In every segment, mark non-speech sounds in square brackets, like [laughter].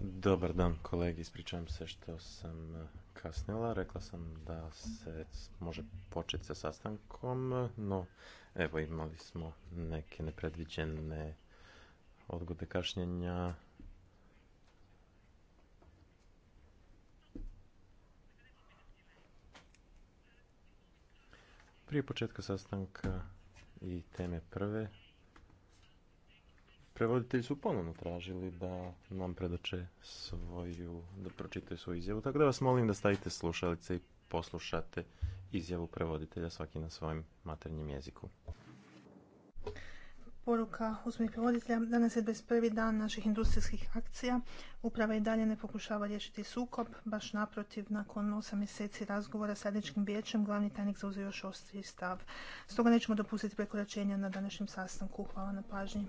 Dobar dan kolegi, ispričavam se što sam eh, kasnila. Rekla sam da se može početi sa sastankom, no evo imali smo neke nepredviđene odgode kašnjenja. Prije početka sastanka i teme prve prevoditelji su ponovno tražili da nam predoče svoju, da pročitaju svoju izjavu, tako da vas molim da stavite slušalice i poslušate izjavu prevoditelja svaki na svojem maternjem jeziku. Poruka usmenih prevoditelja. Danas je 21. dan naših industrijskih akcija. Uprava i dalje ne pokušava riješiti sukob, baš naprotiv, nakon 8 mjeseci razgovora s radničkim vijećem, glavni tajnik zauzeo još ostriji stav. Stoga nećemo dopustiti prekoračenja na današnjem sastanku. Hvala na pažnji.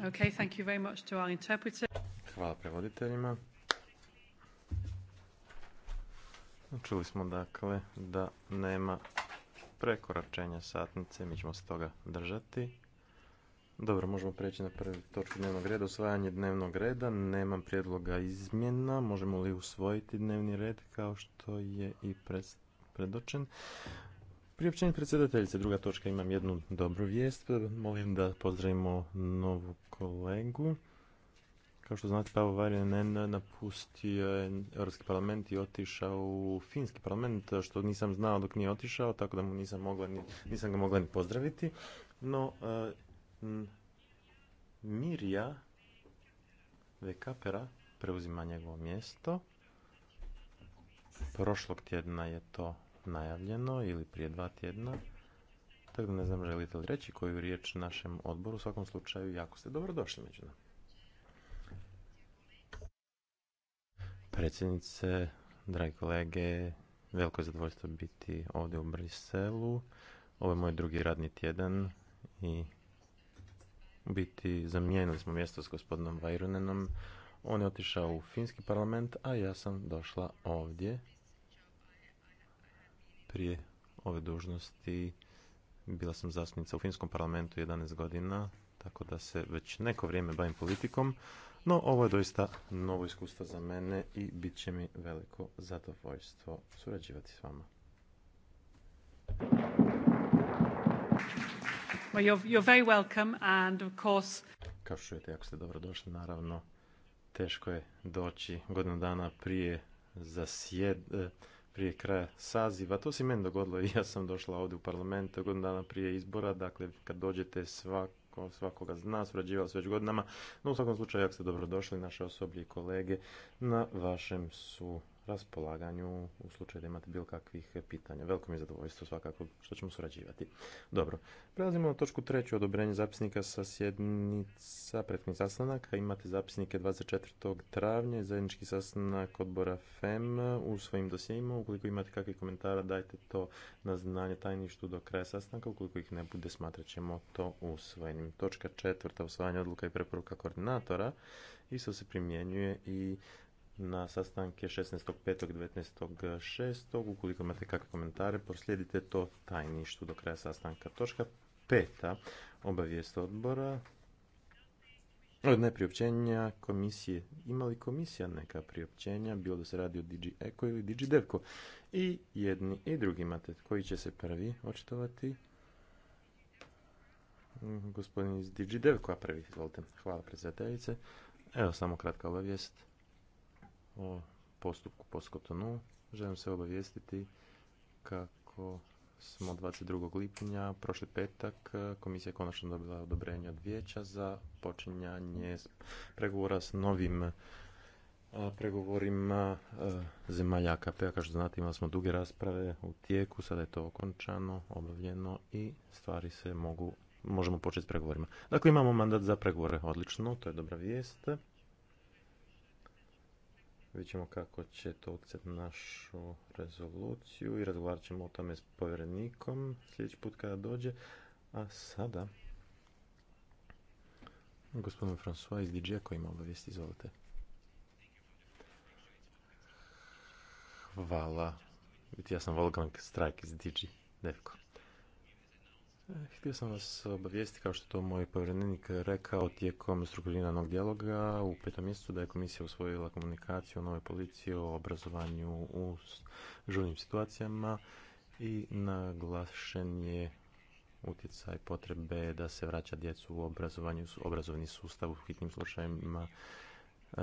Okay, thank you very Hvala prevoditeljima. Čuli smo dakle da nema prekoračenja satnice, mi ćemo se toga držati. Dobro, možemo preći na prvi točku dnevnog reda, osvajanje dnevnog reda. Nema prijedloga izmjena, možemo li usvojiti dnevni red kao što je i predočen. Priopćenje predsjedateljice, druga točka, imam jednu dobru vijest. Molim da pozdravimo novu kolegu. Kao što znate, Pavo Varjanen napustio je Europski parlament i otišao u Finski parlament, što nisam znao dok nije otišao, tako da mu nisam, mogla nisam ga mogla ni pozdraviti. No, eh, Mirja Vekapera preuzima njegovo mjesto. Prošlog tjedna je to najavljeno ili prije dva tjedna. Tako da ne znam želite li reći koju riječ našem odboru. U svakom slučaju jako ste dobrodošli među nama. Predsjednice, dragi kolege, veliko je zadovoljstvo biti ovdje u Briselu. Ovo je moj drugi radni tjedan i biti zamijenili smo mjesto s gospodinom Vajrunenom. On je otišao u finski parlament, a ja sam došla ovdje prije ove dužnosti bila sam zastupnica u Finskom parlamentu 11 godina, tako da se već neko vrijeme bavim politikom, no ovo je doista novo iskustvo za mene i bit će mi veliko zadovoljstvo surađivati s vama. and Kao što čujete, jako ste dobro došli, naravno, teško je doći godinu dana prije zasjed, prije kraja saziva. To se meni dogodilo i [laughs] ja sam došla ovdje u parlament godinu dana prije izbora, dakle kad dođete svako, svakoga zna, surađivali se već godinama, no u svakom slučaju jak ste dobrodošli, naše osoblje i kolege na vašem su raspolaganju u slučaju da imate bilo kakvih pitanja. Veliko mi je zadovoljstvo svakako što ćemo surađivati. Dobro, prelazimo na točku treću, odobrenje zapisnika sa sjednica prethodnih sastanaka. Imate zapisnike 24. travnja, zajednički sastanak odbora FEM u svojim dosjeima. Ukoliko imate kakvih komentara, dajte to na znanje tajništu do kraja sastanka. Ukoliko ih ne bude, smatrat ćemo to usvojenim. Točka četvrta, usvajanje odluka i preporuka koordinatora. Isto se primjenjuje i na sastanke 16.5.19.6. Ukoliko imate kakve komentare, proslijedite to tajništu do kraja sastanka. Točka peta, obavijest odbora. od priopćenja komisije. Ima li komisija neka priopćenja, bilo da se radi o DG Eko ili Digi Devko. I jedni i drugi imate. Koji će se prvi očitovati? Gospodin iz Digi Devko. a prvi, izvolite. Hvala predsjedateljice. Evo samo kratka obavijest o postupku po Želim se obavijestiti kako smo 22. lipnja, prošli petak, e, komisija je konačno dobila odobrenje od vijeća za počinjanje pregovora s novim e, pregovorima e, zemalja AKP-a. Kao što znate, imali smo duge rasprave u tijeku, sada je to okončano, obavljeno i stvari se mogu, možemo početi s pregovorima. Dakle, imamo mandat za pregovore, odlično, to je dobra vijest. Vidjet ćemo kako će to utjecati našu rezoluciju i razgovarat ćemo o tome s povjerenikom sljedeći put kada dođe. A sada, gospodin François iz DJ koji ima obavijest, izvolite. Hvala. Ja sam Volkan Strajk iz DJ. Htio sam vas obavijesti, kao što to moj povjerenik rekao tijekom strukturiranog dijaloga u petom mjesecu, da je komisija usvojila komunikaciju o novoj policiji, o obrazovanju u žurnim situacijama i naglašen je utjecaj potrebe da se vraća djecu u obrazovanju, obrazovni sustav u hitnim slučajevima e,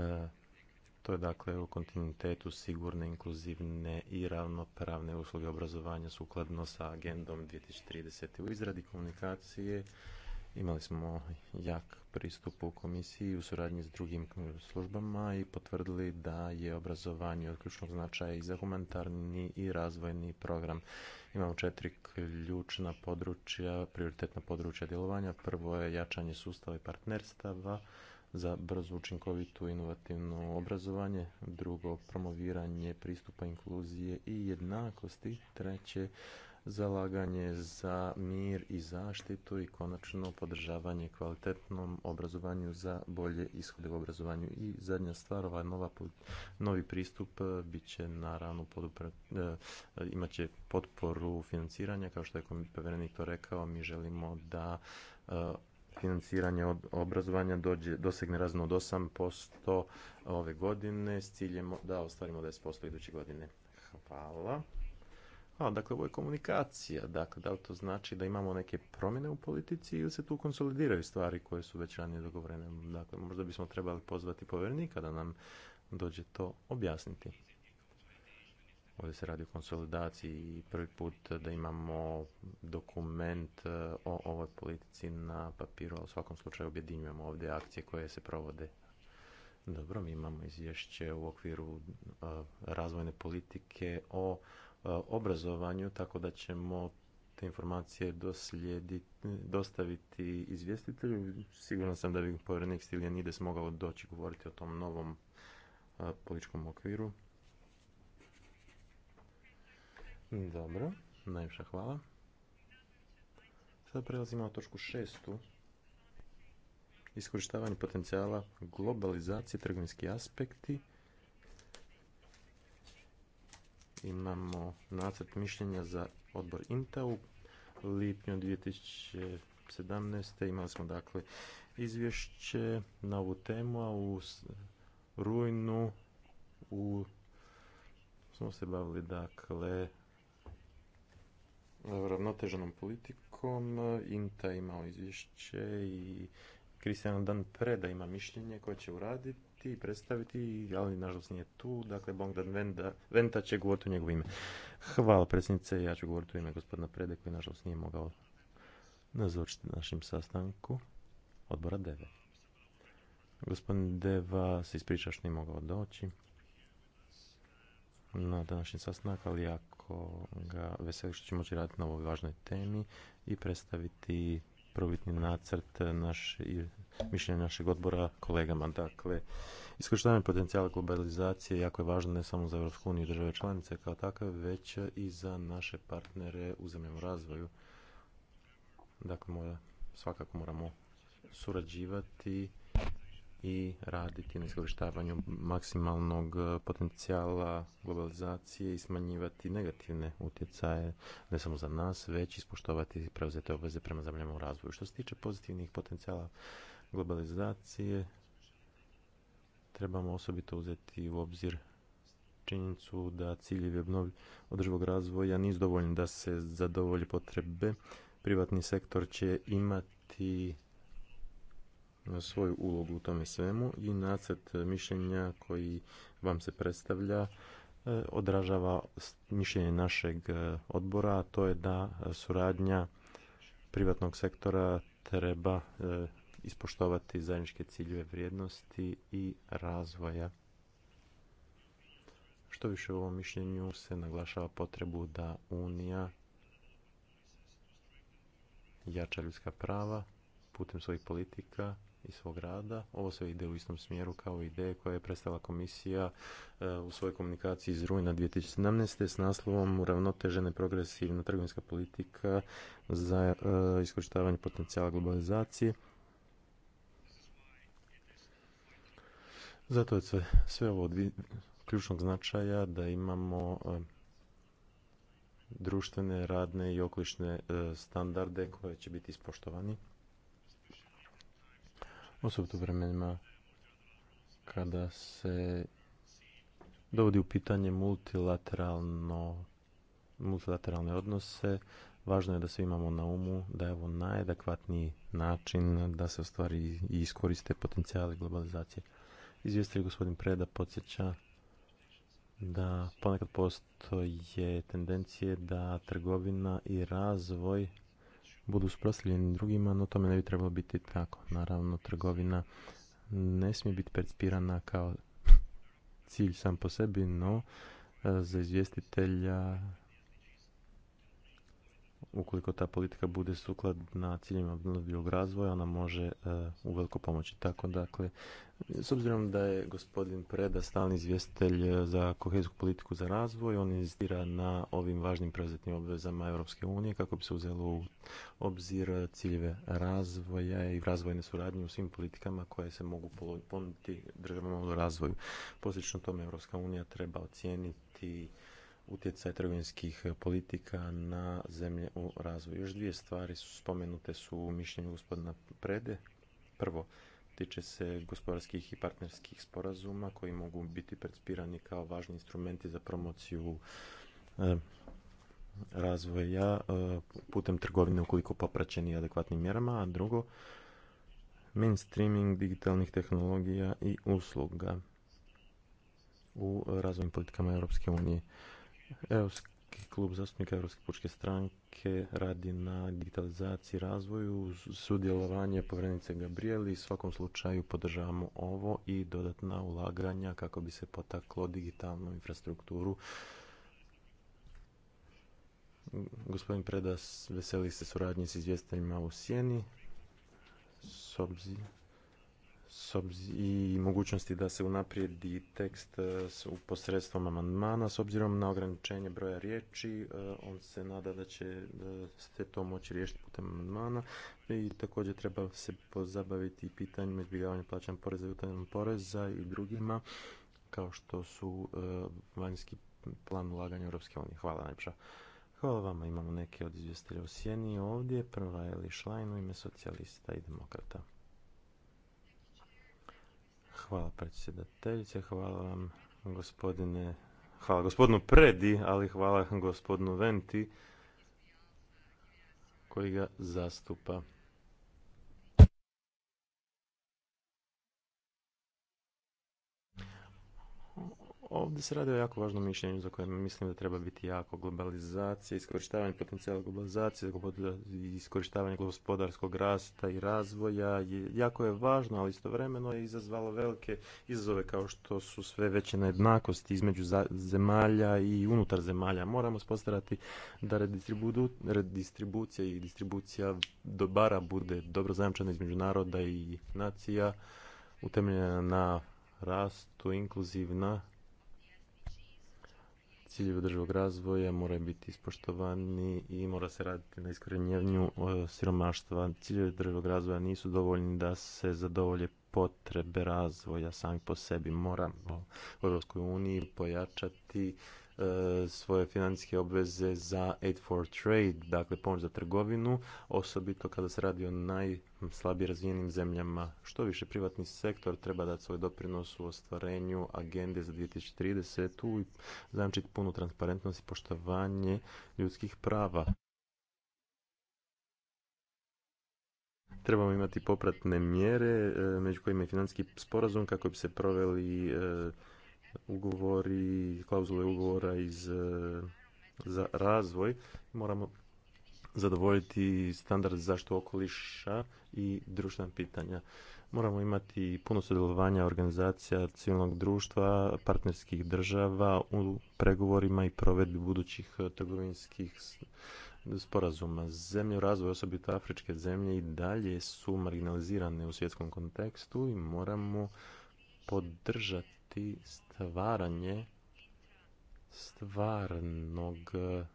je dakle u kontinuitetu sigurne, inkluzivne i ravnopravne usluge obrazovanja sukladno sa agendom 2030. U izradi komunikacije imali smo jak pristup u komisiji u suradnji s drugim službama i potvrdili da je obrazovanje od ključnog značaja i za humanitarni i razvojni program. Imamo četiri ključna područja, prioritetna područja djelovanja. Prvo je jačanje sustava i partnerstava, za brzo učinkovito inovativno obrazovanje, drugo promoviranje pristupa inkluzije i jednakosti, treće zalaganje za mir i zaštitu i konačno podržavanje kvalitetnom obrazovanju za bolje ishode u obrazovanju. I zadnja stvar, ovaj nova, novi pristup e, bit će naravno e, e, imat će potporu financiranja, kao što je povjerenik to rekao, mi želimo da financiranje od obrazovanja dođe, dosegne razno od 8% ove godine s ciljem da ostvarimo 10% iduće godine. Hvala. A, dakle, ovo je komunikacija. Dakle, da li to znači da imamo neke promjene u politici ili se tu konsolidiraju stvari koje su već ranije dogovorene? Dakle, možda bismo trebali pozvati povjerenika da nam dođe to objasniti. Ovdje se radi o konsolidaciji i prvi put da imamo dokument e, o ovoj politici na papiru, ali u svakom slučaju objedinjujemo ovdje akcije koje se provode. Dobro, mi imamo izvješće u okviru e, razvojne politike o e, obrazovanju, tako da ćemo te informacije dostaviti izvjestitelju. Siguran sam da bi povjerenik Stiljanides mogao doći govoriti o tom novom političkom okviru. Dobro, najviše hvala. Sada prelazimo na točku šestu. Iskoristavanje potencijala globalizacije, trgovinski aspekti. Imamo nacrt mišljenja za odbor INTA u lipnju 2017. Imali smo dakle izvješće na ovu temu, a u rujnu u smo se bavili dakle ravnoteženom politikom. Inta imao izvješće i Kristijan Dan Preda ima mišljenje koje će uraditi i predstaviti, ali nažalost nije tu. Dakle, Bogdan Venda, Venta će govoriti u njegovo ime. Hvala predsjednice, ja ću govoriti u ime gospodina Prede koji nažalost nije mogao nazočiti našim sastanku odbora 9. Gospodin Deva se ispriča što nije mogao doći na današnji sastanak, ali jako ga veseli što ćemo moći raditi na ovoj važnoj temi i predstaviti prvobitni nacrt naš, mišljenja našeg odbora kolegama. Dakle, iskorištavanje potencijala globalizacije jako je važno ne samo za EU i države članice kao takve, već i za naše partnere u zemljom razvoju. Dakle, svakako moramo surađivati i raditi na iskorištavanju maksimalnog e, potencijala globalizacije i smanjivati negativne utjecaje ne samo za nas, već ispoštovati preuzete obveze prema zemljama u razvoju. Što se tiče pozitivnih potencijala globalizacije, trebamo osobito uzeti u obzir činjenicu da ciljevi održivog razvoja nisu dovoljni da se zadovolji potrebe. Privatni sektor će imati svoju ulogu u tome svemu i nacrt mišljenja koji vam se predstavlja e, odražava mišljenje našeg e, odbora, a to je da suradnja privatnog sektora treba e, ispoštovati zajedničke ciljeve vrijednosti i razvoja. Što više u ovom mišljenju se naglašava potrebu da Unija jača ljudska prava putem svojih politika i svog rada. Ovo se ide u istom smjeru kao ideje koje je predstavila komisija e, u svojoj komunikaciji iz rujna 2017. s naslovom uravnotežene progresivna trgovinska politika za e, iskorištavanje potencijala globalizacije. Zato je sve, ovo od ključnog značaja da imamo e, društvene, radne i okolišne standarde koje će biti ispoštovani osobito vremenima kada se dovodi u pitanje multilateralno, multilateralne odnose, važno je da svi imamo na umu da je ovo najadekvatniji način da se ostvari i iskoriste potencijali globalizacije. Izvjestitelj gospodin Preda podsjeća da ponekad postoje tendencije da trgovina i razvoj budu suprotstavljeni drugima, no tome ne bi trebalo biti tako. Naravno, trgovina ne smije biti percipirana kao [laughs] cilj sam po sebi, no e, za izvjestitelja ukoliko ta politika bude sukladna ciljima obnovljivog razvoja, ona može u e, uveliko pomoći. Tako dakle, s obzirom da je gospodin Preda stalni izvjestitelj e, za kohezijsku politiku za razvoj, on inzistira na ovim važnim preuzetnim obvezama Europske unije kako bi se uzelo u obzir ciljeve razvoja i razvojne suradnje u svim politikama koje se mogu ponuditi državama u razvoju. Posljedično tome Europska unija treba ocijeniti utjecaj trgovinskih politika na zemlje u razvoju. Još dvije stvari su spomenute su u mišljenju gospodina Prede. Prvo, tiče se gospodarskih i partnerskih sporazuma koji mogu biti percipirani kao važni instrumenti za promociju e, razvoja e, putem trgovine ukoliko popraćeni adekvatnim mjerama, a drugo mainstreaming digitalnih tehnologija i usluga u razvojnim politikama Europske unije. Europski klub zastupnika Europske pučke stranke radi na digitalizaciji razvoju, sudjelovanje povjerenice Gabrieli. U svakom slučaju podržavamo ovo i dodatna ulaganja kako bi se potaklo digitalnu infrastrukturu. Gospodin Predas, veseli se suradnje s izvjestiteljima u Sjeni. S obzirom i mogućnosti da se unaprijedi tekst e, posredstvom amandmana. S obzirom na ograničenje broja riječi, e, on se nada da će e, se to moći riješiti putem amandmana i također treba se pozabaviti pitanjima izbjegavanja plaćanja poreza i utajenom poreza i drugima kao što su vanjski plan ulaganja Europske unije. Hvala najpša. Hvala vama, imamo neke od izvjestelja u sjeni ovdje. Prva je Šlajn u ime socijalista i demokrata. Hvala predsjedateljice, hvala vam gospodine, hvala gospodinu Predi, ali hvala gospodinu Venti koji ga zastupa. Ovdje se radi o jako važnom mišljenju za koje mislim da treba biti jako globalizacija, iskorištavanje potencijala globalizacije, iskorištavanje gospodarskog rasta i razvoja. Jako je važno, ali istovremeno je izazvalo velike izazove kao što su sve veće nejednakosti između zemalja i unutar zemalja. Moramo spostarati da redistribucija i distribucija dobara bude dobro zajamčena između naroda i nacija, utemljena na rastu, inkluzivna ciljevi održivog razvoja moraju biti ispoštovani i mora se raditi na iskorenjenju e, siromaštva. Ciljevi održivog razvoja nisu dovoljni da se zadovolje potrebe razvoja sami po sebi. Moramo u EU pojačati E, svoje financijske obveze za Aid for Trade, dakle pomoć za trgovinu, osobito kada se radi o najslabije razvijenim zemljama. Što više privatni sektor treba dati svoj doprinos u ostvarenju agende za 2030. i zajamčiti punu transparentnost i poštovanje ljudskih prava. Trebamo imati popratne mjere, e, među kojima je financijski sporazum kako bi se proveli e, ugovori, klauzule ugovora iz, e, za razvoj, moramo zadovoljiti standard zaštitu okoliša i društvena pitanja. Moramo imati puno sudjelovanja organizacija civilnog društva, partnerskih država u pregovorima i provedbi budućih e, trgovinskih sporazuma. Zemlje u razvoju, osobito afričke zemlje, i dalje su marginalizirane u svjetskom kontekstu i moramo podržati stvaranje stvarnog eh,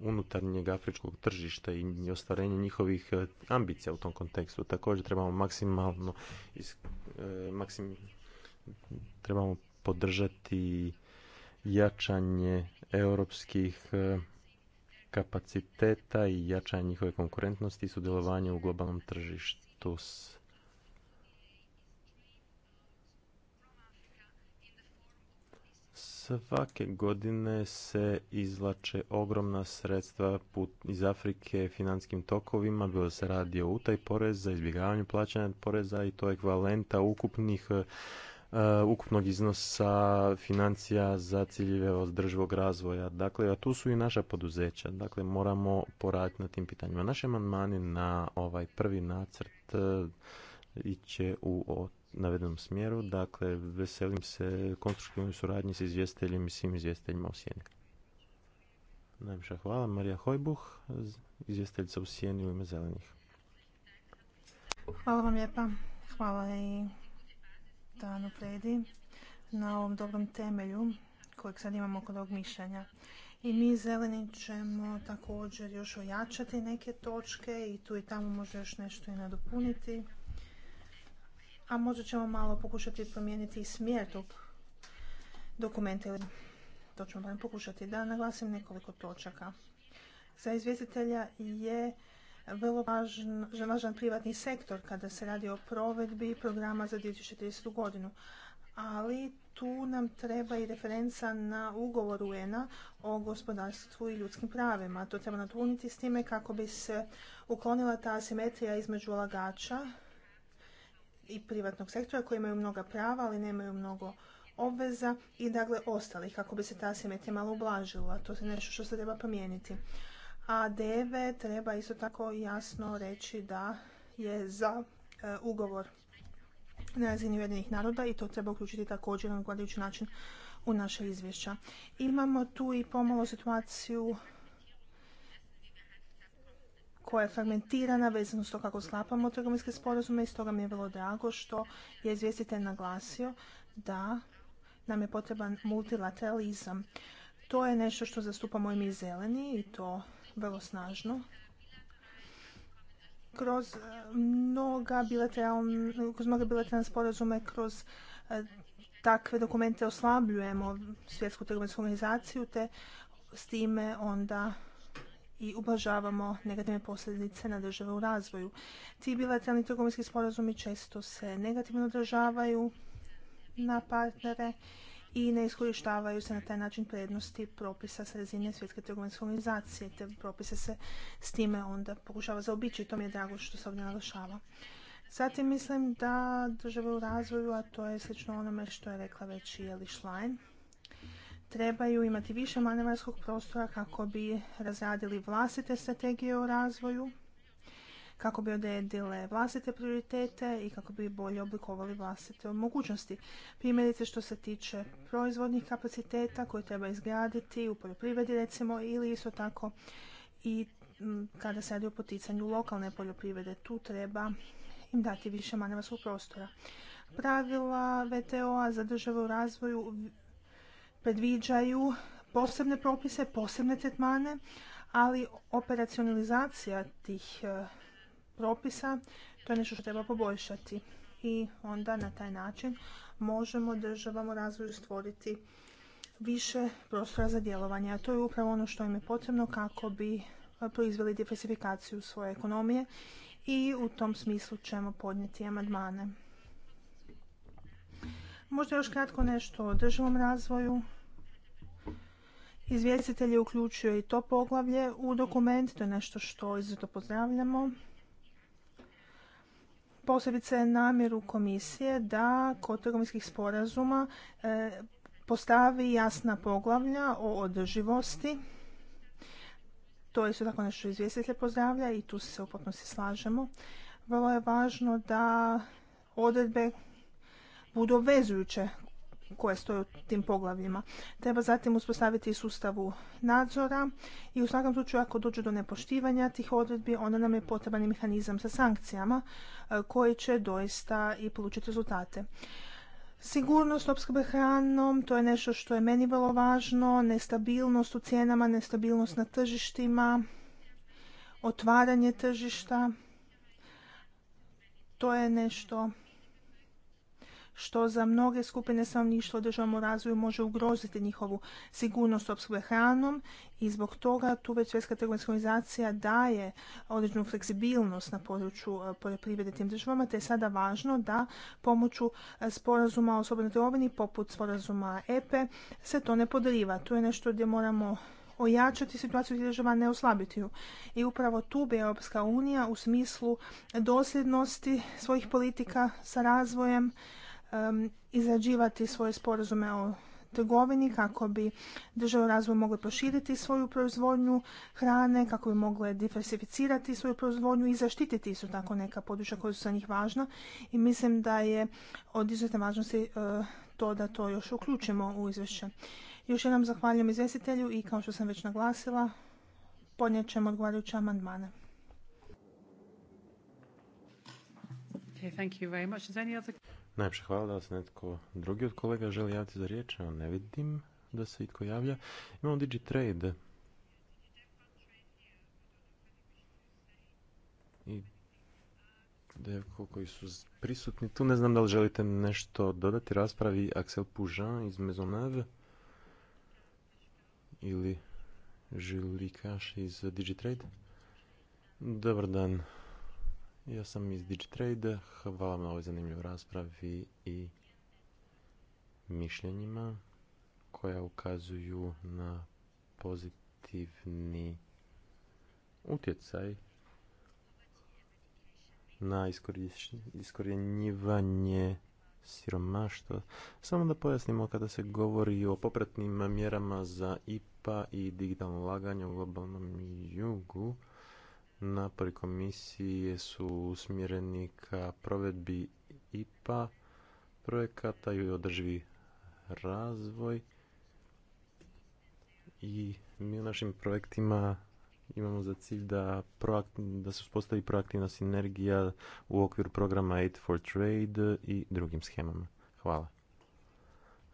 unutarnjeg afričkog tržišta i ostvarenje njihovih eh, ambicija u tom kontekstu. Također trebamo maksimalno eh, maksim, trebamo podržati jačanje europskih kapaciteta i jačanje njihove konkurentnosti i sudjelovanje u globalnom tržištu s Svake godine se izvlače ogromna sredstva iz Afrike financijskim tokovima, bilo se radi o utaj za izbjegavanju plaćanja poreza i to je ekvalenta ukupnih e, ukupnog iznosa financija za ciljeve održivog razvoja. Dakle, a tu su i naša poduzeća. Dakle, moramo poraditi na tim pitanjima. Naše amandmani na ovaj prvi nacrt uh, e, iće u navedenom smjeru. Dakle, veselim se konstruktivnoj suradnji s izvjestiteljima i svim izvjestiteljima u Sjeni. Najviše hvala. Marija Hojbuh, izvjestiteljica u Sjeni u ime Zelenih. Hvala vam lijepa. Hvala i Danu Predi na ovom dobrom temelju kojeg sad imamo kod ovog mišljenja. I mi zeleni ćemo također još ojačati neke točke i tu i tamo može još nešto i nadopuniti a možda ćemo malo pokušati promijeniti i smjer tog dokumenta. To ćemo vam pokušati da naglasim nekoliko točaka. Za izvjestitelja je vrlo važan, privatni sektor kada se radi o provedbi programa za 2030. godinu. Ali tu nam treba i referenca na ugovor UENA o gospodarstvu i ljudskim pravima. To treba natuniti s time kako bi se uklonila ta asimetrija između ulagača i privatnog sektora koji imaju mnoga prava, ali nemaju mnogo obveza i dakle ostalih kako bi se ta simetrija malo ublažila. To je nešto što se treba promijeniti. A deve treba isto tako jasno reći da je za e, ugovor na razini Ujedinih naroda i to treba uključiti također na odgovarajući način u naše izvješća. Imamo tu i pomalo situaciju koja je fragmentirana vezano s to kako sklapamo trgovinske sporazume i stoga mi je vrlo drago što je izvjestitelj naglasio da nam je potreban multilateralizam. To je nešto što zastupamo i mi zeleni i to vrlo snažno. Kroz eh, mnoga bilateralna, kroz sporazume, kroz eh, takve dokumente oslabljujemo svjetsku trgovinsku organizaciju te s time onda i ublažavamo negativne posljedice na države u razvoju. Ti bilateralni trgovinski sporazumi često se negativno odražavaju na partnere i ne iskorištavaju se na taj način prednosti propisa s razine svjetske trgovinske organizacije, te propise se s time onda pokušava zaobići i to mi je drago što se ovdje naglašava. Zatim mislim da države u razvoju, a to je slično onome što je rekla već i Eli Schlein, trebaju imati više manevarskog prostora kako bi razradili vlastite strategije u razvoju, kako bi odredile vlastite prioritete i kako bi bolje oblikovali vlastite mogućnosti. Primjerice što se tiče proizvodnih kapaciteta koje treba izgraditi u poljoprivredi recimo ili isto tako i kada se radi o poticanju lokalne poljoprivrede, tu treba im dati više manevarskog prostora. Pravila VTO-a za države u razvoju predviđaju posebne propise, posebne tretmane, ali operacionalizacija tih e, propisa to je nešto što treba poboljšati. I onda na taj način možemo državama u razvoju stvoriti više prostora za djelovanje. A to je upravo ono što im je potrebno kako bi e, proizveli diversifikaciju svoje ekonomije i u tom smislu ćemo podnijeti amandmane. Možda još kratko nešto o održivom razvoju. Izvjestitelj je uključio i to poglavlje u dokument, to je nešto što izuzetno pozdravljamo. Posebice namjeru komisije da kod trgovinskih sporazuma e, postavi jasna poglavlja o održivosti. To je isto tako nešto izvjestitelj pozdravlja i tu se u potpunosti slažemo. Vrlo je važno da odredbe budu obvezujuće koje stoje u tim poglavljima. Treba zatim uspostaviti sustavu nadzora i u svakom slučaju ako dođe do nepoštivanja tih odredbi, onda nam je potreban i mehanizam sa sankcijama e, koji će doista i polučiti rezultate. Sigurnost opskrbe hranom, to je nešto što je meni vrlo važno, nestabilnost u cijenama, nestabilnost na tržištima, otvaranje tržišta, to je nešto što za mnoge skupine stanovništva u državama razvoju može ugroziti njihovu sigurnost opskrbe hranom i zbog toga tu već Svjetska trgovinska organizacija daje određenu fleksibilnost na području e, poljoprivrede tim državama, te je sada važno da pomoću e, sporazuma o slobodnoj trgovini poput sporazuma EPE e se to ne podriva. Tu je nešto gdje moramo ojačati situaciju država, ne oslabiti ju. I upravo tu bi Europska unija u smislu dosljednosti svojih politika sa razvojem um, izrađivati svoje sporazume o trgovini kako bi države u razvoju mogle proširiti svoju proizvodnju hrane, kako bi mogle diversificirati svoju proizvodnju i zaštititi isto tako neka područja koja su za njih važna i mislim da je od izuzetne važnosti e, to da to još uključimo u izvješće. Još jednom zahvaljujem izvjestitelju i kao što sam već naglasila, podnijet ćemo odgovarajuće amandmane. Najpše hvala da se netko drugi od kolega želi javiti za riječ, evo ne vidim da se itko javlja. Imamo Digitrade. I devko koji su prisutni tu. Ne znam da li želite nešto dodati raspravi Axel Pužan iz Maisonneuve ili Žilikaš iz Digitrade. Dobar dan. Ja sam iz DigiTrade, hvala na ovoj zanimljivoj raspravi i mišljenjima koja ukazuju na pozitivni utjecaj na iskorjenjivanje siromaštva. Samo da pojasnimo kada se govori o popratnim mjerama za IPA i digitalno laganje u globalnom jugu, napori komisije su usmjereni ka provedbi IPA projekata i održivi razvoj i mi u našim projektima imamo za cilj da, da se uspostavi proaktivna sinergija u okviru programa Aid for Trade i drugim schemama. Hvala.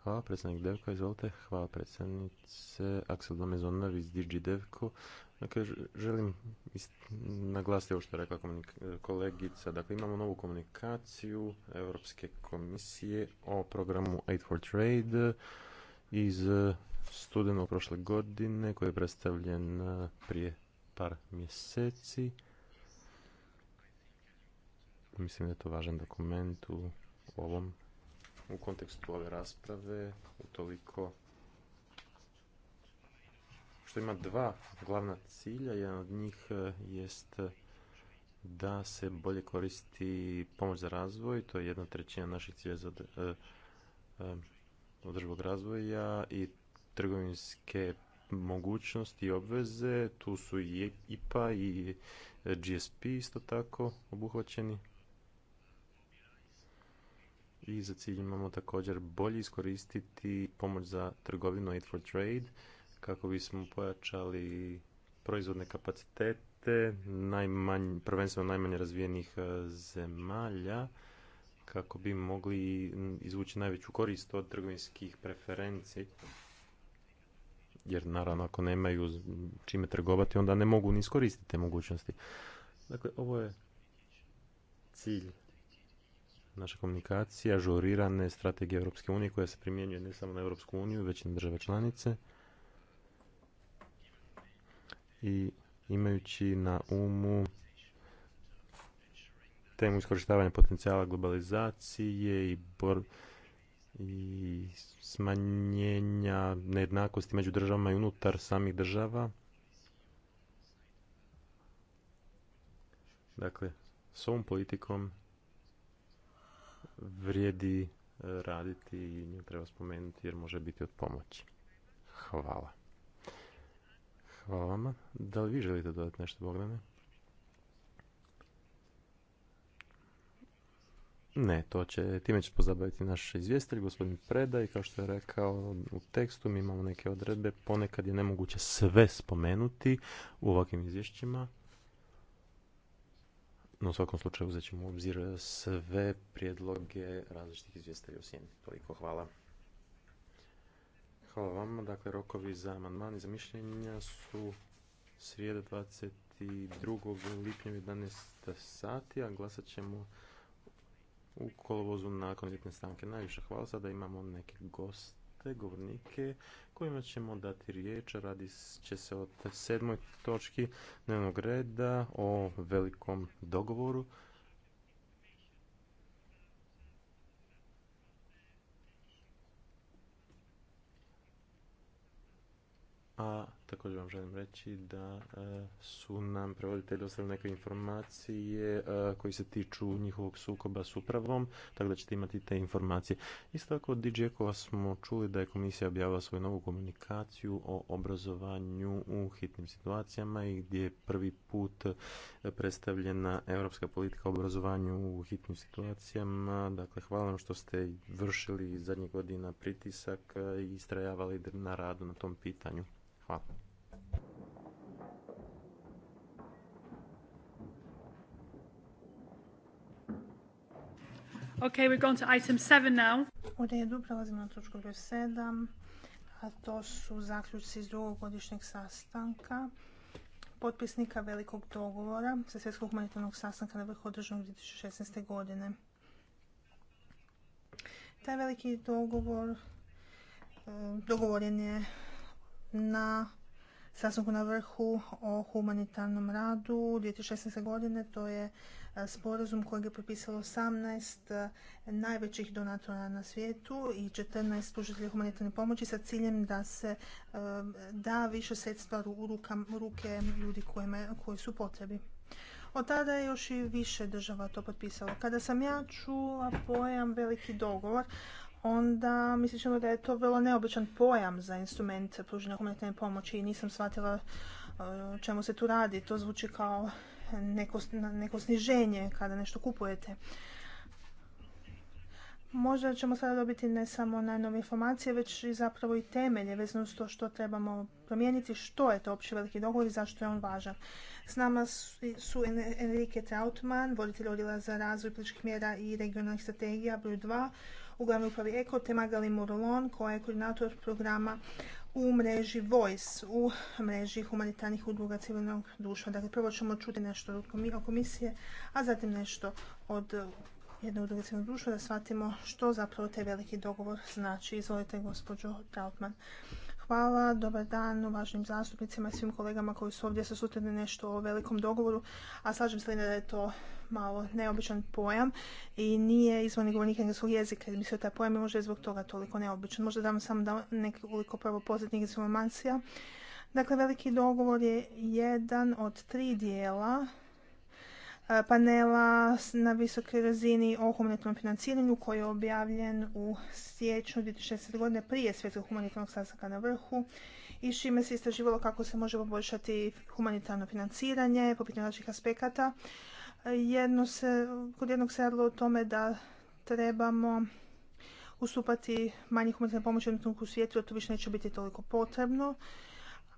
Hvala, predsjednik Devko, izvolite. Hvala, predsjednice Axel Domezonar iz DigiDevko. Dakle, želim naglasiti ovo što je rekla kolegica. Dakle, imamo novu komunikaciju Europske komisije o programu Aid for Trade iz e, studenog prošle godine koji je predstavljen e, prije par mjeseci. Mislim da je to važan dokument u ovom u kontekstu ove rasprave, utoliko što ima dva glavna cilja. Jedan od njih e, jest da se bolje koristi pomoć za razvoj, to je jedna trećina naših cilja za e, e, održivog razvoja i trgovinske mogućnosti i obveze, tu su i IPA i GSP isto tako obuhvaćeni. I za cilj imamo također bolje iskoristiti pomoć za trgovinu Aid for Trade, kako bismo pojačali proizvodne kapacitete prvenstveno najmanje razvijenih e, zemalja kako bi mogli izvući najveću korist od trgovinskih preferenci jer naravno ako nemaju čime trgovati onda ne mogu ni iskoristiti te mogućnosti. Dakle, ovo je cilj naša komunikacija, ažurirane strategije Europske unije koja se primjenjuje ne samo na Europsku uniju, već i na države članice i imajući na umu temu iskorištavanja potencijala globalizacije i, bor i smanjenja nejednakosti među državama i unutar samih država. Dakle, s ovom politikom vrijedi e, raditi i nju treba spomenuti jer može biti od pomoći. Hvala. Hvala vama. Da li vi želite dodati nešto, Bogdane? Ne, to će, time će pozabaviti naš izvjestelj, gospodin Predaj, kao što je rekao u tekstu, mi imamo neke odredbe, ponekad je nemoguće sve spomenuti u ovakvim izvješćima. No, u svakom slučaju uzet ćemo u obzir sve prijedloge različitih izvjestelja u sjeni. Toliko hvala. Hvala vam. Dakle, rokovi za amandman i za mišljenja su srijeda 22. lipnja 11. sati, a glasat ćemo u kolovozu nakon ljetne stanke. Najviše hvala. Sada imamo neke goste, govornike kojima ćemo dati riječ. Radi će se o sedmoj točki dnevnog reda, o velikom dogovoru a također vam želim reći da e, su nam prevoditelji ostali neke informacije e, koji se tiču njihovog sukoba s upravom, tako da ćete imati te informacije. Isto tako od DJ smo čuli da je komisija objavila svoju novu komunikaciju o obrazovanju u hitnim situacijama i gdje je prvi put predstavljena europska politika o obrazovanju u hitnim situacijama. Dakle, hvala vam što ste vršili zadnjih godina pritisak i istrajavali na radu na tom pitanju. Hvala. Okay, we're going to item 7 now. U redu prelazimo na točku broj 7, a to su zaključci iz godišnjeg sastanka potpisnika velikog dogovora sa svjetskog humanitarnog sastanka na vrhu održanog 2016. godine. Taj veliki dogovor e, dogovoren je na sastanku na vrhu o humanitarnom radu 2016. godine. To je e, sporazum kojeg je potpisalo 18 e, najvećih donatora na svijetu i 14 služitelja humanitarne pomoći sa ciljem da se e, da više sredstva u ruke ljudi koji su potrebi. Od tada je još i više država to potpisalo. Kada sam ja čula pojam veliki dogovor, onda mislim ćemo ono da je to vrlo neobičan pojam za instrument pružene humanitarne pomoći i nisam shvatila e, čemu se tu radi. To zvuči kao neko, neko sniženje kada nešto kupujete. Možda ćemo sada dobiti ne samo nove informacije, već i zapravo i temelje vezano s to što trebamo promijeniti, što je to opći veliki dogovor i zašto je on važan. S nama su Enrique Trautman, voditelj odjela za razvoj političkih mjera i regionalnih strategija, broj u upravi EKO te Magali Murlon koja je koordinator programa u mreži Voice, u mreži humanitarnih udruga civilnog društva. Dakle, prvo ćemo čuti nešto od komisije, a zatim nešto od jedne udruge civilnog društva da shvatimo što zapravo taj veliki dogovor znači. Izvolite, gospođo Trautman. Hvala, dobar dan vašim zastupnicima i svim kolegama koji su ovdje sasutili nešto o velikom dogovoru, a slažem se da je to malo neobičan pojam i nije izvan govornik engleskog jezika. Mislim taj pojam je možda i zbog toga toliko neobičan. Možda da samo da nekoliko prvo poznatnih informacija. Dakle, veliki dogovor je jedan od tri dijela E, panela na visokoj razini o humanitarnom financiranju koji je objavljen u siječnju 2016. godine prije svjetskog humanitarnog sastanka na vrhu i s čime se istraživalo kako se može poboljšati humanitarno financiranje po pitanju naših aspekata. E, jedno se, kod jednog se radilo o tome da trebamo ustupati manje humanitarne pomoći u svijetu jer to više neće biti toliko potrebno.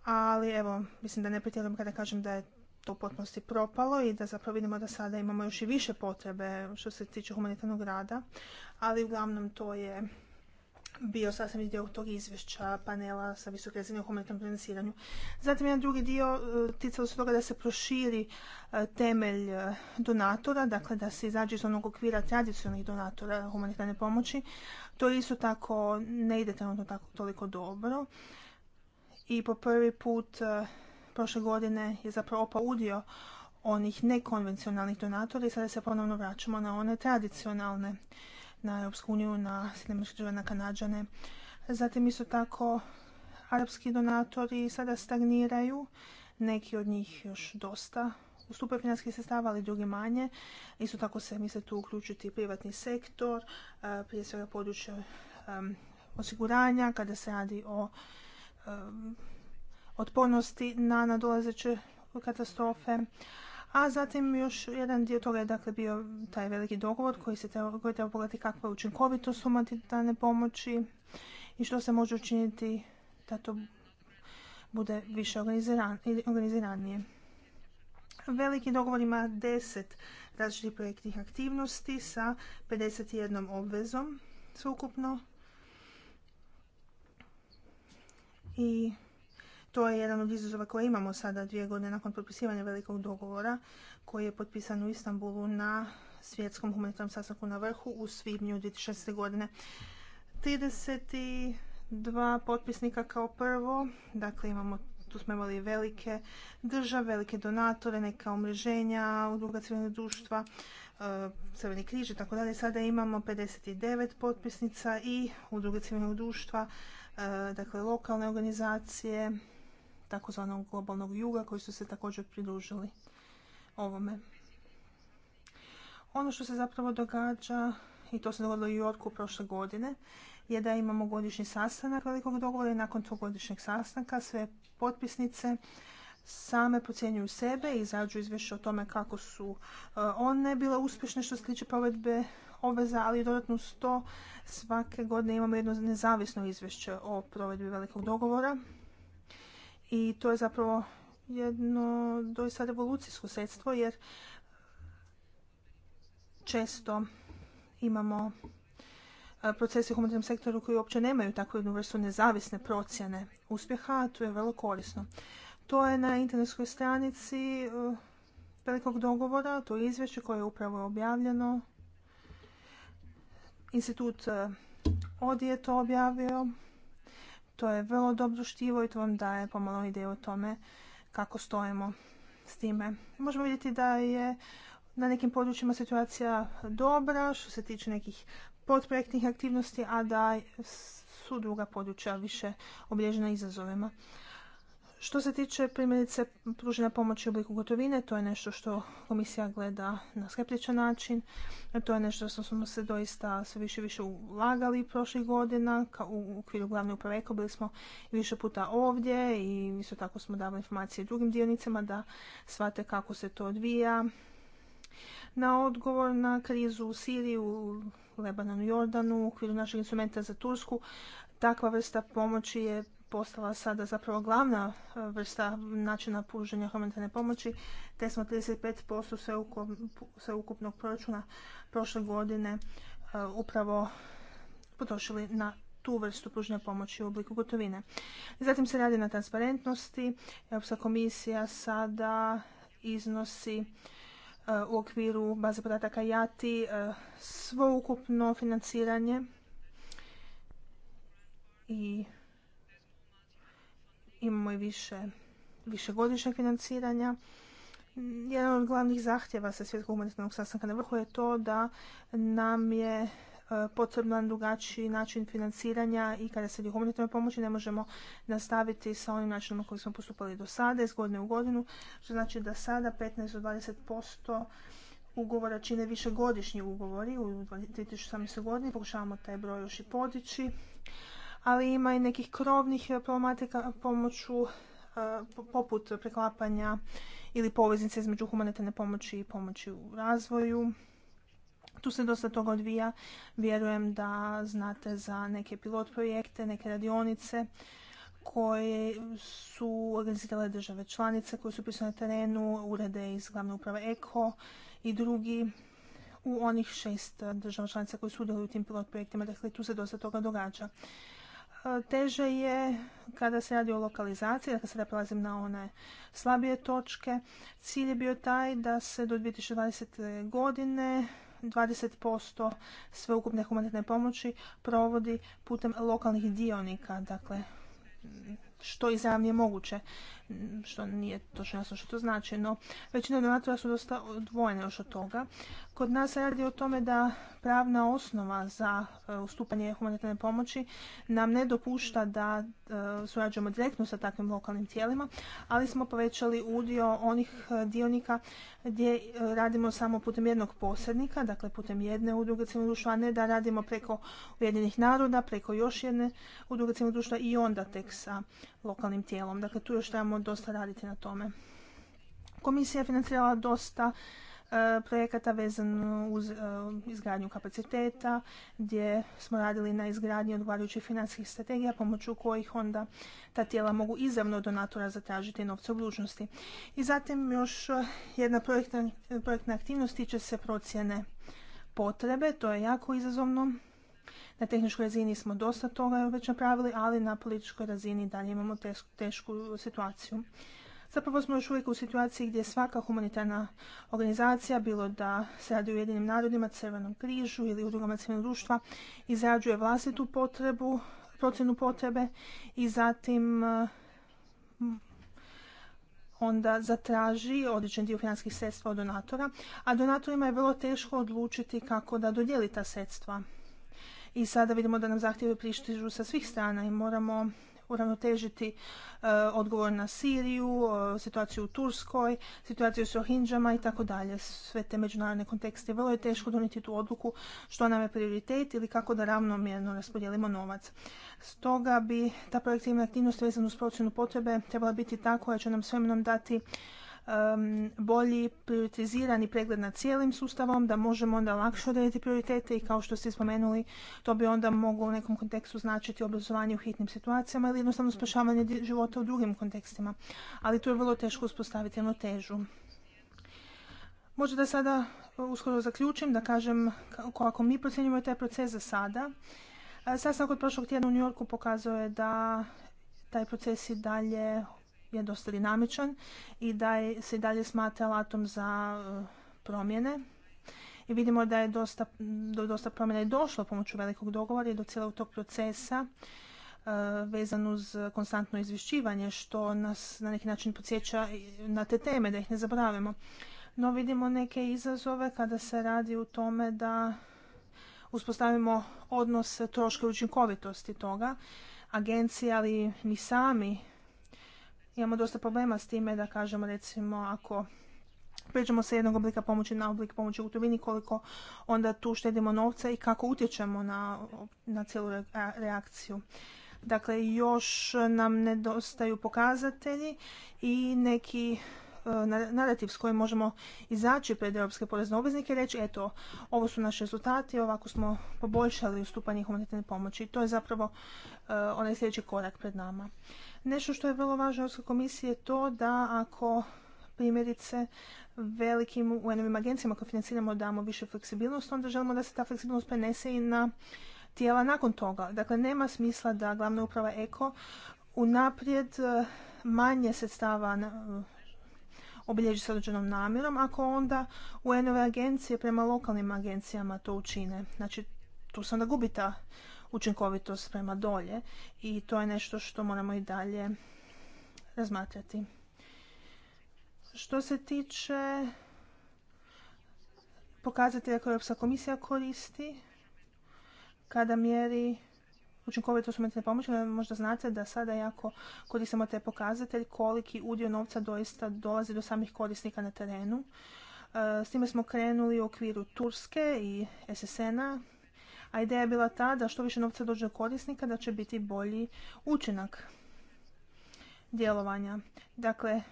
Ali evo, mislim da ne pretjerujem kada kažem da je to potpunosti propalo i da zapravo vidimo da sada imamo još i više potrebe što se tiče humanitarnog rada, ali uglavnom to je bio sasvim dio tog izvješća panela sa visoke razine o humanitarnom financiranju. Zatim jedan drugi dio e, ticalo se toga da se proširi e, temelj e, donatora, dakle da se izađe iz onog okvira tradicionalnih donatora humanitarne pomoći. To isto tako ne ide trenutno tako toliko dobro. I po prvi put Prošle godine je zapravo opao udio onih nekonvencionalnih donatora i sada se ponovno vraćamo na one tradicionalne, na Europsku uniju, na države na Kanadžane. Zatim isto tako arapski donatori sada stagniraju, neki od njih još dosta ustupaju finanskih sredstava, ali drugi manje. Isto tako se misle tu uključiti privatni sektor, eh, prije svega područje osiguranja, kada se radi o otpornosti na nadolazeće katastrofe. A zatim još jedan dio toga je dakle bio taj veliki dogovor koji se treba, koji pogledati kakva je učinkovitost humanitarne pomoći i što se može učiniti da to bude više organiziranije. Veliki dogovor ima 10 različitih projektnih aktivnosti sa 51 obvezom sveukupno. I to je jedan od izazova koje imamo sada dvije godine nakon potpisivanja velikog dogovora koji je potpisan u Istanbulu na svjetskom humanitarnom sastanku na vrhu u svibnju 2006. godine. 32 potpisnika kao prvo, dakle imamo tu smo imali velike države, velike donatore, neka omreženja, udruga civilnog društva, e, Crveni križ i tako dalje. Sada imamo 59 potpisnica i udruga civilnog društva, e, dakle lokalne organizacije, takozvanog globalnog juga koji su se također pridružili ovome. Ono što se zapravo događa, i to se dogodilo i u Jorku prošle godine, je da imamo godišnji sastanak velikog dogovora i nakon tog godišnjeg sastanka sve potpisnice same procjenjuju sebe i izrađuju izvješće o tome kako su eh, one bile uspješne što se tiče provedbe obveza, ali dodatno uz to svake godine imamo jedno nezavisno izvješće o provedbi velikog dogovora i to je zapravo jedno doista revolucijsko sredstvo jer često imamo e, procese u humanitarnom sektoru koji uopće nemaju takvu jednu vrstu nezavisne procjene uspjeha, a to je vrlo korisno. To je na internetskoj stranici e, velikog dogovora, to je izvješće koje je upravo objavljeno. Institut e, odije to objavio to je vrlo dobro štivo i to vam daje pomalo ideju o tome kako stojimo s time. Možemo vidjeti da je na nekim područjima situacija dobra što se tiče nekih podprojektnih aktivnosti, a da su druga područja više obilježena izazovima. Što se tiče primjerice pružena pomoći u obliku gotovine, to je nešto što komisija gleda na skeptičan način. To je nešto što smo se doista sve više i više ulagali prošlih godina. U okviru glavne uprave bili smo više puta ovdje i isto tako smo davali informacije drugim dionicama da shvate kako se to odvija. Na odgovor na krizu u Siriji, u Lebanonu i Jordanu, u okviru našeg instrumenta za Tursku, takva vrsta pomoći je postala sada zapravo glavna e, vrsta načina pružanja humanitarne pomoći, te smo 35% sveukupnog proračuna prošle godine e, upravo potrošili na tu vrstu pružne pomoći u obliku gotovine. Zatim se radi na transparentnosti. Europska komisija sada iznosi e, u okviru baze podataka JATI ukupno financiranje i imamo i više višegodišnjeg financiranja. Jedan od glavnih zahtjeva sa svjetskog humanitarnog sastanka na vrhu je to da nam je e, potreban drugačiji način financiranja i kada se radi humanitarnoj pomoći ne možemo nastaviti sa onim načinom koji smo postupali do sada, iz godine u godinu, što znači da sada 15 do 20% ugovora čine višegodišnji ugovori u 2018. godini. Pokušavamo taj broj još i podići ali ima i nekih krovnih e, problematika pomoću e, poput preklapanja ili poveznice između humanitarne pomoći i pomoći u razvoju. Tu se dosta toga odvija. Vjerujem da znate za neke pilot projekte, neke radionice koje su organizirale države članice, koje su pisane na terenu, urede iz glavne uprave EKO i drugi u onih šest e, država članica koji su udjeli u tim pilot projektima. Dakle, tu se dosta toga događa teže je kada se radi o lokalizaciji, dakle sada prelazim na one slabije točke. Cilj je bio taj da se do 2020. godine 20% sveukupne humanitarne pomoći provodi putem lokalnih dionika, dakle što izravnije moguće što nije točno jasno što to znači, no većina donatora su dosta odvojene još od toga. Kod nas radi o tome da pravna osnova za e, ustupanje humanitarne pomoći nam ne dopušta da e, surađujemo direktno sa takvim lokalnim tijelima, ali smo povećali udio onih e, dionika gdje radimo samo putem jednog posrednika, dakle putem jedne udruge civilnog društva, a ne da radimo preko Ujedinjenih naroda, preko još jedne udruge civilnog društva i onda tek sa lokalnim tijelom. Dakle, tu još trebamo moramo dosta raditi na tome. Komisija je financirala dosta e, projekata vezano uz e, izgradnju kapaciteta, gdje smo radili na izgradnji odgovarajućih financijskih strategija pomoću kojih onda ta tijela mogu izravno donatora zatražiti novce u budućnosti. I zatim još jedna projektna, projektna aktivnost tiče se procjene potrebe, to je jako izazovno na tehničkoj razini smo dosta toga već napravili, ali na političkoj razini dalje imamo tešku, situaciju. Zapravo smo još uvijek u situaciji gdje svaka humanitarna organizacija, bilo da se radi u jedinim narodima, Crvenom križu ili udrugama civilnog društva, izrađuje vlastitu potrebu, procjenu potrebe i zatim eh, onda zatraži određen dio financijskih sredstva od donatora, a donatorima je vrlo teško odlučiti kako da dodijeli ta sredstva i sada vidimo da nam zahtjeve prištižu sa svih strana i moramo uravnotežiti e, odgovor na Siriju, e, situaciju u Turskoj, situaciju s Rohinđama i tako dalje. Sve te međunarodne kontekste. Vrlo je teško donijeti tu odluku što nam je prioritet ili kako da ravnomjerno raspodijelimo novac. Stoga bi ta projektivna aktivnost vezana uz procjenu potrebe trebala biti ta koja će nam svemenom dati um, bolji prioritizirani pregled nad cijelim sustavom, da možemo onda lakše odrediti prioritete i kao što ste spomenuli, to bi onda moglo u nekom kontekstu značiti obrazovanje u hitnim situacijama ili jednostavno spašavanje života u drugim kontekstima. Ali tu je vrlo teško uspostaviti ravnotežu. Možda da sada e, uskoro zaključim, da kažem kako mi procjenjujemo taj proces za sada. E, sastanak od prošlog tjedna u New Yorku pokazao je da taj proces i dalje je dosta dinamičan i da je, se dalje smatra alatom za e, promjene. I vidimo da je dosta, do dosta promjena je došlo pomoću velikog dogovora i do cijelog tog procesa e, vezan uz konstantno izvješćivanje što nas na neki način podsjeća na te teme, da ih ne zaboravimo. No vidimo neke izazove kada se radi u tome da uspostavimo odnos troške učinkovitosti toga. Agencija, ali mi sami imamo dosta problema s time da kažemo recimo ako pređemo sa jednog oblika pomoći na oblik pomoći u gotovini, koliko onda tu štedimo novca i kako utječemo na, na cijelu reakciju. Dakle, još nam nedostaju pokazatelji i neki E, narativ s kojim možemo izaći pred europske porezne obveznike i reći eto, ovo su naši rezultati, ovako smo poboljšali ustupanje humanitarne pomoći. I to je zapravo e, onaj sljedeći korak pred nama. Nešto što je vrlo važno Europske komisije je to da ako primjerice velikim UN-ovim agencijama koje financiramo damo više fleksibilnost, onda želimo da se ta fleksibilnost prenese i na tijela nakon toga. Dakle, nema smisla da glavna uprava EKO unaprijed e, manje sredstava obilježi s određenom namjerom ako onda UN-ove agencije prema lokalnim agencijama to učine. Znači tu se onda gubi ta učinkovitost prema dolje i to je nešto što moramo i dalje razmatrati. Što se tiče pokazatelja koje Europska komisija koristi kada mjeri učinkovitost umetne pomoći, možda znate da sada jako koristimo te pokazatelj koliki udio novca doista dolazi do samih korisnika na terenu. E, s time smo krenuli u okviru Turske i SSN-a, a ideja je bila ta da što više novca dođe do korisnika, da će biti bolji učinak djelovanja. Dakle,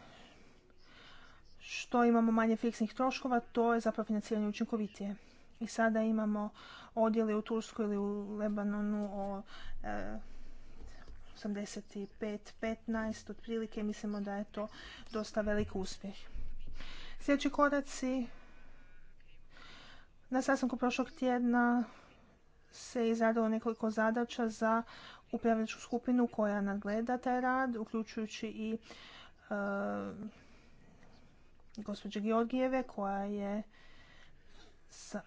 što imamo manje fiksnih troškova, to je zapravo financiranje učinkovitije. I sada imamo odjele u Turskoj ili u Lebanonu o 85-15 e, otprilike. Mislimo da je to dosta velik uspjeh. Sljedeći koraci na sastanku prošlog tjedna se izradilo nekoliko zadaća za upravljačku skupinu koja nadgleda taj rad, uključujući i e, gospođe Georgijeve koja je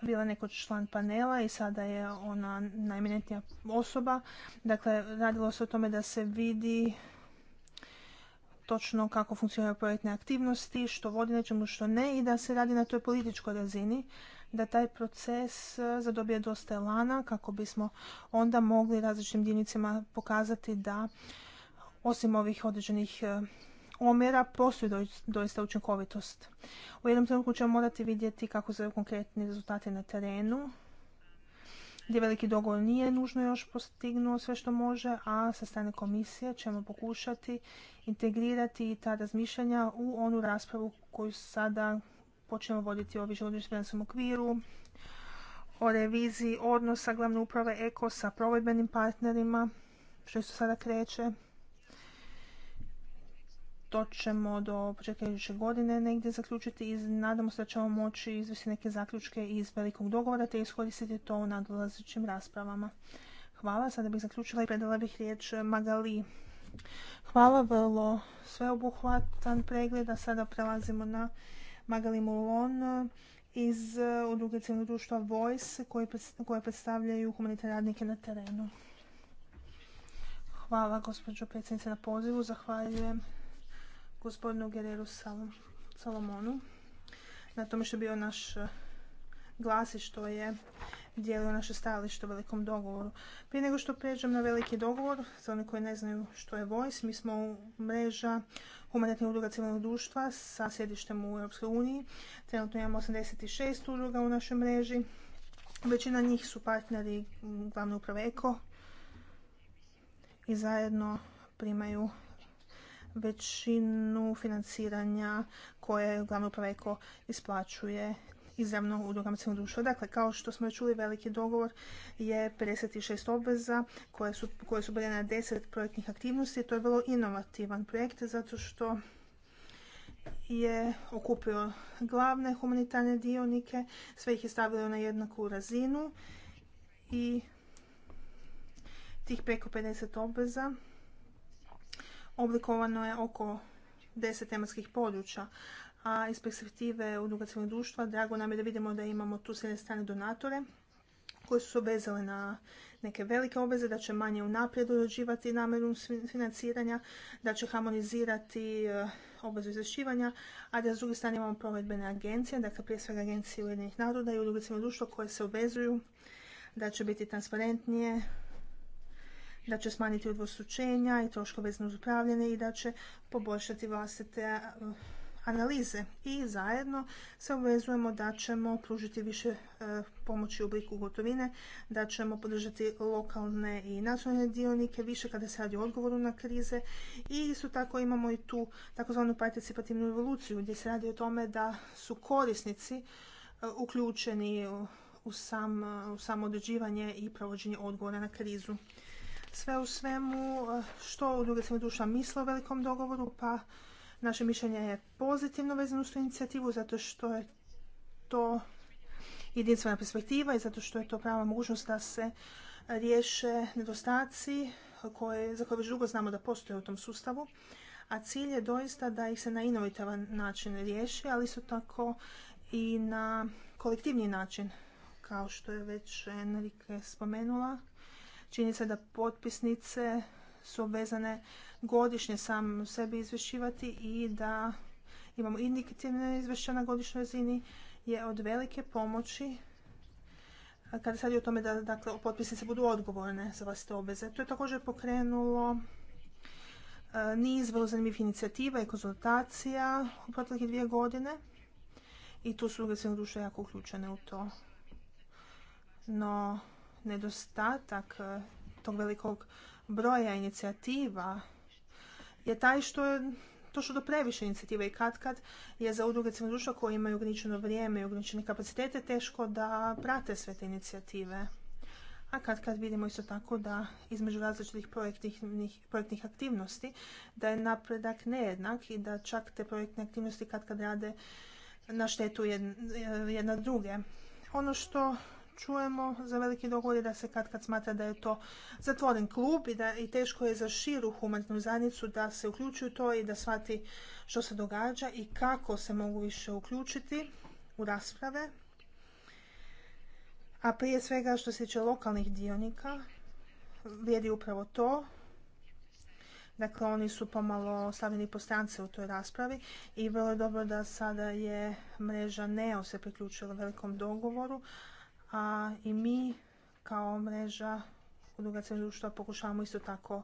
bila neko član panela i sada je ona najminentnija osoba. Dakle, radilo se o tome da se vidi točno kako funkcioniraju projektne aktivnosti, što vodi nečemu, što ne i da se radi na toj političkoj razini, da taj proces e, zadobije dosta elana kako bismo onda mogli različitim jedinicama pokazati da osim ovih određenih e, omjera postoji doista učinkovitost. U jednom trenutku ćemo morati vidjeti kako se konkretni rezultati na terenu, gdje veliki dogovor nije nužno još postignuo sve što može, a sa strane komisije ćemo pokušati integrirati ta razmišljanja u onu raspravu koju sada počnemo voditi o višegodišnjem okviru, o reviziji odnosa glavne uprave EKO sa provedbenim partnerima, što se sada kreće, to ćemo do početka iduće godine negdje zaključiti i nadamo se da ćemo moći izvesti neke zaključke iz velikog dogovora te iskoristiti to u nadolazećim raspravama. Hvala, sada bih zaključila i predala bih riječ Magali. Hvala, vrlo sveobuhvatan pregled, a sada prelazimo na Magali Mulon iz udruge uh, civilnog društva Voice koje predstavljaju humanitarne radnike na terenu. Hvala gospođo predsjednice na pozivu, zahvaljujem gospodinu Gereru Salomonu na tome što je bio naš eh, glas i što je dijelio naše stajalište u velikom dogovoru. Prije nego što pređem na veliki dogovor, za one koji ne znaju što je Voice, mi smo u mreža humanitarnih udruga civilnog društva sa sjedištem u Europskoj uniji. Trenutno imamo 86 udruga u našoj mreži. Većina njih su partneri glavne uprave EKO i zajedno primaju većinu financiranja koje glavno preko isplaćuje izravno drugom civilnog društva. Dakle, kao što smo čuli, veliki dogovor je 56 obveza koje su, koje bile na 10 projektnih aktivnosti. To je vrlo inovativan projekt zato što je okupio glavne humanitarne dionike, sve ih je stavio na jednaku razinu i tih preko 50 obveza oblikovano je oko deset tematskih područja. A iz perspektive udruga civilnog društva drago nam je da vidimo da imamo tu s jedne strane donatore koji su se obvezali na neke velike obveze, da će manje unaprijed uređivati namjeru financiranja, da će harmonizirati eh, obvezu izvješćivanja, a da s druge strane imamo provedbene agencije, dakle prije svega agencije Ujedinih naroda i Udruga civilnog društva koje se obvezuju da će biti transparentnije, da će smanjiti udvostručenja i troškove vezano uz upravljanje i da će poboljšati vlastite eh, analize i zajedno se obvezujemo da ćemo pružiti više eh, pomoći u obliku gotovine, da ćemo podržati lokalne i nacionalne dionike više kada se radi o odgovoru na krize i isto tako imamo i tu takozvanu participativnu evoluciju gdje se radi o tome da su korisnici eh, uključeni u, u samo određivanje i provođenje odgovora na krizu. Sve u svemu, e, što udruge civilnih društva misle o velikom dogovoru, pa naše mišljenje je pozitivno vezano uz tu inicijativu, zato što je to jedinstvena perspektiva i zato što je to prava mogućnost da se riješe nedostaci za koje već dugo znamo da postoje u tom sustavu a cilj je doista da ih se na inovitavan način riješi, ali isto tako i na kolektivni način, kao što je već Enrique spomenula. Čini se da potpisnice su obvezane godišnje sam sebi izvješćivati i da imamo indikativne izvješća na godišnjoj razini je od velike pomoći kada se radi o tome da dakle, potpisnice budu odgovorne za vlastite obveze. To je također pokrenulo e, niz vrlo zanimljivih inicijativa i konzultacija u proteklih dvije godine i tu su sve duše jako uključene u to. No, nedostatak e, tog velikog broja inicijativa je taj što je što do previše inicijative i kad kad je za udruge civilnog društva koje imaju ograničeno vrijeme i ograničene kapacitete teško da prate sve te inicijative. A kad kad vidimo isto tako da između različitih projektnih, projektnih aktivnosti da je napredak nejednak i da čak te projektne aktivnosti kad kad rade na štetu jedna druge. Ono što čujemo za veliki dogovor da se kad kad smatra da je to zatvoren klub i da i teško je za širu humanitnu zajednicu da se uključuju to i da shvati što se događa i kako se mogu više uključiti u rasprave. A prije svega što se tiče lokalnih dionika, vrijedi upravo to. Dakle, oni su pomalo stavljeni po strance u toj raspravi i vrlo je dobro da sada je mreža NEO se priključila velikom dogovoru, a i mi kao mreža u civilnog društva pokušavamo isto tako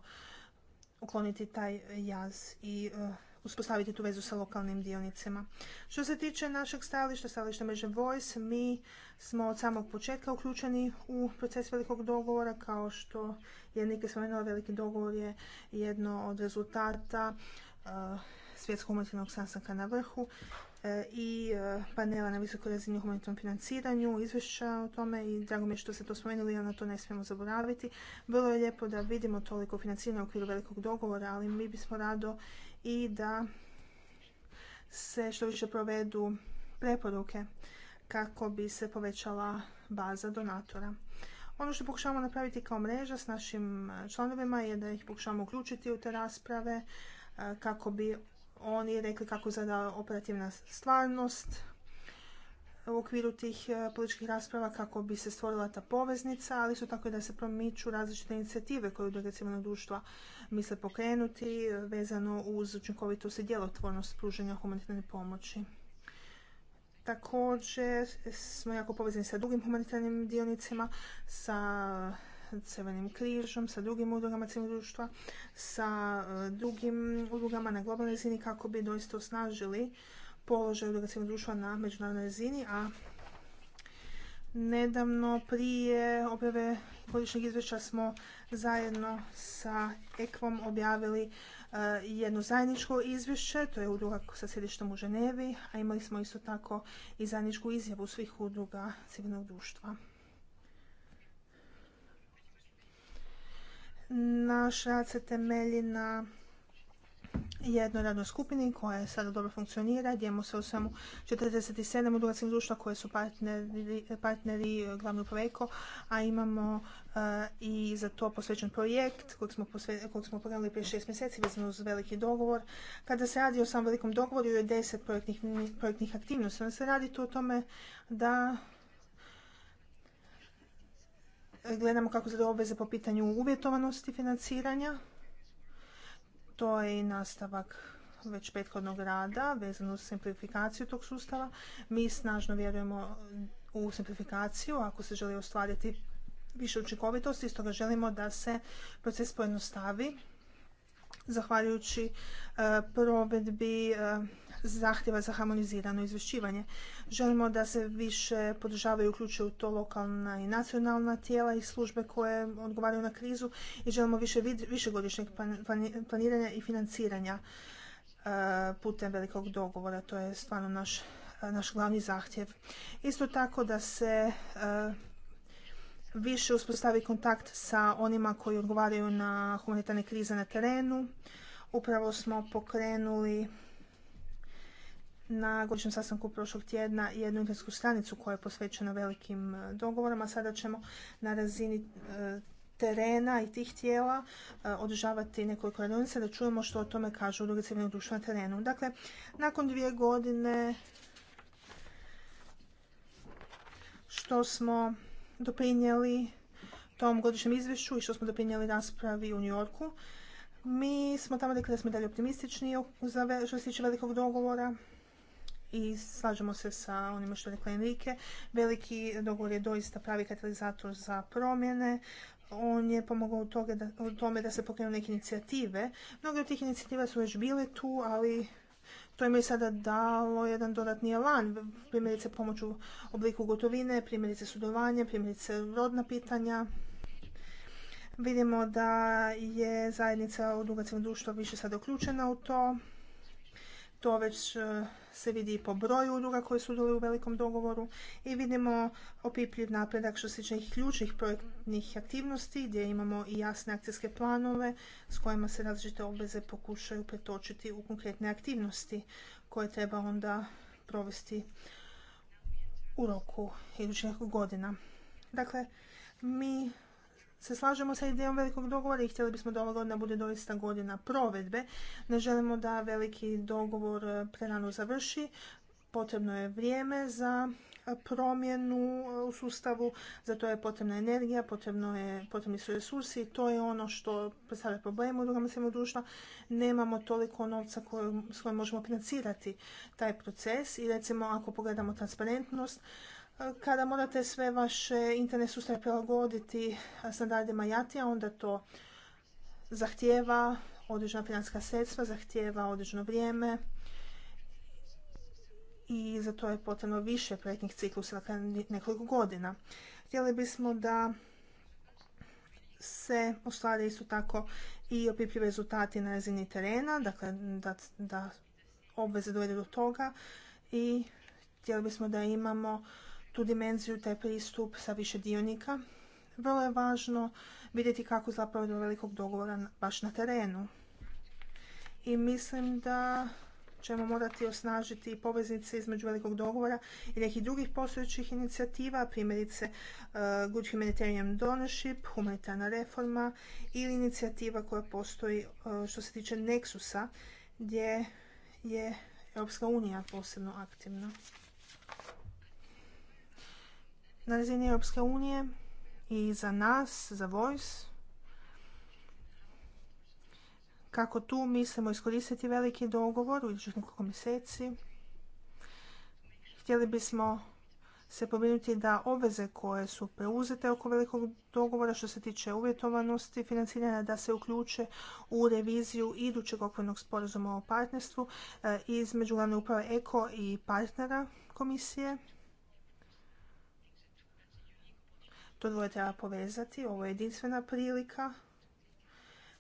ukloniti taj jaz i e, uspostaviti tu vezu sa lokalnim dionicama. Što se tiče našeg stajališta, stajališta mreže Voice, mi smo od samog početka uključeni u proces velikog dogovora, kao što je Nike spomenula, veliki dogovor je jedno od rezultata e, svjetskog sastanka na vrhu E, i e, panela na visokoj razini u humanitarnom financiranju, izvješća o tome i drago mi je što ste to spomenuli, ali na to ne smijemo zaboraviti. Bilo je lijepo da vidimo toliko financiranja u okviru velikog dogovora, ali mi bismo rado i da se što više provedu preporuke kako bi se povećala baza donatora. Ono što pokušavamo napraviti kao mreža s našim članovima je da ih pokušavamo uključiti u te rasprave e, kako bi oni rekli kako zada operativna stvarnost u okviru tih e, političkih rasprava kako bi se stvorila ta poveznica, ali su tako da se promiču različite inicijative koje udruge civilnog društva misle pokrenuti e, vezano uz učinkovitost i djelotvornost pružanja humanitarne pomoći. Također smo jako povezani sa drugim humanitarnim dionicima, sa Crvenim križom, sa drugim udrugama civilnog društva, sa e, drugim udrugama na globalnoj razini kako bi doista osnažili položaj udruga civilnog društva na međunarodnoj razini, a Nedavno prije objave godišnjeg izvješća smo zajedno sa Ekvom objavili e, jedno zajedničko izvješće, to je udruga sa sjedištem u Ženevi, a imali smo isto tako i zajedničku izjavu svih udruga civilnog društva. Naš rad se temelji na jednoj radnoj skupini koja je sada dobro funkcionira, Dijemo se u svemu 47 udrugacijskih društva koje su partneri, e, glavno a imamo e, i za to posvećen projekt kojeg smo, posve, pogledali prije šest mjeseci vezano uz veliki dogovor. Kada se radi o samom velikom dogovoru je deset projektnih, projektnih aktivnosti, onda se radi tu o tome da gledamo kako se obveze po pitanju uvjetovanosti financiranja. To je i nastavak već prethodnog rada vezano uz simplifikaciju tog sustava. Mi snažno vjerujemo u simplifikaciju ako se želi ostvariti više učinkovitosti, stoga želimo da se proces pojednostavi zahvaljujući e, provedbi e, zahtjeva za harmonizirano izvješćivanje. Želimo da se više podržavaju i uključuju to lokalna i nacionalna tijela i službe koje odgovaraju na krizu i želimo više višegodišnjeg planiranja i financiranja e, putem velikog dogovora. To je stvarno naš, naš glavni zahtjev. Isto tako da se e, više uspostavi kontakt sa onima koji odgovaraju na humanitarne krize na terenu. Upravo smo pokrenuli na godišnjem sastanku prošlog tjedna jednu internetsku stranicu koja je posvećena velikim e, dogovorama. Sada ćemo na razini e, terena i tih tijela e, održavati nekoliko radionica da čujemo što o tome kažu udruge civilnog društva na terenu. Dakle, nakon dvije godine što smo doprinijeli tom godišnjem izvješću i što smo doprinijeli raspravi u New Yorku, mi smo tamo rekli da smo dalje optimistični što se tiče velikog dogovora i slažemo se sa onime što je rekla Enrique. Veliki dogovor je doista pravi katalizator za promjene. On je pomogao u, tome da se pokrenu neke inicijative. Mnoge od tih inicijativa su već bile tu, ali to im je sada dalo jedan dodatni alan. primjerice pomoć u obliku gotovine, primjerice sudovanja, primjerice rodna pitanja. Vidimo da je zajednica u društva više sada uključena u to. To već e, se vidi i po broju udruga koje su udruge u velikom dogovoru i vidimo opipljiv napredak što se tiče ključnih projektnih aktivnosti gdje imamo i jasne akcijske planove s kojima se različite obveze pokušaju pretočiti u konkretne aktivnosti koje treba onda provesti u roku idućih godina. Dakle, mi se slažemo sa idejom velikog dogovora i htjeli bismo da ova godina bude doista godina provedbe. Ne želimo da veliki dogovor eh, prerano završi. Potrebno je vrijeme za eh, promjenu eh, u sustavu, za to je potrebna energija, potrebni su resursi to je ono što predstavlja problem u drugom svijetu društva. Nemamo toliko novca s kojim možemo financirati taj proces i recimo ako pogledamo transparentnost, kada morate sve vaše internet sustave prilagoditi eh, standardima jati onda to zahtijeva određena financijska sredstva, zahtijeva određeno vrijeme i za to je potrebno više projektnih ciklusa, dakle, nekoliko godina. Htjeli bismo da se ostvari isto tako i opipljivi rezultati na razini terena, dakle da, da obveze dojde do toga i htjeli bismo da imamo tu dimenziju, taj pristup sa više dionika. Vrlo je važno vidjeti kako zapravo do velikog dogovora baš na terenu. I mislim da ćemo morati osnažiti poveznice između velikog dogovora i nekih drugih postojećih inicijativa, primjerice e, Good Humanitarian Donorship, humanitarna reforma ili inicijativa koja postoji e, što se tiče Nexusa gdje je Europska unija posebno aktivna na razini Europske unije i za nas, za Voice, kako tu mislimo iskoristiti veliki dogovor u idućih nekoliko mjeseci. Htjeli bismo se pobrinuti da obveze koje su preuzete oko velikog dogovora što se tiče uvjetovanosti financiranja da se uključe u reviziju idućeg okvirnog sporazuma o partnerstvu e, između glavne uprave ECO i partnera komisije To dvoje treba povezati. Ovo je jedinstvena prilika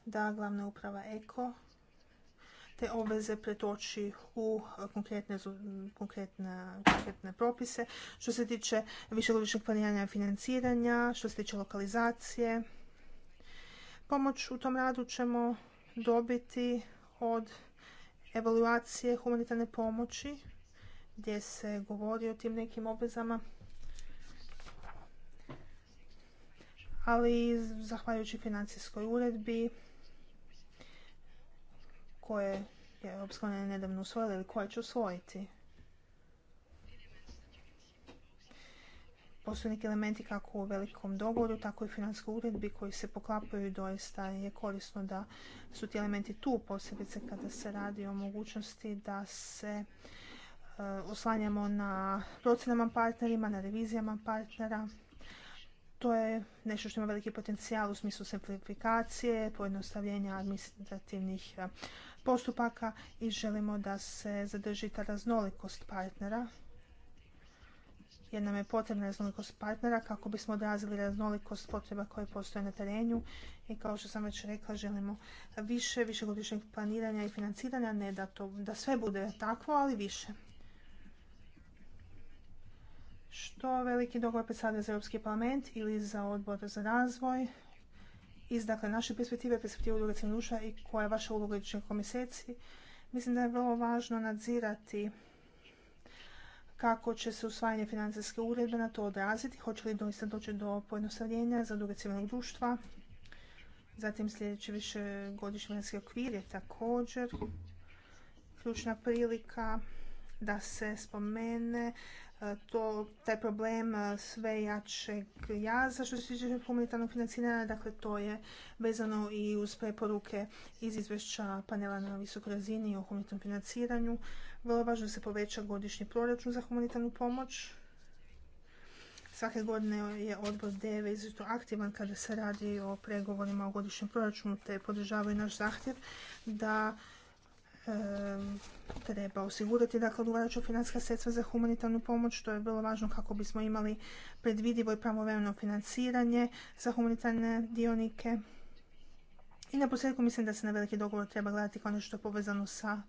da glavna uprava EKO te obveze pretoči u konkretne, konkretne, konkretne propise. Što se tiče višegodišnjeg planiranja i financiranja, što se tiče lokalizacije, pomoć u tom radu ćemo dobiti od evaluacije humanitarne pomoći gdje se govori o tim nekim obvezama ali zahvaljujući financijskoj uredbi koje je Europska unija nedavno usvojila ili koje će usvojiti. Postoje neki elementi kako u velikom dogovoru, tako i u financijskoj uredbi koji se poklapaju i doista je korisno da su ti elementi tu, posebice kada se radi o mogućnosti da se e, oslanjamo na procenama partnerima, na revizijama partnera to je nešto što ima veliki potencijal u smislu simplifikacije, pojednostavljenja administrativnih e, postupaka i želimo da se zadrži ta raznolikost partnera jer nam je potrebna raznolikost partnera kako bismo odrazili raznolikost potreba koje postoje na terenju i kao što sam već rekla želimo više višegodišnjeg planiranja i financiranja, ne da, to, da sve bude takvo, ali više što veliki dogovor predstavlja za Europski parlament ili za odbor za razvoj iz dakle, naše perspektive, perspektive udruga civilnog i koja je vaša uloga nekoliko mjeseci. Mislim da je vrlo važno nadzirati kako će se usvajanje financijske uredbe na to odraziti, hoće li doista doći do pojednostavljenja za druge civilnog društva. Zatim sljedeći godišnji financijski okvir je također ključna prilika da se spomene E, to, taj problem e, sve jačeg jaza što se tiče humanitarnog financiranja. Dakle, to je vezano i uz preporuke iz izvješća panela na visokoj razini o humanitarnom financiranju. Vrlo važno se poveća godišnji proračun za humanitarnu pomoć. Svake godine je odbor DEVE izuzetno aktivan kada se radi o pregovorima o godišnjem proračunu, te podržavaju naš zahtjev da treba osigurati dakle, odgovarajuća financijska sredstva za humanitarnu pomoć. što je vrlo važno kako bismo imali predvidivo i pravovremeno financiranje za humanitarne dionike. I na posljedku mislim da se na veliki dogovor treba gledati kao nešto povezano sa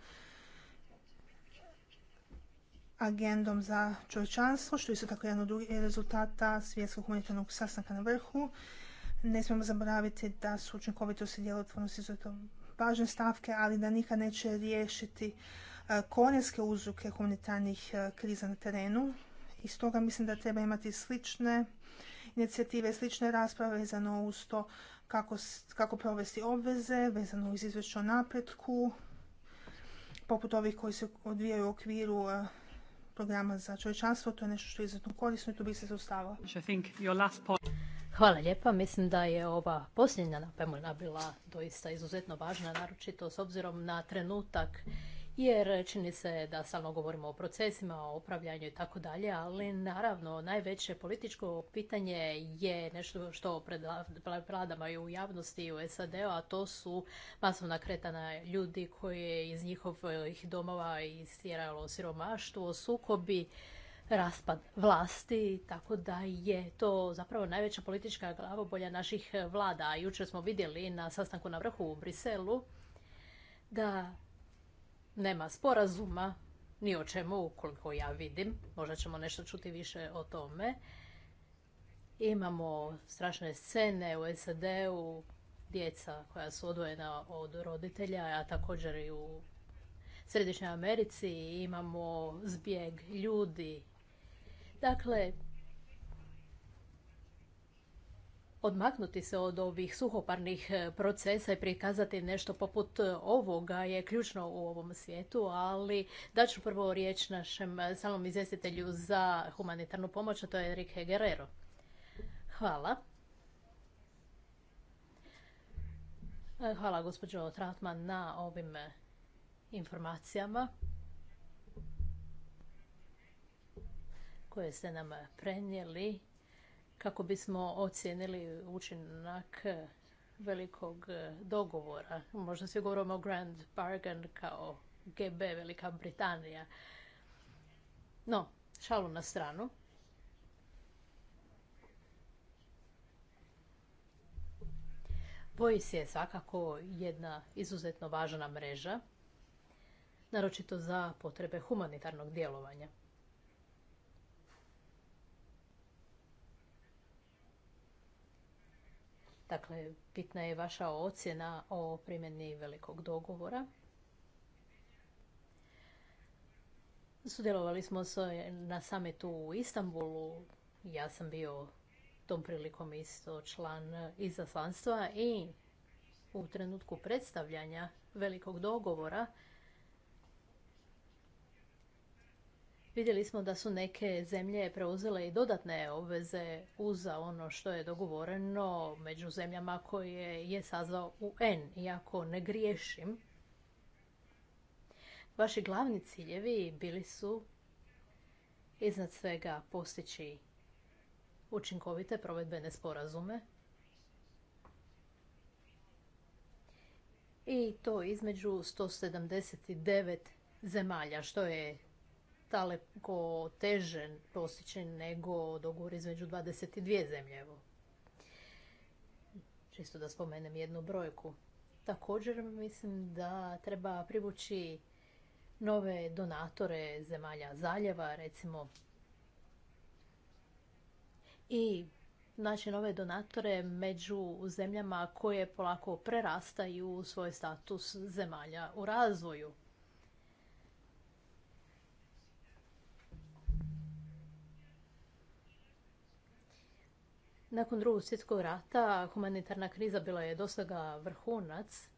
agendom za čovječanstvo, što je isto tako jedan od drugih rezultata svjetskog humanitarnog sastanka na vrhu. Ne smijemo zaboraviti da su učinkovitost i djelotvornosti izuzetno važne stavke, ali da nikad neće riješiti e, korijenske uzroke humanitarnih e, kriza na terenu. I stoga mislim da treba imati slične inicijative, slične rasprave vezano uz to kako, provesti obveze, vezano uz izvješće o napretku, poput ovih koji se odvijaju u okviru e, programa za čovječanstvo. To je nešto što je izuzetno korisno i tu bi se zaustavila. Hvala lijepa. Mislim da je ova posljednja napomena bila doista izuzetno važna, naročito s obzirom na trenutak, jer čini se da stalno govorimo o procesima, o upravljanju i tako dalje, ali naravno najveće političko pitanje je nešto što Vladama i u javnosti i u SAD-u, a to su masovna kretana ljudi koje iz njihovih domova istjeralo siromaštvo, sukobi, raspad vlasti, tako da je to zapravo najveća politička glavobolja naših vlada. Jučer smo vidjeli na sastanku na vrhu u Briselu da nema sporazuma ni o čemu, koliko ja vidim. Možda ćemo nešto čuti više o tome. Imamo strašne scene u SAD-u, djeca koja su odvojena od roditelja, a također i u Središnjoj Americi imamo zbjeg ljudi Dakle, Odmaknuti se od ovih suhoparnih e, procesa i prikazati nešto poput e, ovoga je ključno u ovom svijetu, ali daću prvo riječ našem e, samom izvjestitelju za humanitarnu pomoć, a to je Erik Guerrero. Hvala. Hvala gospođo Tratman na ovim informacijama. koje ste nam prenijeli kako bismo ocijenili učinak velikog dogovora. Možda svi govorimo o Grand Bargain kao GB Velika Britanija. No, šalu na stranu. Voice je svakako jedna izuzetno važna mreža, naročito za potrebe humanitarnog djelovanja. Dakle, bitna je vaša ocjena o primjeni velikog dogovora. Sudjelovali smo na sametu u Istanbulu. Ja sam bio tom prilikom isto član izaslanstva i u trenutku predstavljanja velikog dogovora Vidjeli smo da su neke zemlje preuzele i dodatne obveze uza ono što je dogovoreno među zemljama koje je sazvao UN, iako ne griješim. Vaši glavni ciljevi bili su iznad svega postići učinkovite provedbene sporazume i to između 179 zemalja, što je daleko teže postići nego dogovor između 22 zemlje. Evo. Čisto da spomenem jednu brojku. Također mislim da treba privući nove donatore zemalja zaljeva, recimo. I naći nove donatore među zemljama koje polako prerastaju svoj status zemalja u razvoju. Nakon drugog svjetskog rata humanitarna kriza bila je dosega vrhunac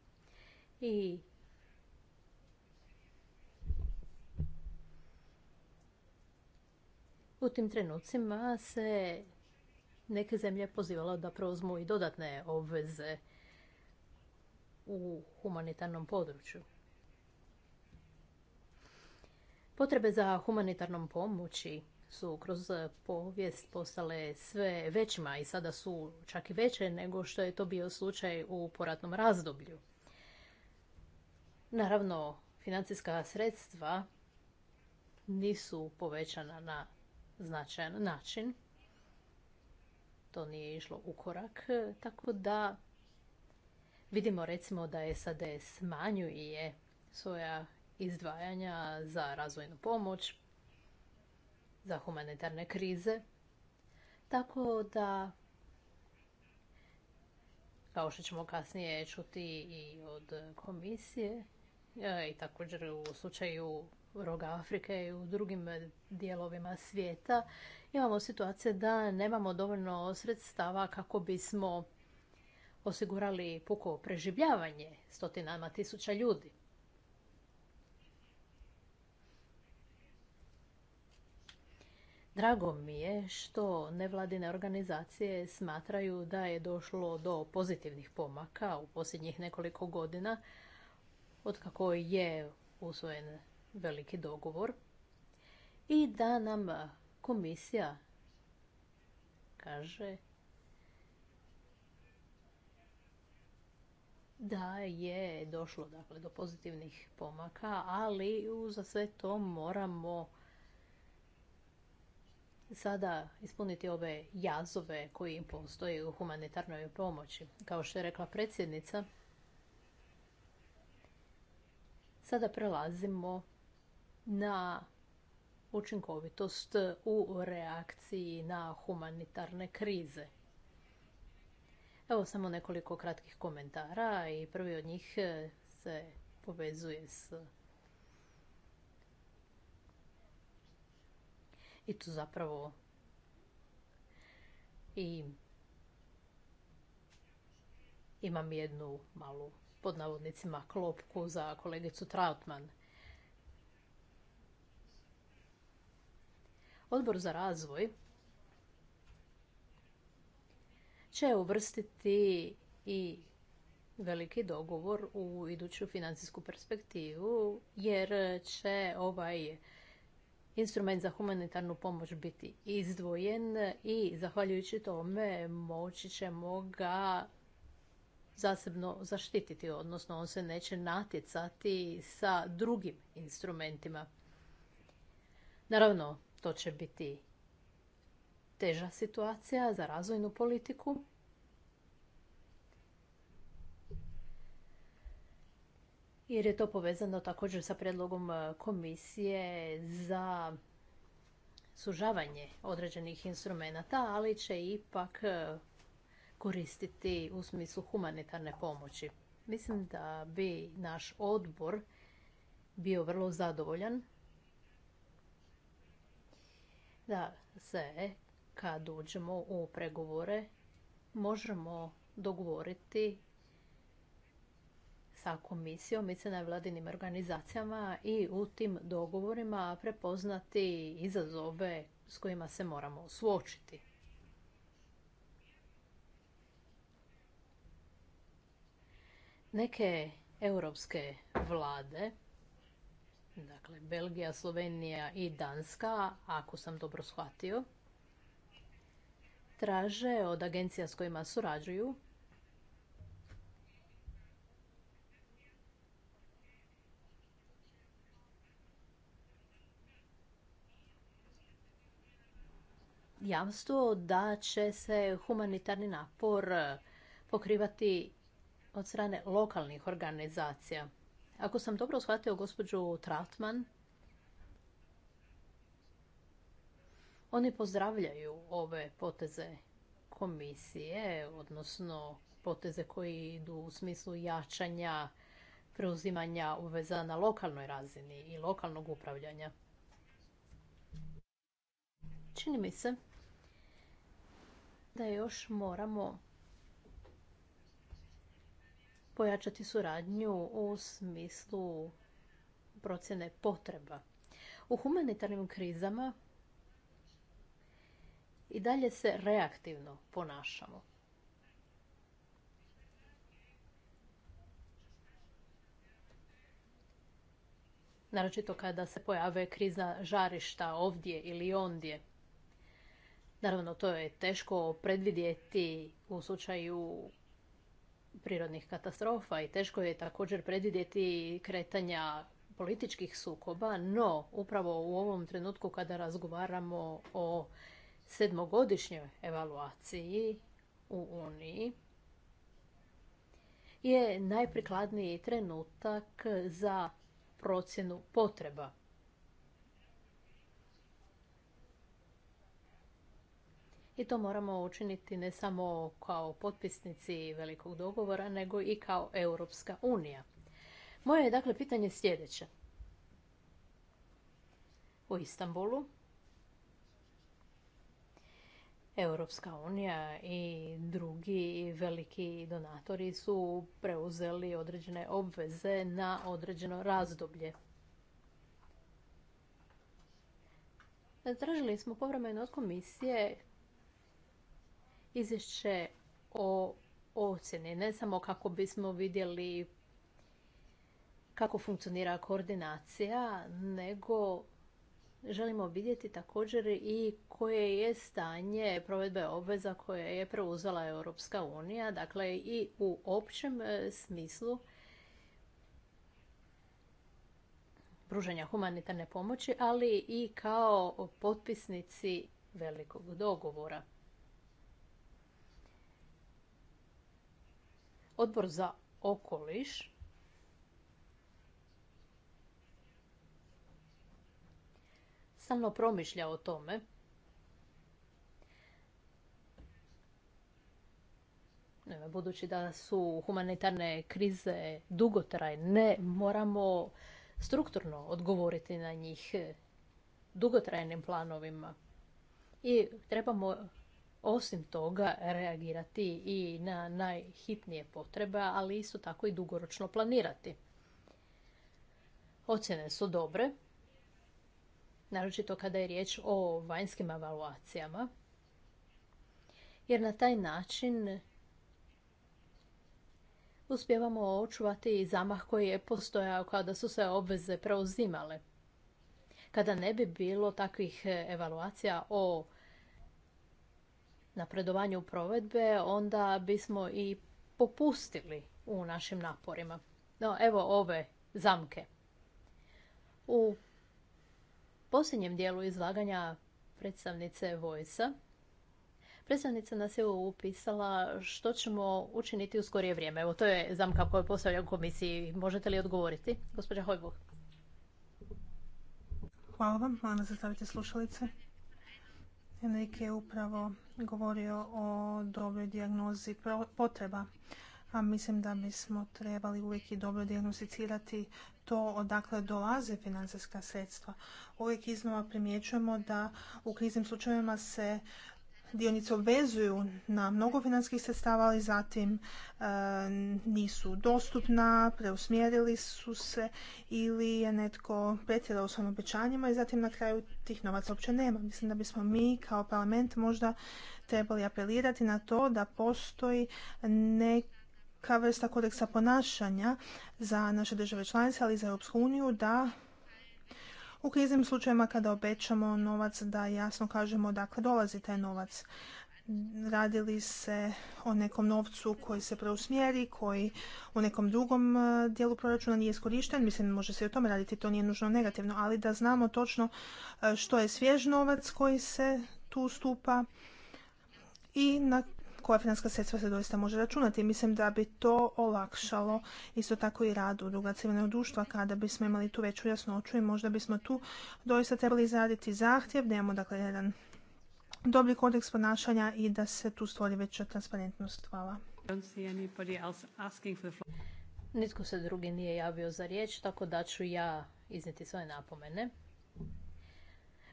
i u tim trenucima se neke zemlje pozivalo da preuzmu i dodatne obveze u humanitarnom području. Potrebe za humanitarnom pomoći su kroz e, povijest postale sve većima i sada su čak i veće nego što je to bio slučaj u poratnom razdoblju. Naravno, financijska sredstva nisu povećana na značajan način. To nije išlo u korak, e, tako da vidimo recimo da SAD smanjuje svoja izdvajanja za razvojnu pomoć, za humanitarne krize. Tako da, kao što ćemo kasnije čuti i od komisije, e, i također u slučaju roga Afrike i u drugim dijelovima svijeta, imamo situacije da nemamo dovoljno sredstava kako bismo osigurali puko preživljavanje stotinama tisuća ljudi. Drago mi je što nevladine organizacije smatraju da je došlo do pozitivnih pomaka u posljednjih nekoliko godina od kako je usvojen veliki dogovor i da nam komisija kaže da je došlo dakle, do pozitivnih pomaka, ali za sve to moramo sada ispuniti ove jazove koji im postoje u humanitarnoj pomoći. Kao što je rekla predsjednica, sada prelazimo na učinkovitost u reakciji na humanitarne krize. Evo samo nekoliko kratkih komentara i prvi od njih eh, se povezuje s I tu zapravo i imam jednu malu pod navodnicima klopku za kolegicu Trautman. Odbor za razvoj će uvrstiti i veliki dogovor u iduću financijsku perspektivu jer će ovaj instrument za humanitarnu pomoć biti izdvojen i zahvaljujući tome moći ćemo ga zasebno zaštititi, odnosno on se neće natjecati sa drugim instrumentima. Naravno, to će biti teža situacija za razvojnu politiku, jer je to povezano također sa predlogom e, komisije za sužavanje određenih instrumenata, ali će ipak e, koristiti u smislu humanitarne pomoći. Mislim da bi naš odbor bio vrlo zadovoljan da se kad uđemo u pregovore možemo dogovoriti sa komisijom i sa nevladinim organizacijama i u tim dogovorima prepoznati izazove s kojima se moramo suočiti. Neke europske vlade, dakle Belgija, Slovenija i Danska, ako sam dobro shvatio, traže od agencija s kojima surađuju jamstvo da će se humanitarni napor e, pokrivati od strane lokalnih organizacija. Ako sam dobro shvatio gospođu tratman oni pozdravljaju ove poteze komisije, odnosno poteze koji idu u smislu jačanja preuzimanja obveza na lokalnoj razini i lokalnog upravljanja. Čini mi se da još moramo pojačati suradnju u smislu procjene potreba. U humanitarnim krizama i dalje se reaktivno ponašamo. Naročito kada se pojave kriza žarišta ovdje ili ondje. Naravno, to je teško predvidjeti u slučaju prirodnih katastrofa i teško je također predvidjeti kretanja političkih sukoba, no upravo u ovom trenutku kada razgovaramo o sedmogodišnjoj evaluaciji u Uniji, je najprikladniji trenutak za procjenu potreba. I to moramo učiniti ne samo kao potpisnici velikog dogovora, nego i kao Europska unija. Moje je dakle pitanje sljedeće. U Istanbulu Europska unija i drugi veliki donatori su preuzeli određene obveze na određeno razdoblje. Tražili smo povremeno od komisije izvješće o ocjeni, ne samo kako bismo vidjeli kako funkcionira koordinacija, nego želimo vidjeti također i koje je stanje provedbe obveza koje je preuzela Europska unija, dakle i u općem e, smislu pružanja humanitarne pomoći, ali i kao potpisnici velikog dogovora. Odbor za okoliš stalno promišlja o tome. Budući da su humanitarne krize dugotrajne, moramo strukturno odgovoriti na njih dugotrajnim planovima. I trebamo osim toga reagirati i na najhitnije potrebe, ali isto tako i dugoročno planirati. Ocjene su dobre, naročito kada je riječ o vanjskim evaluacijama, jer na taj način uspjevamo očuvati zamah koji je postojao kada su se obveze preuzimale. Kada ne bi bilo takvih evaluacija o napredovanju provedbe, onda bismo i popustili u našim naporima. No, evo ove zamke. U posljednjem dijelu izlaganja predstavnice Vojsa, predstavnica nas je upisala što ćemo učiniti u skorije vrijeme. Evo, to je zamka koju u komisiji. Možete li odgovoriti, gospođa Hojbog? Hvala vam. za zastavite slušalice. Enrique je upravo govorio o dobroj dijagnozi potreba, a mislim da bismo trebali uvijek i dobro dijagnosticirati to odakle dolaze financijska sredstva. Uvijek iznova primjećujemo da u kriznim slučajevima se dionice obvezuju na mnogo financijskih sredstava, ali zatim e, nisu dostupna, preusmjerili su se ili je netko pretjerao svojim obećanjima i zatim na kraju tih novaca uopće nema. Mislim da bismo mi kao parlament možda trebali apelirati na to da postoji neka vrsta kodeksa ponašanja za naše države članice, ali i za Europsku uniju da u kriznim slučajevima kada obećamo novac da jasno kažemo odakle dolazi taj novac. Radi li se o nekom novcu koji se preusmjeri, koji u nekom drugom e, dijelu proračuna nije iskorišten, mislim može se i o tome raditi, to nije nužno negativno, ali da znamo točno e, što je svjež novac koji se tu stupa i na koja finanska sredstva se doista može računati. Mislim da bi to olakšalo isto tako i radu udruga civilnog društva kada bismo imali tu veću jasnoću i možda bismo tu doista trebali izraditi zahtjev da imamo dakle jedan dobri kodeks ponašanja i da se tu stvori veća transparentnost. Hvala. Nitko se drugi nije javio za riječ, tako da ću ja izniti svoje napomene.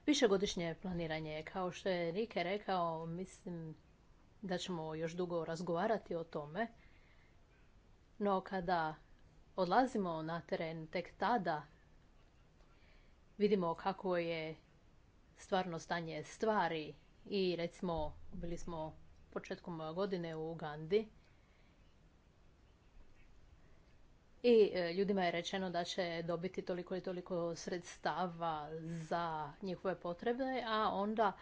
Višegodišnje planiranje, kao što je Rike rekao, mislim da ćemo još dugo razgovarati o tome, no kada odlazimo na teren tek tada vidimo kako je stvarno stanje stvari i recimo bili smo početkom godine u Ugandi i e, ljudima je rečeno da će dobiti toliko i toliko sredstava za njihove potrebe, a onda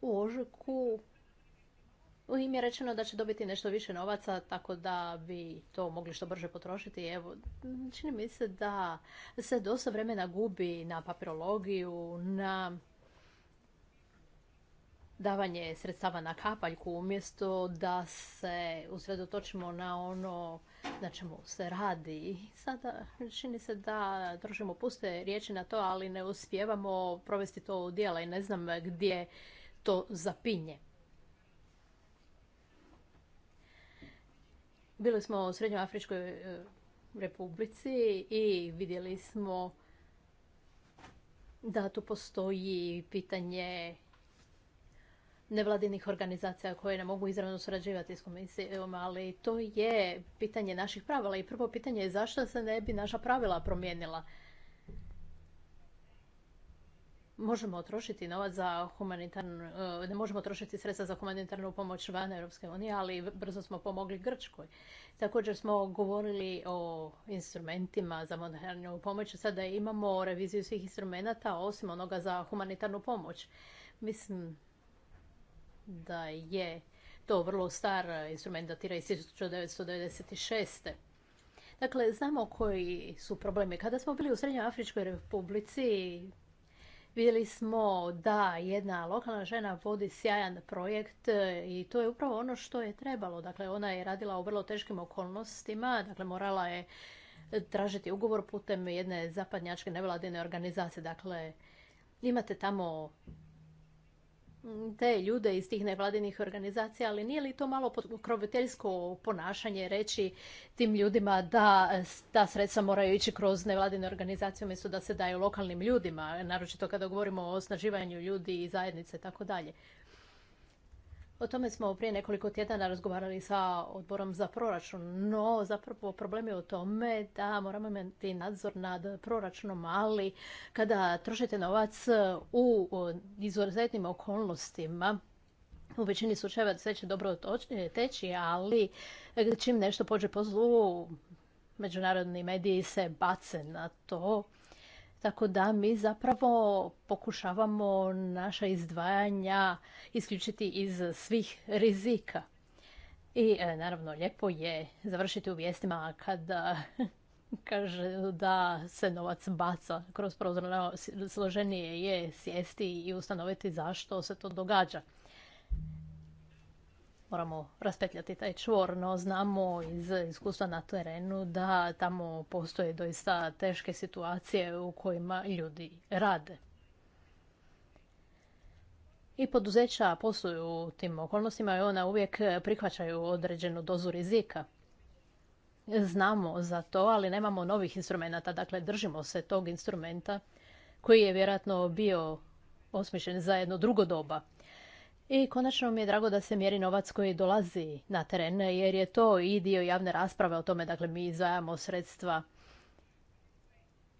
u ožujku u im je rečeno da će dobiti nešto više novaca, tako da bi to mogli što brže potrošiti. Evo, čini mi se da se dosta vremena gubi na papirologiju, na davanje sredstava na kapaljku umjesto da se usredotočimo na ono na čemu se radi. Sada čini se da držimo puste riječi na to, ali ne uspijevamo provesti to u dijela i ne znam gdje to zapinje. Bili smo u Srednjoafričkoj e, republici i vidjeli smo da tu postoji pitanje nevladinih organizacija koje ne mogu izravno surađivati s komisijom, ali to je pitanje naših pravila. I prvo pitanje je zašto se ne bi naša pravila promijenila? možemo trošiti novac za humanitarnu, eh, ne možemo trošiti sredstva za humanitarnu pomoć van Europske unije, ali brzo smo pomogli Grčkoj. Također smo govorili o instrumentima za humanitarnu pomoć. Sada imamo reviziju svih instrumenata osim onoga za humanitarnu pomoć. Mislim da je to vrlo star instrument, datira iz 1996. Dakle, znamo koji su problemi. Kada smo bili u Srednjoj Afričkoj republici, Vidjeli smo da jedna lokalna žena vodi sjajan projekt e, i to je upravo ono što je trebalo. Dakle, ona je radila u vrlo teškim okolnostima, dakle morala je tražiti ugovor putem jedne zapadnjačke nevladine organizacije. Dakle, imate tamo te ljude iz tih nevladinih organizacija, ali nije li to malo pokroviteljsko ponašanje reći tim ljudima da ta sredstva moraju ići kroz nevladine organizacije umjesto da se daju lokalnim ljudima, naročito kada govorimo o osnaživanju ljudi i zajednice i tako dalje. O tome smo prije nekoliko tjedana razgovarali sa odborom za proračun, no zapravo problem je u tome da moramo imati nadzor nad proračunom, ali kada trošite novac u izuzetnim okolnostima, u većini slučajeva sve će dobro teći, ali čim nešto pođe po zlu, međunarodni mediji se bace na to tako da mi zapravo pokušavamo naša izdvajanja isključiti iz svih rizika. I e, naravno, lijepo je završiti u vijestima kada [laughs] kaže da se novac baca kroz prozor. Ono, složenije je sjesti i ustanoviti zašto se to događa moramo raspetljati taj čvor, no znamo iz iskustva na terenu da tamo postoje doista teške situacije u kojima ljudi rade. I poduzeća posluju u tim okolnostima i ona uvijek prihvaćaju određenu dozu rizika. Znamo za to, ali nemamo novih instrumenta, dakle držimo se tog instrumenta koji je vjerojatno bio osmišljen za jedno drugo doba. I konačno mi je drago da se mjeri novac koji dolazi na teren, jer je to i dio javne rasprave o tome, dakle mi izdvajamo sredstva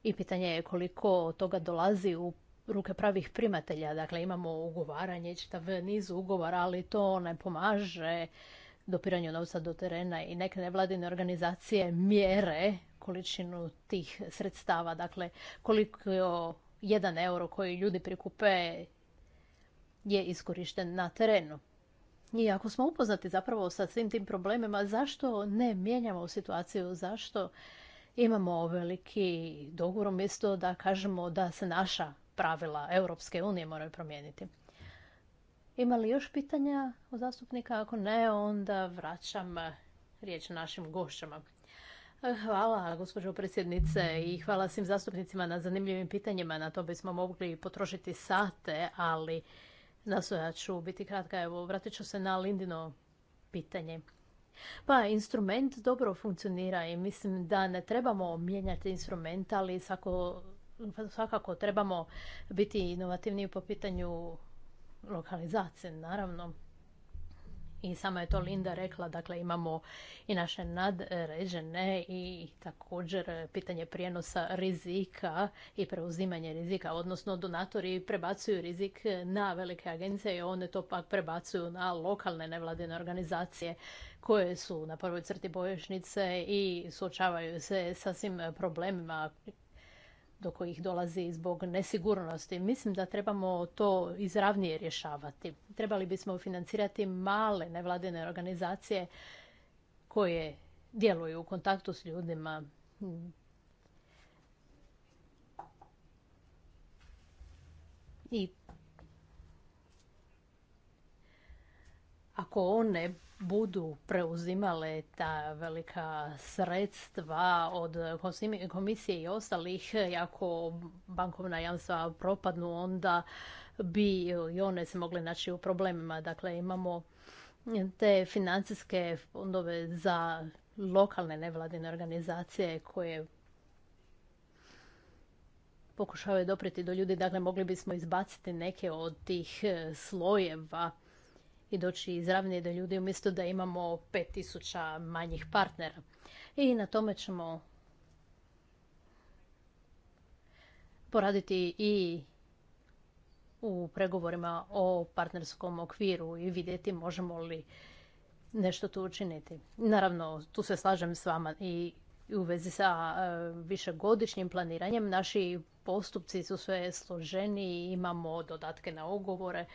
i pitanje je koliko toga dolazi u ruke pravih primatelja. Dakle, imamo ugovaranje, čitav niz ugovora, ali to ne pomaže dopiranju novca do terena i neke nevladine organizacije mjere količinu tih sredstava. Dakle, koliko jedan euro koji ljudi prikupe je iskorišten na terenu. I ako smo upoznati zapravo sa svim tim problemima, zašto ne mijenjamo situaciju, zašto imamo veliki dogovor umjesto da kažemo da se naša pravila Europske unije moraju promijeniti. Ima li još pitanja od zastupnika? Ako ne, onda vraćam riječ našim gošćama. Hvala, gospođo predsjednice, i hvala svim zastupnicima na zanimljivim pitanjima. Na to bismo mogli potrošiti sate, ali ja ću biti kratka, evo, vratit ću se na Lindino pitanje. Pa, instrument dobro funkcionira i mislim da ne trebamo mijenjati instrument, ali svakako trebamo biti inovativniji po pitanju lokalizacije, naravno. I sama je to mm. Linda rekla, dakle imamo i naše nadređene i također pitanje prijenosa rizika i preuzimanje rizika, odnosno donatori prebacuju rizik na velike agencije i one to pak prebacuju na lokalne nevladine organizacije koje su na prvoj crti bojišnice i suočavaju se sa svim problemima do kojih dolazi zbog nesigurnosti. Mislim da trebamo to izravnije rješavati. Trebali bismo financirati male nevladine organizacije koje djeluju u kontaktu s ljudima. I ako one budu preuzimale ta velika sredstva od komisije i ostalih, e, ako bankovna jamstva propadnu, onda bi i one se mogle naći u problemima. Dakle, imamo te financijske fondove za lokalne nevladine organizacije koje pokušavaju dopreti do ljudi. Dakle, mogli bismo izbaciti neke od tih e, slojeva i doći izravnije do ljudi umjesto da imamo 5000 manjih partnera. I na tome ćemo poraditi i u pregovorima o partnerskom okviru i vidjeti možemo li nešto tu učiniti. Naravno, tu se slažem s vama i u vezi sa e, višegodišnjim planiranjem. Naši postupci su sve složeni, imamo dodatke na ugovore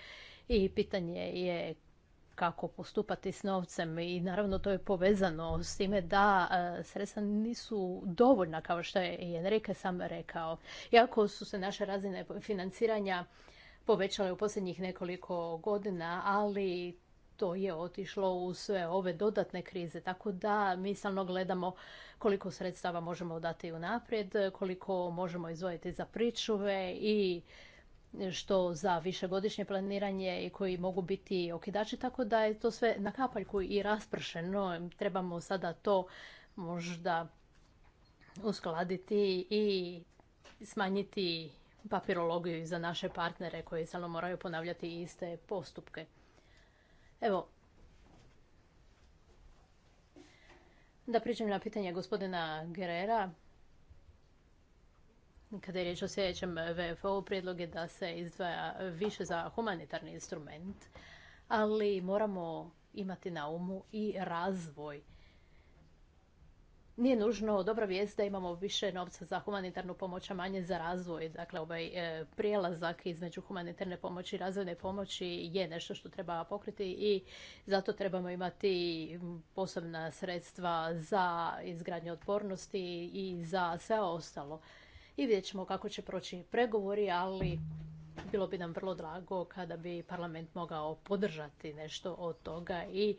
i pitanje je kako postupati s novcem i naravno to je povezano s time da e, sredstva nisu dovoljna kao što je i Enrique sam rekao. Iako su se naše razine financiranja povećale u posljednjih nekoliko godina, ali to je otišlo u sve ove dodatne krize. Tako da mi stalno gledamo koliko sredstava možemo dati u naprijed, koliko možemo izvojiti za pričuve i što za višegodišnje planiranje i koji mogu biti okidači, tako da je to sve na kapaljku i raspršeno. Trebamo sada to možda uskladiti i smanjiti papirologiju za naše partnere koji samo moraju ponavljati iste postupke. Evo, da pričam na pitanje gospodina Gerera. Kada je riječ o sljedećem VFO, prijedlog je da se izdvaja više za humanitarni instrument, ali moramo imati na umu i razvoj. Nije nužno dobra vijest da imamo više novca za humanitarnu pomoć, a manje za razvoj. Dakle, ovaj e, prijelazak između humanitarne pomoći i razvojne pomoći je nešto što treba pokriti i zato trebamo imati posebna sredstva za izgradnju otpornosti i za sve ostalo i vidjet ćemo kako će proći pregovori, ali bilo bi nam vrlo drago kada bi parlament mogao podržati nešto od toga i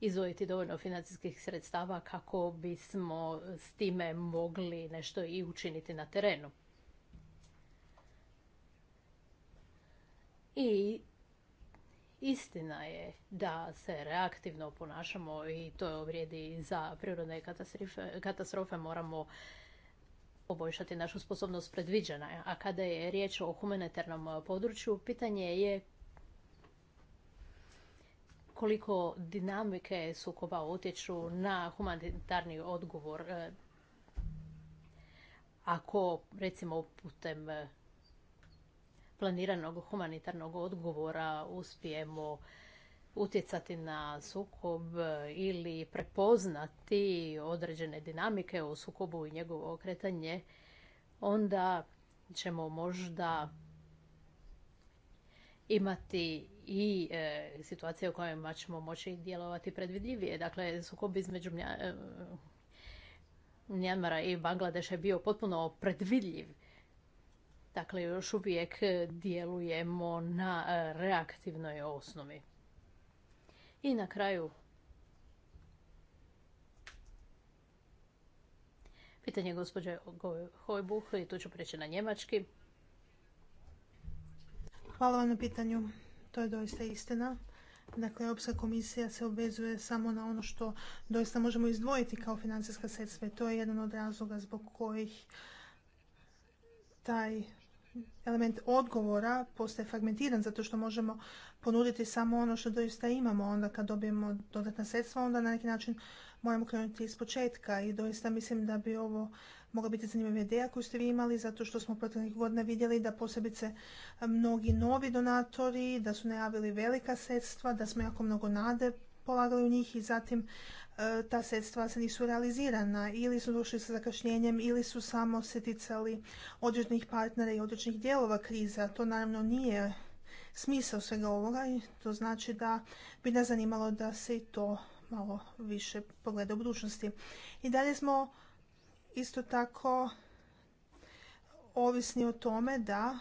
izvojiti dovoljno financijskih sredstava kako bismo s time mogli nešto i učiniti na terenu. I istina je da se reaktivno ponašamo i to vrijedi za prirodne katastrofe. Moramo poboljšati našu sposobnost predviđena. A kada je riječ o humanitarnom e, području, pitanje je koliko dinamike sukoba utječu na humanitarni odgovor. E, ako, recimo, putem e, planiranog humanitarnog odgovora uspijemo utjecati na sukob e, ili prepoznati određene dinamike u sukobu i njegovo okretanje, onda ćemo možda imati i e, situacije u kojima ćemo moći djelovati predvidljivije. Dakle, sukob između mnja, e, i Bangladeša je bio potpuno predvidljiv. Dakle, još uvijek djelujemo na reaktivnoj osnovi. I na kraju pitanje gospođe Hojbuh i tu ću preći na njemački. Hvala vam na pitanju. To je doista istina. Dakle, Europska komisija se obvezuje samo na ono što doista možemo izdvojiti kao financijska sredstva to je jedan od razloga zbog kojih taj element odgovora postaje fragmentiran zato što možemo ponuditi samo ono što doista imamo. Onda kad dobijemo dodatna sredstva, onda na neki način moramo krenuti iz početka i doista mislim da bi ovo mogla biti zanimljiva ideja koju ste vi imali zato što smo proteklih godina vidjeli da posebice mnogi novi donatori, da su najavili velika sredstva, da smo jako mnogo nade polagali u njih i zatim e, ta sredstva se nisu realizirana ili su došli sa zakašnjenjem ili su samo se ticali određenih partnera i određenih dijelova kriza. To naravno nije smisao svega ovoga i to znači da bi nas zanimalo da se i to malo više pogleda u budućnosti. I dalje smo isto tako ovisni o tome da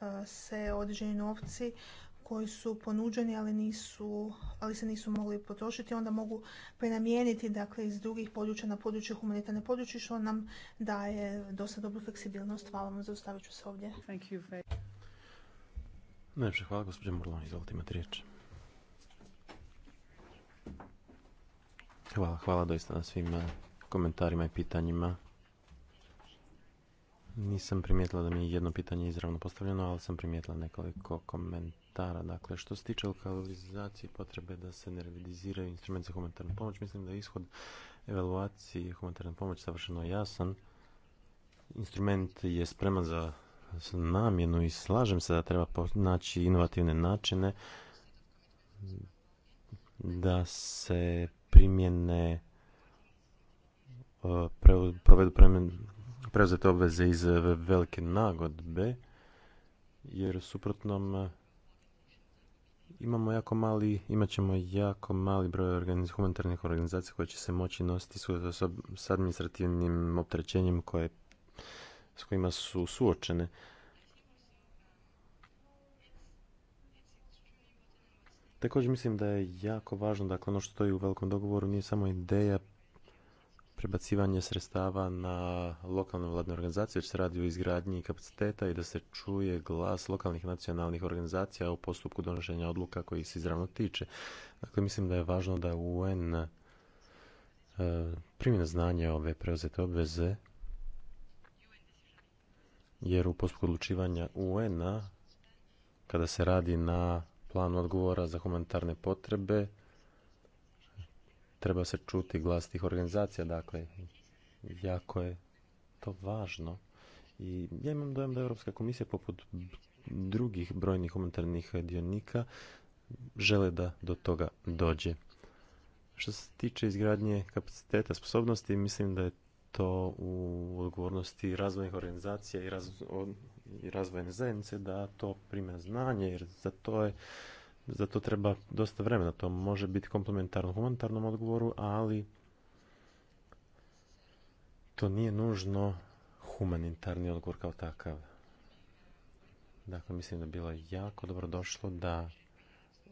e, se određeni novci koji su ponuđeni, ali, nisu, ali se nisu mogli potrošiti, onda mogu prenamijeniti dakle, iz drugih područja na područje humanitarne područje, što nam daje dosta dobru fleksibilnost. Hvala vam, zaustavit ću se ovdje. Thank you. hvala, gospođa izvolite imati riječ. Hvala, hvala doista na svim eh, komentarima i pitanjima. Nisam primijetila da mi je jedno pitanje izravno postavljeno, ali sam primijetila nekoliko komentara komentara. Dakle, što se tiče lokalizacije potrebe da se ne instrument za humanitarnu pomoć, mislim da je ishod evaluacije humanitarne pomoći savršeno jasan. Instrument je spreman za namjenu i slažem se da treba naći inovativne načine da se primjene e, provedu preuzete obveze iz velike nagodbe jer suprotnom imamo jako mali, imat ćemo jako mali broj humanitarnih organizacija koje će se moći nositi s administrativnim opterećenjem koje, s kojima su suočene. Također mislim da je jako važno, dakle ono što stoji u velikom dogovoru nije samo ideja prebacivanje sredstava na lokalne vladne organizacije, već se radi o izgradnji kapaciteta i da se čuje glas lokalnih nacionalnih organizacija u postupku donošenja odluka koji se izravno tiče. Dakle, mislim da je važno da UN e, primjene znanje ove preuzete obveze, jer u postupku odlučivanja UN-a, kada se radi na planu odgovora za humanitarne potrebe, treba se čuti glas tih organizacija, dakle, jako je to važno. I ja imam dojam da Europska komisija poput drugih brojnih humanitarnih dionika žele da do toga dođe. Što se tiče izgradnje kapaciteta sposobnosti, mislim da je to u odgovornosti razvojnih organizacija i, razvojne zajednice da to prime znanje, jer za to je za to treba dosta vremena. To može biti komplementarno humanitarnom odgovoru, ali to nije nužno humanitarni odgovor kao takav. Dakle, mislim da je bilo jako dobro došlo da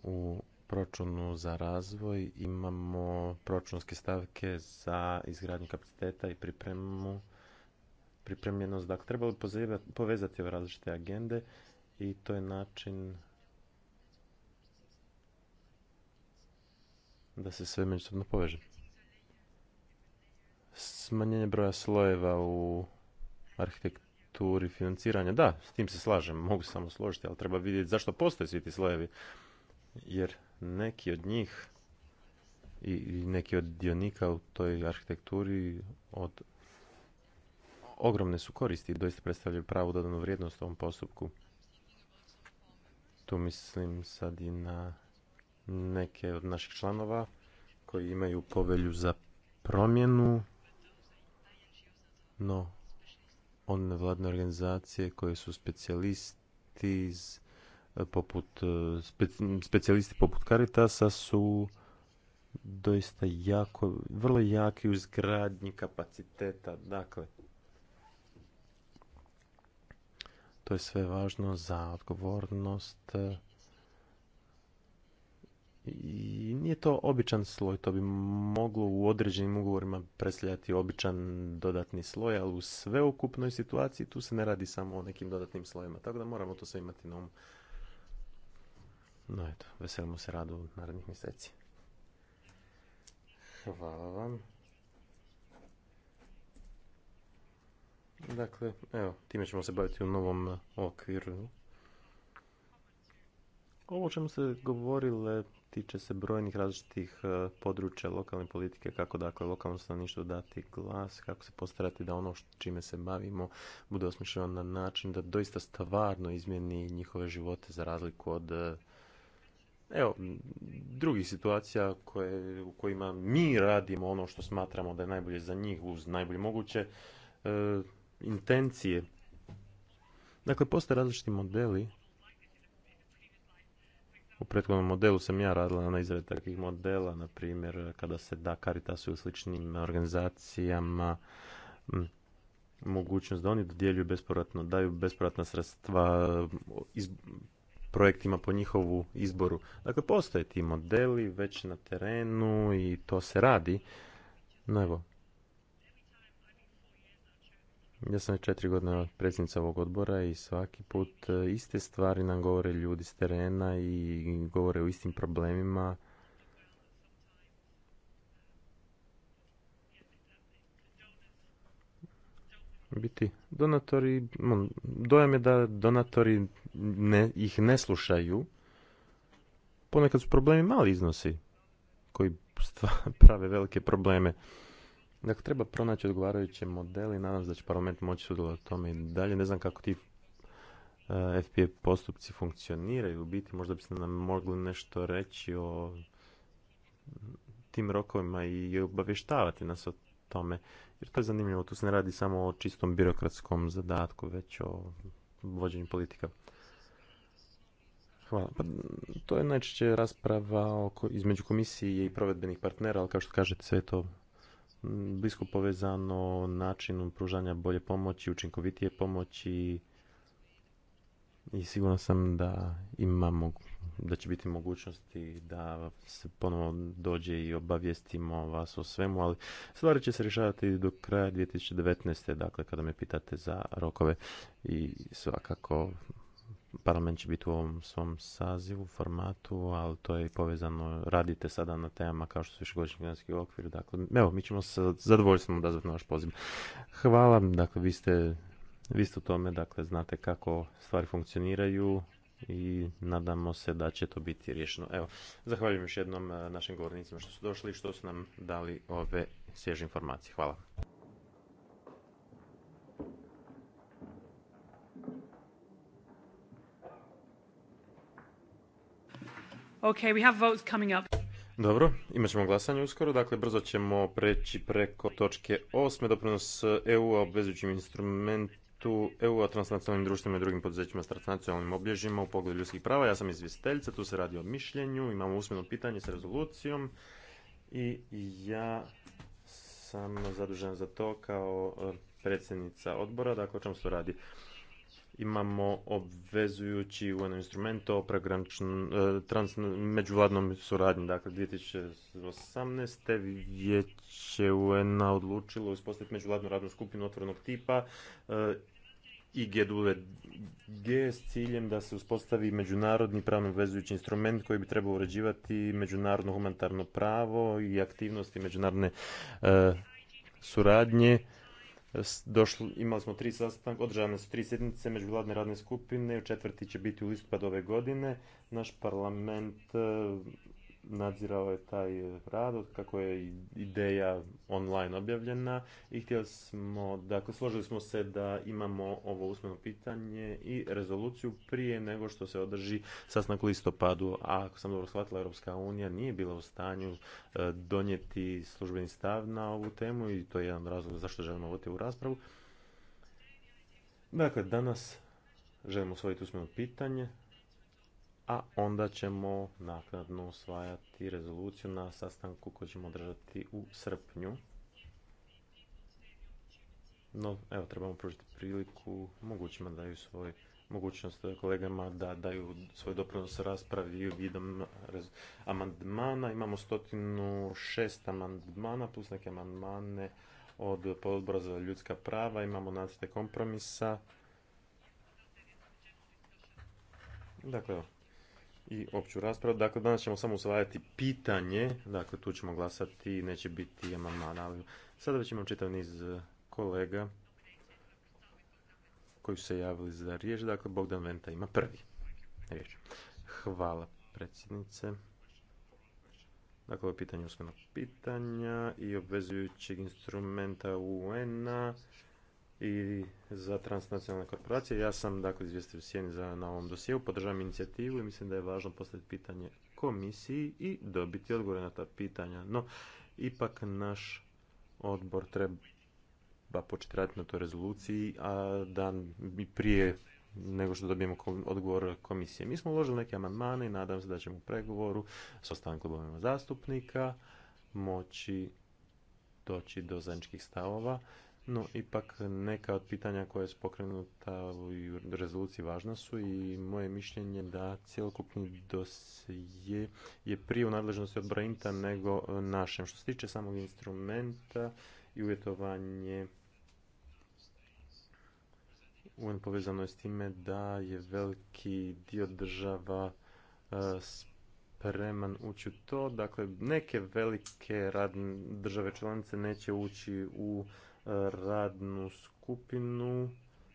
u proračunu za razvoj imamo proračunske stavke za izgradnju kapaciteta i pripremu pripremljenost. Dakle, trebalo bi povezati različite agende i to je način da se sve međusobno poveže. Smanjenje broja slojeva u arhitekturi financiranja, da, s tim se slažem, mogu samo složiti, ali treba vidjeti zašto postoje svi ti slojevi. Jer neki od njih i neki od dionika u toj arhitekturi od ogromne su koristi i doista predstavljaju pravu dodanu vrijednost u ovom postupku. Tu mislim sad i na neke od naših članova koji imaju povelju za promjenu, no one vladne organizacije koje su specijalisti iz e, poput e, specijalisti poput Caritasa su doista jako, vrlo jaki u izgradnji kapaciteta. Dakle, to je sve važno za odgovornost e, i nije to običan sloj, to bi moglo u određenim ugovorima predstavljati običan dodatni sloj, ali u sveukupnoj situaciji tu se ne radi samo o nekim dodatnim slojima, tako da moramo to sve imati na umu. No eto, veselimo se radu narednih mjeseci. Hvala vam. Dakle, evo, time ćemo se baviti u novom okviru. Ovo o čemu ste govorile tiče se brojnih različitih e, područja lokalne politike, kako dakle lokalno stanovništvo dati glas, kako se postarati da ono čime se bavimo bude osmišljeno na način da doista stvarno izmjeni njihove živote za razliku od e, evo, drugih situacija koje, u kojima mi radimo ono što smatramo da je najbolje za njih uz najbolje moguće e, intencije. Dakle, postoje različiti modeli u prethodnom modelu sam ja radila na izradi takvih modela, na primjer kada se da Caritasu u sličnim organizacijama mogućnost da oni dodjeljuju bespovratno, daju bespovratna sredstva iz, projektima po njihovu izboru. Dakle, postoje ti modeli već na terenu i to se radi. No evo, ja sam već četiri godine predsjednica ovog odbora i svaki put e, iste stvari nam govore ljudi s terena i govore o istim problemima. Biti donatori, dojam je da donatori ne, ih ne slušaju. Ponekad su problemi mali iznosi koji [laughs] prave velike probleme. Dakle, treba pronaći odgovarajuće modele i nadam se da će parlament moći sudjelovati o tome i dalje. Ne znam kako ti e, FPA postupci funkcioniraju. U biti možda biste nam mogli nešto reći o tim rokovima i obavještavati nas o tome. Jer to je zanimljivo, tu se ne radi samo o čistom birokratskom zadatku, već o vođenju politika. Hvala. Pa, to je najčešće rasprava oko, između komisije i provedbenih partnera, ali kao što kažete, sve to blisko povezano načinu pružanja bolje pomoći, učinkovitije pomoći i sigurno sam da imamo da će biti mogućnosti da se ponovo dođe i obavijestimo vas o svemu, ali stvari će se rješavati do kraja 2019. dakle kada me pitate za rokove i svakako parlament će biti u ovom svom sazivu, formatu, ali to je i povezano, radite sada na temama kao što su višegodišnji financijski okvir, dakle, evo, mi ćemo se zadovoljstvom odazvati na vaš poziv. Hvala, dakle, vi ste, vi ste u tome, dakle, znate kako stvari funkcioniraju i nadamo se da će to biti riješeno. Evo, zahvaljujem još jednom eh, našim govornicima što su došli i što su nam dali ove svježe informacije. Hvala. Okay, we have votes coming up. Dobro, imat ćemo glasanje uskoro, dakle brzo ćemo preći preko točke 8. doprinos EU-a obvezujućim instrumentu EU-a transnacionalnim društvima i drugim poduzećima s transnacionalnim obilježjima u pogledu ljudskih prava. Ja sam izvjestiteljica, tu se radi o mišljenju, imamo usmeno pitanje sa rezolucijom i ja sam zadužen za to kao eh, predsjednica odbora, dakle o čemu se radi imamo obvezujući UN instrument o e, trans, međuvladnom suradnji. Dakle, 2018. vijeće un odlučilo uspostaviti međuvladnu radnu skupinu otvorenog tipa e, i G s ciljem da se uspostavi međunarodni pravno obvezujući instrument koji bi trebao uređivati međunarodno humanitarno pravo i aktivnosti međunarodne e, suradnje Došli, imali smo tri sastanka, održane su tri sjednice Vladne radne skupine, četvrti će biti u listopadu ove godine. Naš parlament e, nadzirao je taj e, rad, kako je ideja online objavljena i htjeli smo, dakle, složili smo se da imamo ovo usmeno pitanje i rezoluciju prije nego što se održi sasnak u listopadu, a ako sam dobro shvatila, Europska unija nije bila u stanju e, donijeti službeni stav na ovu temu i to je jedan razlog zašto želimo voditi u raspravu. Dakle, danas želimo osvojiti usmeno pitanje, a onda ćemo naknadno osvajati rezoluciju na sastanku koji ćemo održati u srpnju. No, evo, trebamo pružiti priliku mogućima daju svoj mogućnost kolegama da daju svoj doprinos raspravi vidom amandmana. Imamo 106 amandmana plus neke amandmane od podbora za ljudska prava. Imamo nacrte kompromisa. Dakle, evo, i opću raspravu. Dakle, danas ćemo samo usvajati pitanje, dakle tu ćemo glasati, neće biti amandmana, ali sada već imam čitav niz e, kolega koji su se javili za riječ, dakle Bogdan Venta ima prvi riječ. Hvala predsjednice. Dakle, ovo pitanje usmenog pitanja i obvezujućeg instrumenta UN-a i za transnacionalne korporacije. Ja sam dakle izvjestio sjeni za na ovom dosjeu, podržavam inicijativu i mislim da je važno postaviti pitanje komisiji i dobiti odgovore na ta pitanja. No, ipak naš odbor treba početi raditi na toj rezoluciji, a dan prije nego što dobijemo odgovor komisije. Mi smo uložili neke amandmane i nadam se da ćemo u pregovoru s ostalim klubovima zastupnika moći doći do zajedničkih stavova no, ipak neka od pitanja koja su pokrenuta u rezoluciji važna su i moje mišljenje da cjelokupni dosije je prije u nadležnosti od nego e, našem. Što se tiče samog instrumenta i uvjetovanje UN povezano je s time da je veliki dio država e, spreman ući u to. Dakle, neke velike radne države članice neće ući u radnu skupinu,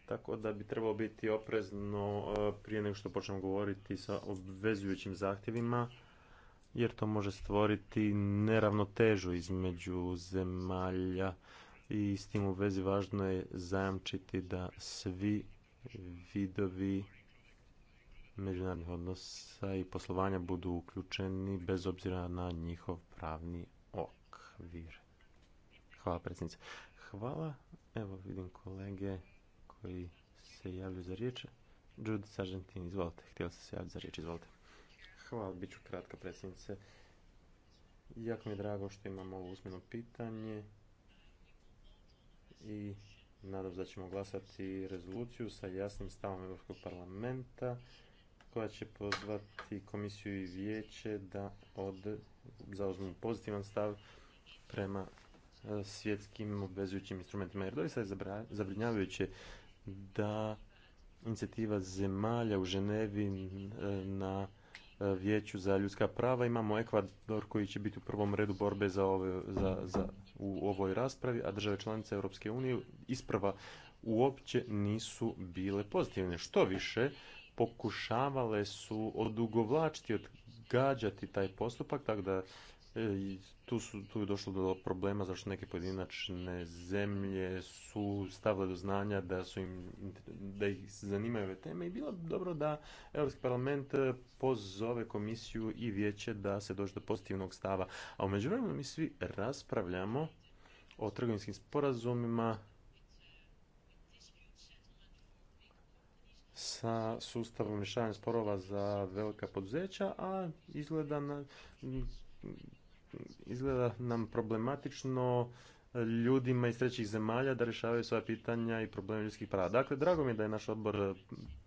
tako da bi trebalo biti oprezno e, prije nego što počnemo govoriti sa obvezujućim zahtjevima, jer to može stvoriti neravnotežu između zemalja i s tim u vezi važno je zajamčiti da svi vidovi međunarodnih odnosa i poslovanja budu uključeni bez obzira na njihov pravni okvir. Hvala predsjednice. Hvala. Evo vidim kolege koji se javljaju za riječ. Judith Sargentin, izvolite. Htjela sam se javiti za riječ, izvolite. Hvala, bit ću kratka predsjednice. Jako mi je drago što imamo ovo usmeno pitanje i nadam se da ćemo glasati rezoluciju sa jasnim stavom Europskog parlamenta koja će pozvati komisiju i vijeće da od, zauzmu pozitivan stav prema svjetskim obvezujućim instrumentima. Jer doista je zabrinjavajuće da inicijativa zemalja u Ženevi na e, vijeću za ljudska prava. Imamo Ekvador koji će biti u prvom redu borbe za ove, za, za, u ovoj raspravi, a države članice Europske unije isprava uopće nisu bile pozitivne. Što više, pokušavale su odugovlačiti, odgađati taj postupak, tako da E, tu, su, tu je došlo do problema zašto neke pojedinačne zemlje su stavile do znanja da su im, da ih zanimaju ove teme i bilo bi dobro da Europski parlament e, pozove komisiju i vijeće da se dođe do pozitivnog stava. A u međuvremenu mi svi raspravljamo o trgovinskim sporazumima sa sustavom rješavanja sporova za velika poduzeća, a izgleda na izgleda nam problematično ljudima iz trećih zemalja da rješavaju svoje pitanja i probleme ljudskih prava. Dakle, drago mi je da je naš odbor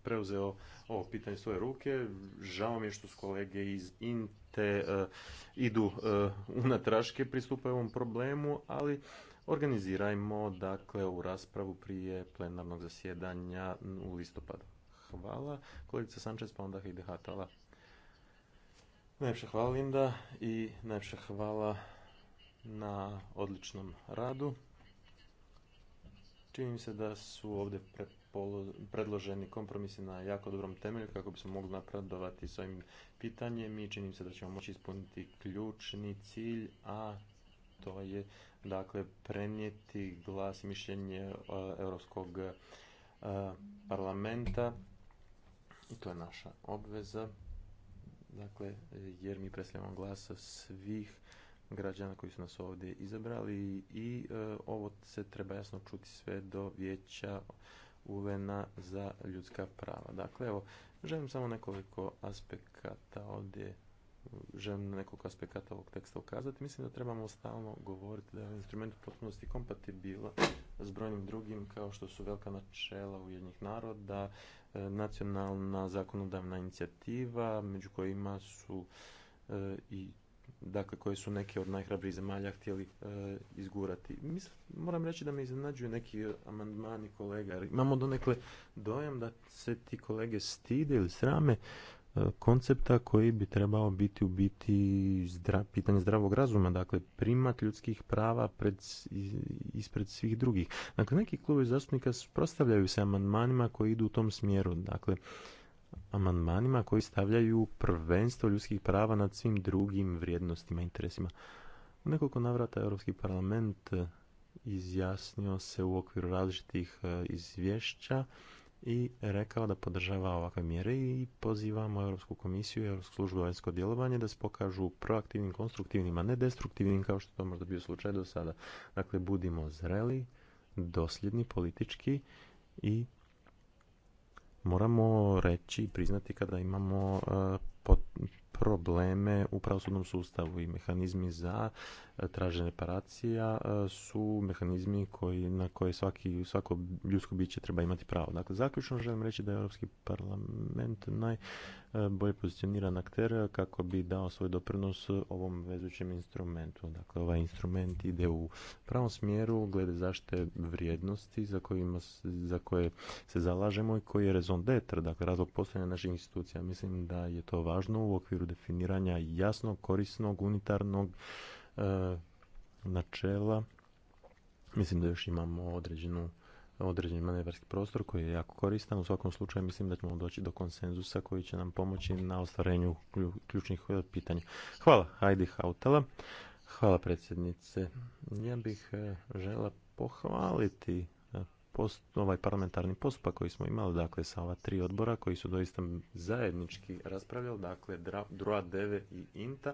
preuzeo ovo pitanje svoje ruke. Žao mi je što su kolege iz INTE e, idu uh, unatraške pristupaju ovom problemu, ali organizirajmo dakle ovu raspravu prije plenarnog zasjedanja u listopadu. Hvala. Kolegica Sančez, pa onda ide Hatala. Najpše hvala Linda i najpše hvala na odličnom radu. Čini mi se da su ovdje predloženi kompromisi na jako dobrom temelju kako bismo mogli napredovati s ovim pitanjem i čini se da ćemo moći ispuniti ključni cilj, a to je dakle prenijeti glas i mišljenje e, Europskog e, parlamenta i to je naša obveza. Dakle, jer mi predstavljamo glas svih građana koji su nas ovdje izabrali i e, ovo se treba jasno čuti sve do vijeća uvena za ljudska prava. Dakle, evo, želim samo nekoliko aspekata ovdje želim nekoliko aspekata ovog teksta ukazati. Mislim da trebamo stalno govoriti da je ovaj instrument u potpunosti kompatibilan s brojnim drugim kao što su velika načela Ujedinjenih naroda, E, nacionalna zakonodavna inicijativa među kojima su e, i dakle koje su neke od najhrabrijih zemalja htjeli e, izgurati. moram reći da me iznenađuju neki amandmani kolega. Imamo donekle dojam da se ti kolege stide ili srame koncepta koji bi trebao biti u biti pitanje zdravog razuma, dakle primat ljudskih prava pred, ispred svih drugih. Dakle, neki klubi zastupnika sprostavljaju se amandmanima koji idu u tom smjeru, dakle amandmanima koji stavljaju prvenstvo ljudskih prava nad svim drugim vrijednostima i interesima. U nekoliko navrata Europski parlament e, izjasnio se u okviru različitih e, izvješća i rekao da podržava ovakve mjere i pozivamo Europsku komisiju i Europsku službu vanjsko djelovanje da se pokažu proaktivnim, konstruktivnim, a ne destruktivnim kao što to možda bio slučaj do sada. Dakle, budimo zreli, dosljedni politički i moramo reći i priznati kada imamo eh, probleme u pravosudnom sustavu i mehanizmi za e, traženje reparacija e, su mehanizmi koji, na koje svaki, svako ljudsko biće treba imati pravo. Dakle, zaključno želim reći da je Europski parlament naj E, bolje pozicioniran akter e, kako bi dao svoj doprinos ovom vezućem instrumentu. Dakle, ovaj instrument ide u pravom smjeru glede zašte vrijednosti za, kojima, za koje se zalažemo i koji je rezon detr, dakle razlog postojanja naših institucija. Mislim da je to važno u okviru definiranja jasnog, korisnog, unitarnog e, načela. Mislim da još imamo određenu određen manevarski prostor koji je jako koristan. U svakom slučaju mislim da ćemo doći do konsenzusa koji će nam pomoći na ostvarenju ključnih e, pitanja. Hvala Heidi Hautala. Hvala predsjednice. Ja bih e, žela pohvaliti ovaj parlamentarni postupak koji smo imali, dakle, sa ova tri odbora koji su doista zajednički raspravljali, dakle, DROA, DEVE i INTA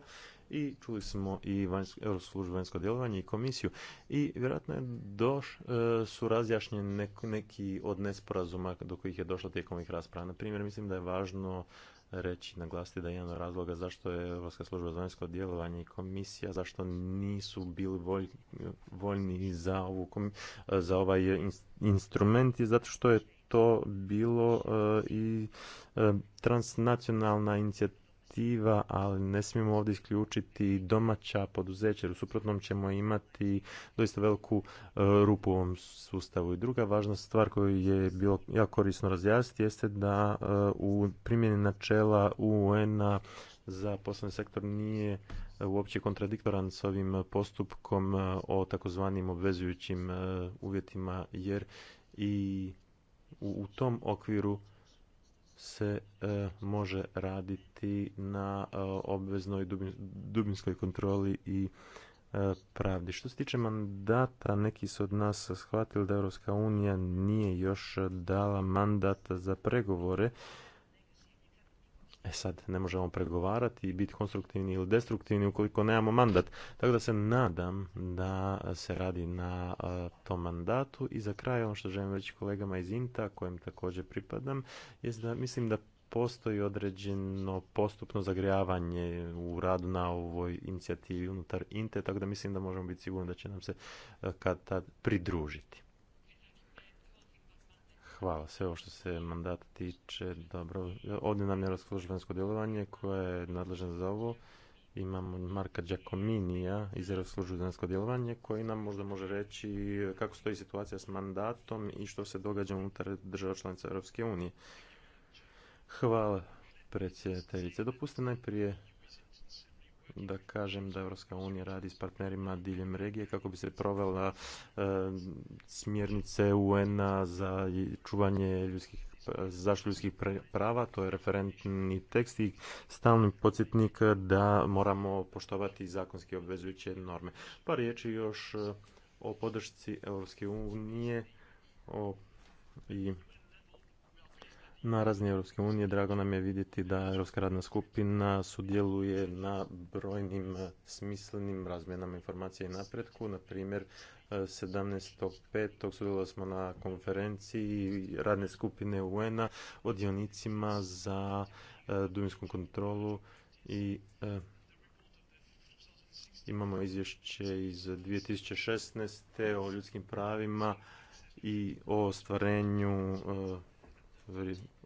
i čuli smo i Evropsku službu vanjsko djelovanje i komisiju i vjerojatno je e, su razjašnjeni neki od nesporazuma do kojih je došlo tijekom ovih rasprava. Na primjer, mislim da je važno reći, naglasiti da je jedan od razloga zašto je Europska služba za vanjsko djelovanje i komisija, zašto nisu bili voljni za, ovu, za ovaj instrument i zato što je to bilo e, i e, transnacionalna inicijativa direktiva, ali ne smijemo ovdje isključiti domaća poduzeća, jer u suprotnom ćemo imati doista veliku e, rupu u ovom sustavu. I druga važna stvar koju je bilo jako korisno razjasniti jeste da e, u primjeni načela UN-a za poslovni sektor nije uopće kontradiktoran s ovim postupkom e, o takozvanim obvezujućim uvjetima jer i u tom okviru se e, može raditi na e, obveznoj dubinskoj kontroli i e, pravdi. Što se tiče mandata, neki su od nas shvatili da Europska unija nije još dala mandata za pregovore E sad, ne možemo pregovarati i biti konstruktivni ili destruktivni ukoliko nemamo mandat. Tako da se nadam da se radi na tom mandatu. I za kraj, ono što želim reći kolegama iz INTA, kojem također pripadam, je da mislim da postoji određeno postupno zagrijavanje u radu na ovoj inicijativi unutar INTE, tako da mislim da možemo biti sigurni da će nam se kad tad pridružiti. Hvala. Sve ovo što se mandata tiče, dobro, ovdje nam je raskložbensko djelovanje koje je nadležan za ovo. Imamo Marka Giacominija iz Euroslužbe djelovanje koji nam možda može reći kako stoji situacija s mandatom i što se događa unutar država članica Europske unije. Hvala predsjedateljice. Dopustite najprije da kažem da Europska unija radi s partnerima diljem regije kako bi se provela e, smjernice UN-a za čuvanje ljudskih zaštitu ljudskih prava, to je referentni tekst i stalni podsjetnik da moramo poštovati zakonski obvezujuće norme. Pa riječi još e, o podršci Europske unije o, i na razini Europske unije drago nam je vidjeti da Europska radna skupina sudjeluje na brojnim e, smislenim razmjenama informacija i napretku. Na primjer, 17.5. E, sudjelovali smo na konferenciji radne skupine UN-a o dionicima za e, dubinsku kontrolu i imamo izvješće iz 2016. o ljudskim pravima i o ostvarenju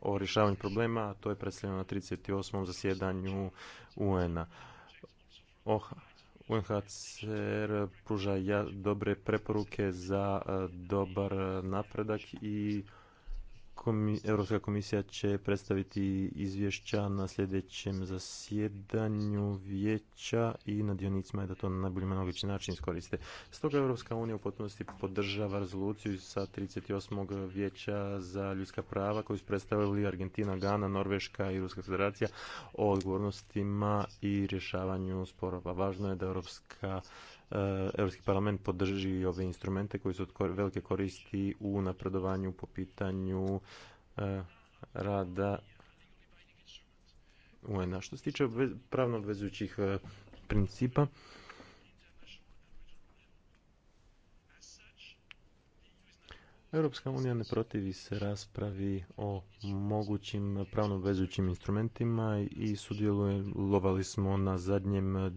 o rješavanju problema, a to je predstavljeno na 38. zasjedanju UN-a. Oh, UNHCR pruža dobre preporuke za dobar napredak i Europska komisija će predstaviti izvješća na sljedećem zasjedanju vijeća i na dionicima je da to na najbolji mogući način iskoriste. Stoga Europska unija u potpunosti podržava rezoluciju sa 38. vijeća za ljudska prava koju su predstavili Argentina, Gana, Norveška i Ruska federacija o odgovornostima i rješavanju sporova. Važno je da Europska E, Europski parlament podrži ove instrumente koji su od velike koristi u napredovanju po pitanju e, rada UN-a. Što se tiče pravno obvezujućih e, principa, Europska unija ne protivi se raspravi o mogućim pravno obvezujućim instrumentima i sudjelovali smo na zadnjem eh,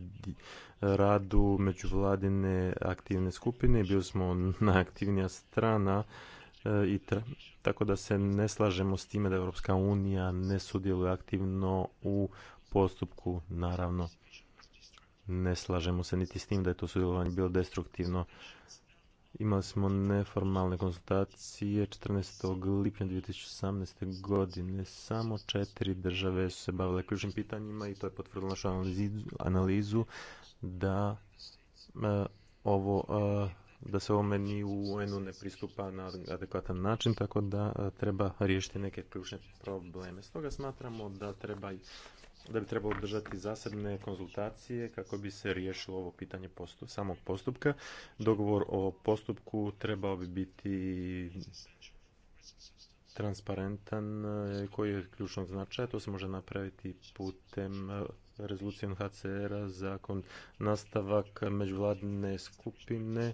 radu međuvladine aktivne skupine. Bili smo najaktivnija strana eh, i tako da se ne slažemo s time da Europska unija ne sudjeluje aktivno u postupku, naravno. Ne slažemo se niti s tim da je to sudjelovanje bilo destruktivno. Imali smo neformalne konsultacije 14. lipnja 2018. godine. Samo četiri države su se bavile ključnim pitanjima i to je potvrdilo našu analizu da e, ovo e, da se ovome ni u UN-u ne pristupa na adekvatan način, tako da e, treba riješiti neke ključne probleme. Stoga smatramo da treba da bi trebalo držati zasebne konzultacije kako bi se riješilo ovo pitanje postup, samog postupka. Dogovor o postupku trebao bi biti transparentan e, koji je ključnog značaja. To se može napraviti putem e, rezolucije HCR-a, zakon nastavak međuvladne skupine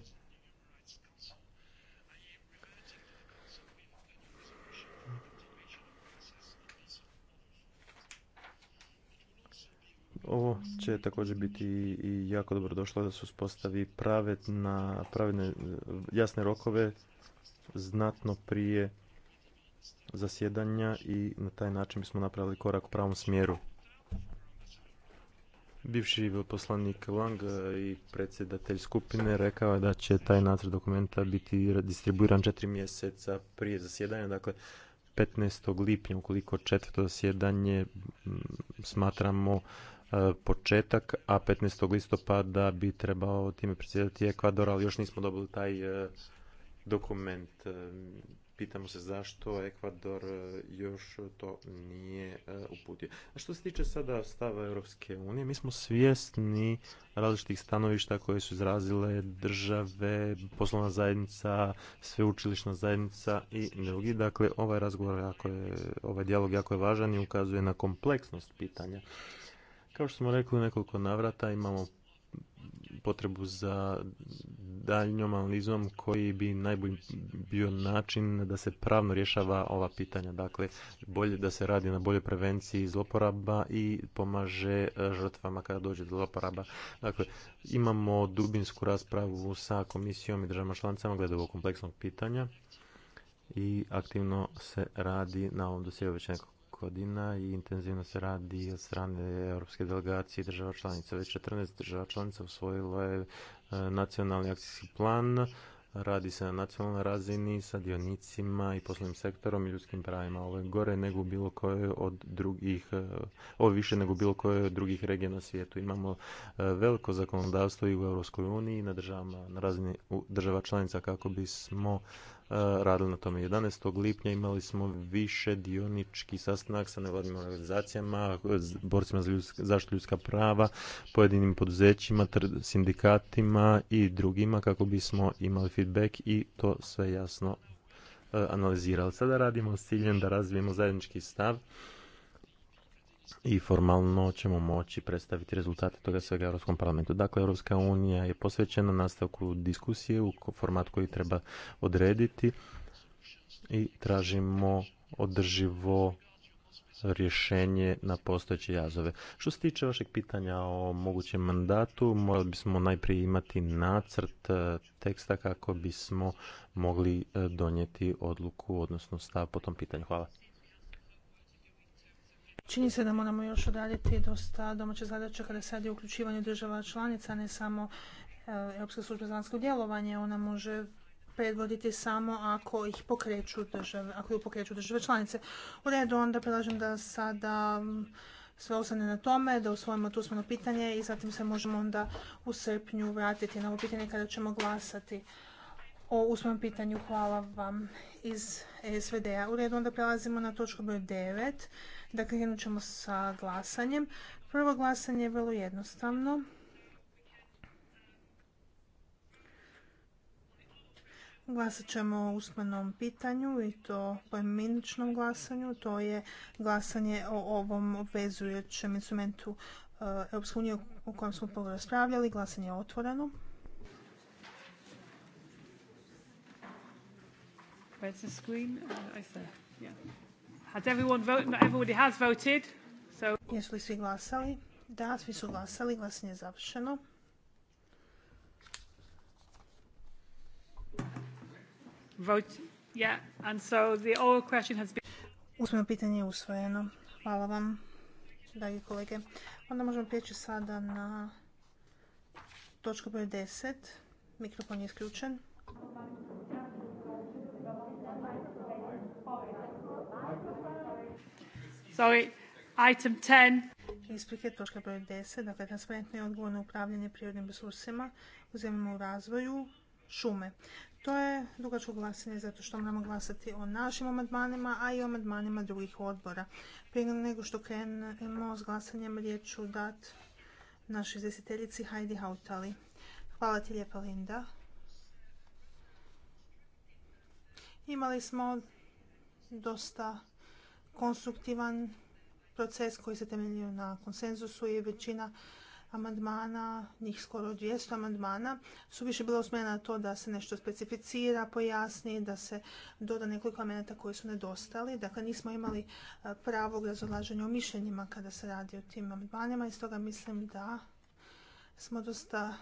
Ovo će također biti i jako dobro došlo da se uspostavi pravedna, pravedne, e, jasne rokove znatno prije zasjedanja i na taj način bismo napravili korak u pravom smjeru. Bivši poslanik Lang e, i predsjedatelj skupine rekao je da će taj nacrt dokumenta biti distribuiran četiri mjeseca prije zasjedanja, dakle 15. lipnja, ukoliko četvrto zasjedanje smatramo E, početak, a 15. listopada bi trebao time predsjedati Ekvador, ali još nismo dobili taj e, dokument. E, pitamo se zašto Ekvador još to nije uputio. A što se tiče sada stava Europske unije, mi smo svjesni različitih stanovišta koje su izrazile države, poslovna zajednica, sveučilišna zajednica i drugi. Dakle, ovaj razgovor, je, ovaj dijalog jako je važan i ukazuje na kompleksnost pitanja. Kao što smo rekli nekoliko navrata, imamo potrebu za daljnjom analizom koji bi najbolji bio način da se pravno rješava ova pitanja. Dakle, bolje da se radi na boljoj prevenciji zloporaba i pomaže e, žrtvama kada dođe do zloporaba. Dakle, imamo dubinsku raspravu sa komisijom i državama članicama glede ovog kompleksnog pitanja i aktivno se radi na ovom dosijelu već nekoliko godina i intenzivno se radi od strane Europske delegacije država članica. Već 14 država članica usvojilo je e, nacionalni akcijski plan. Radi se na nacionalnoj razini sa dionicima i poslovnim sektorom i ljudskim pravima. Ovo je gore nego bilo koje od drugih, e, ovo više nego bilo koje od drugih regija na svijetu. Imamo e, veliko zakonodavstvo i u Europskoj uniji na, državama, na razini država članica kako bismo E, radili na tome. 11. lipnja imali smo više dionički sastanak sa nevladnim organizacijama, borcima za ljudska, zaštitu ljudska prava, pojedinim poduzećima, sindikatima i drugima kako bismo imali feedback i to sve jasno e, analizirali. Sada radimo s ciljem da razvijemo zajednički stav i formalno ćemo moći predstaviti rezultate toga svega Europskom parlamentu. Dakle, Europska unija je posvećena nastavku diskusije u format koji treba odrediti i tražimo održivo rješenje na postojeće jazove. Što se tiče vašeg pitanja o mogućem mandatu, morali bismo najprije imati nacrt e, teksta kako bismo mogli e, donijeti odluku, odnosno stav po tom pitanju. Hvala. Čini se da moramo još odraditi dosta domaće zadaće kada se radi o uključivanju država članica, ne samo e, Europske služba za vanjsko djelovanje. Ona može predvoditi samo ako ih pokreću države, ako ju pokreću države članice. U redu, onda predlažem da sada sve ostane na tome, da usvojimo tu usmeno pitanje i zatim se možemo onda u srpnju vratiti na ovo pitanje kada ćemo glasati o usmenom pitanju. Hvala vam iz SVD-a. U redu, onda prelazimo na točku broj 9. Dakle, krenut ćemo sa glasanjem. Prvo glasanje je vrlo jednostavno. Glasat ćemo o usmenom pitanju i to pojedinačnom glasanju. To je glasanje o ovom obvezujućem instrumentu eh, EU o kojem smo prvo raspravljali. Glasanje je otvoreno. screen. Oh, I Has everyone voted? Not everybody has voted. So... Jesu li svi glasali? Da, svi su glasali. Glasanje je završeno. Vote. Yeah. And so the oral question has been... Usmeno pitanje je usvojeno. Hvala vam, dragi kolege. Onda možemo prijeći sada na točku broj 10. Mikrofon je isključen. Sorry, item 10. Isprike točka broj 10, dakle transparentno i odgovorno upravljanje prirodnim resursima u zemljama u razvoju šume. To je dugačko glasanje zato što moramo glasati o našim amandmanima, a i o amandmanima drugih odbora. Prije nego što krenemo s glasanjem riječ ću dat našoj izvjestiteljici Heidi Hautali. Hvala ti lijepa Linda. Imali smo dosta konstruktivan proces koji se temeljio na konsenzusu i većina amandmana, njih skoro 200 amandmana, su više bila usmjerena na to da se nešto specificira, pojasni, da se doda nekoliko amenata koji su nedostali. Dakle, nismo imali e, pravog razolaženja o mišljenjima kada se radi o tim amandmanima i stoga mislim da smo dosta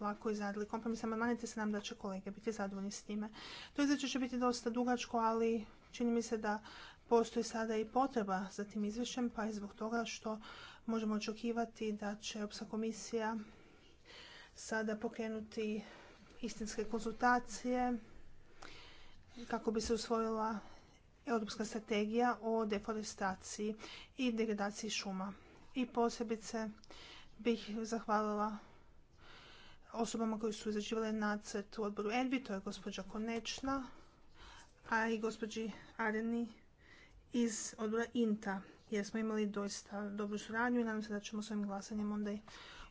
lako izradili kompromis amandmane, te se nam da će kolege biti zadovoljni s time. To izvješće će biti dosta dugačko, ali čini mi se da postoji sada i potreba za tim izvješćem, pa i zbog toga što možemo očekivati da će Europska komisija sada pokrenuti istinske konzultacije kako bi se usvojila Europska strategija o deforestaciji i degradaciji šuma. I posebice bih zahvalila osobama koji su izrađivale nacrt u odboru Envi, to je gospođa Konečna, a i gospođi Areni iz odbora INTA jer smo imali doista dobru suradnju i nadam se da ćemo svojim glasanjem onda i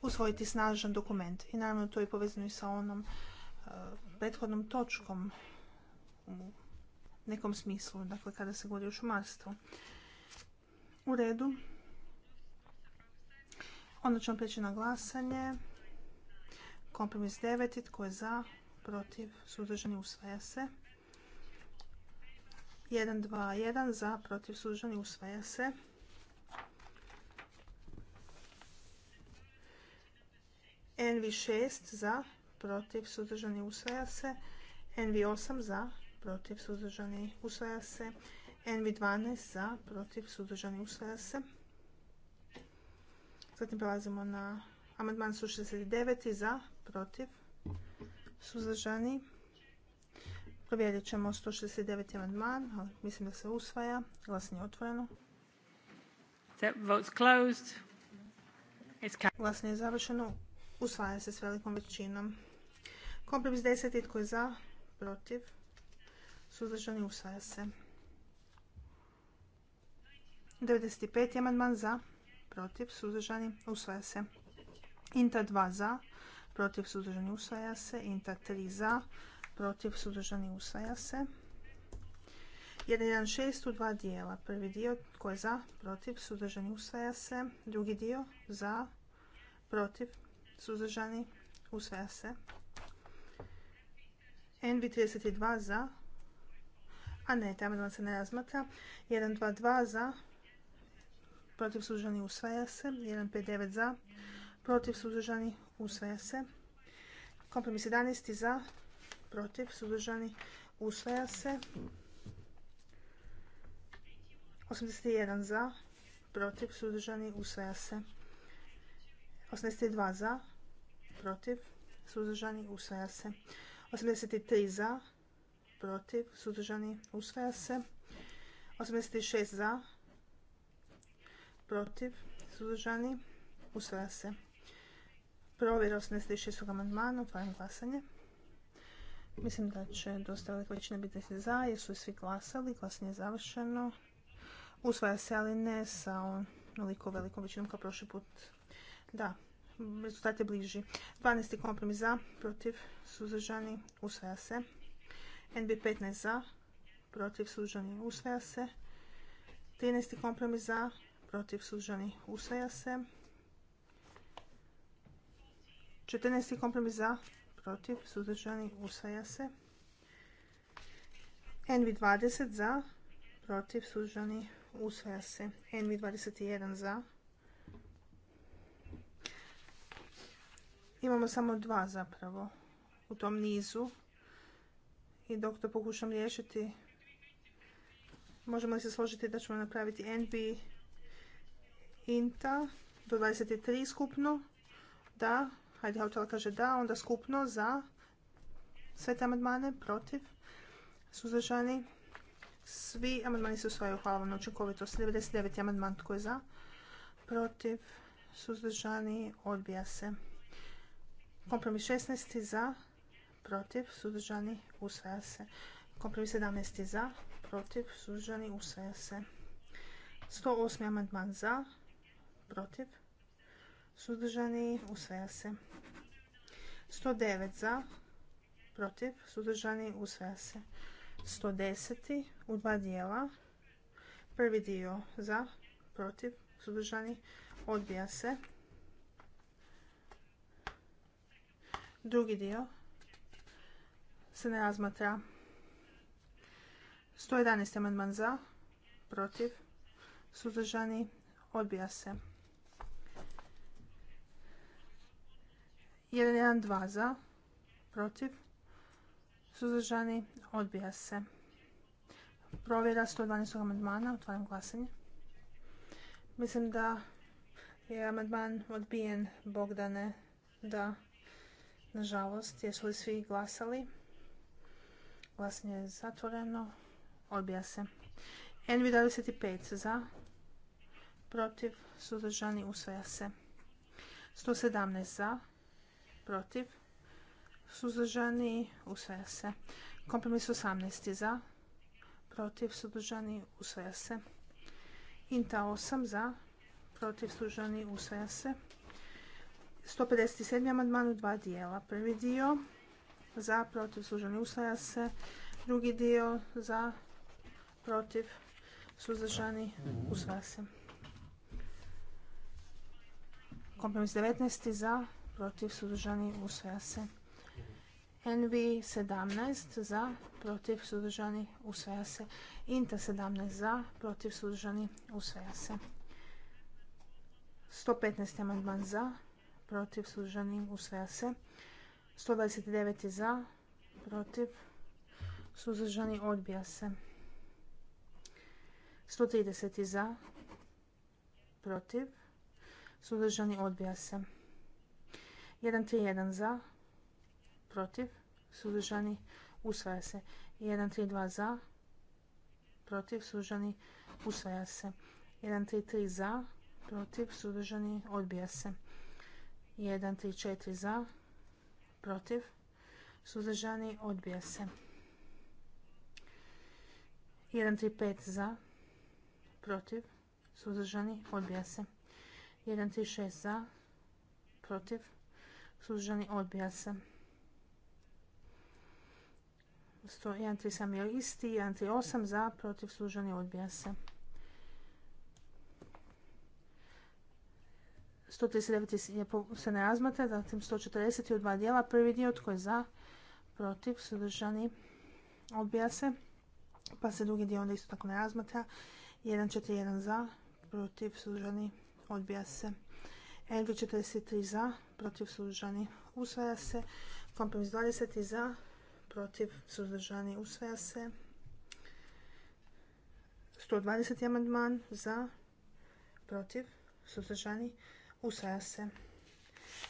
usvojiti snažan dokument. I naravno to je povezano i sa onom e, prethodnom točkom u nekom smislu, dakle kada se govori o šumarstvu. U redu. Onda ćemo preći na glasanje. Kompromis 9. Tko je za? Protiv? Suzdržani? Usvaja se. 1, 2, 1 za protiv sužani usvaja se. NV6 za protiv suzdržani usvaja se. NV8 za protiv suzdržani usvaja se. NV12 za protiv suzdržani usvaja se. Zatim prelazimo na amandman 69 za protiv suzdržani Provjerit ćemo 169. amandman, mislim da se usvaja. Glasanje je otvoreno. Glasanje je završeno. Usvaja se s velikom većinom. Kompromis 10. Tko je za? Protiv? Suzdržani usvaja se. 95. amandman za? Protiv? Suzdržani usvaja se. Inta 2 za? Protiv? Suzdržani usvaja se. Inta 3 za? protiv, suzdržani, usvaja se. 1.1.6 u dva dijela. Prvi dio tko je za, protiv, suzdržani, usvaja se. Drugi dio za, protiv, suzdržani, usvaja se. NV32 za, a ne, tamo se ne razmatra. 1.2.2 za, protiv, suzdržani, usvaja se. 1.5.9 za, protiv, suzdržani, usvaja se. Kompromis 11 za, protiv, suzdržani, usvaja se. 81 za, protiv, suzdržani, usvaja se. 82 za, protiv, suzdržani, usvaja se. 83 za, protiv, suzdržani, usvaja se. 86 za, protiv, suzdržani, usvaja se. Provjer 86. amandmana, otvaram glasanje. Mislim da će dosta velika većina biti za jer su svi glasali, glasanje je završeno. Usvaja se, ali ne sa onoliko velikom većinom kao prošli put. Da, rezultat je bliži. 12. kompromis za, protiv, suzdržani, usvaja se. NB15 za, protiv, suzdržani, usvaja se. 13. kompromis za, protiv, suzdržani, usvaja se. 14. kompromis za, protiv, suzdržani, usvaja se. NV20 za, protiv, suzdržani, usvaja se. 21 za. Imamo samo dva zapravo u tom nizu. I dok to pokušam riješiti, možemo li se složiti da ćemo napraviti NB INTA do 23 skupno? Da, Hajde, autor kaže da, onda skupno za sve te amandmane, protiv, suzdržani. Svi amandmani se usvajaju. Hvala vam na učinkovitosti. 99. amandman tko je za, protiv, suzdržani, odbija se. Kompromis 16. za, protiv, suzdržani, usvaja se. Kompromis 17. za, protiv, suzdržani, usvaja se. 108. amandman za, protiv, suzdržani, usvaja se. 109 za, protiv, suzdržani, usvaja se. 110 u dva dijela, prvi dio za, protiv, suzdržani, odbija se. Drugi dio se ne razmatra. 111. amandman za, protiv, suzdržani, odbija se. 1-1-2 za, protiv, suzdržani, odbija se. Provjera 112. amandmana, otvaram glasanje. Mislim da je amandman odbijen, Bogdane, da, nažalost, jesu li svi glasali? Glasanje je zatvoreno, odbija se. NV25 za, protiv, suzdržani, usvaja se. 117 za, protiv, suzdržani, usvaja se. Kompromis 18 za, protiv, suzdržani, usvaja se. Inta 8 za, protiv, suzdržani, usvaja se. 157. amandman u dva dijela. Prvi dio za, protiv, suzdržani, usvaja se. Drugi dio za, protiv, suzdržani, usvaja se. Kompromis 19 za, protiv suzdržani usvaja se. nv 17 za, protiv suzdržani usvaja se. INTA 17 za, protiv suzdržani usvaja se. 115. amandman za, protiv suzdržani usvaja se. 129. za, protiv suzdržani odbija se. 130. za, protiv suzdržani odbija se. 1-3-1 za, protiv, suzdržani, usvaja se. 1-3-2 za, protiv, sužani usvaja se. 1-3-3 za, protiv, suzdržani, odbija se. 1-3-4 za, protiv, suzdržani, odbija se. 1-3-5 za, protiv, suzdržani, odbija se. 1-3-6 za, protiv, suzdržani, odbija se. 137 je isti, 138 za, protiv, suzdržani, odbija se. 139 se ne razmatra, zatim 140 je dva dijela, prvi dio tko je za, protiv, suzdržani, odbija se. Pa se drugi dio onda isto tako ne razmatra. 141 za, protiv, suzdržani, odbija se. LG43 za, protiv suzdržani usvaja se. Kompromis 20 za, protiv suzdržani usvaja se. 120. amandman za, protiv suzdržani usvaja se.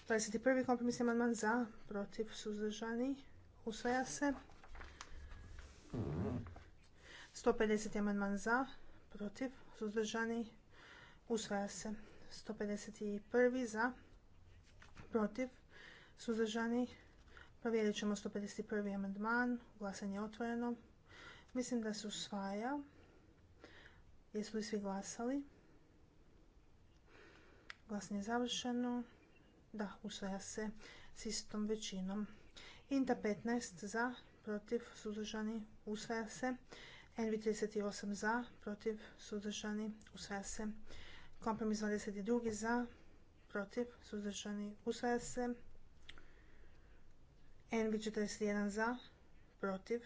21. kompromis amandman za, protiv suzdržani usvaja se. 150. amandman za, protiv suzdržani usvaja se. 151. za, protiv, suzdržani. Provjerit ćemo 151. amandman. Glasanje je otvoreno. Mislim da se usvaja. Jesu li svi glasali? Glasanje je završeno. Da, usvaja se s istom većinom. Inta 15 za, protiv, suzdržani, usvaja se. NV38 za, protiv, suzdržani, usvaja se. Kompromis 22 za, protiv, suzdržani, usvaja se. nb 41 za, protiv,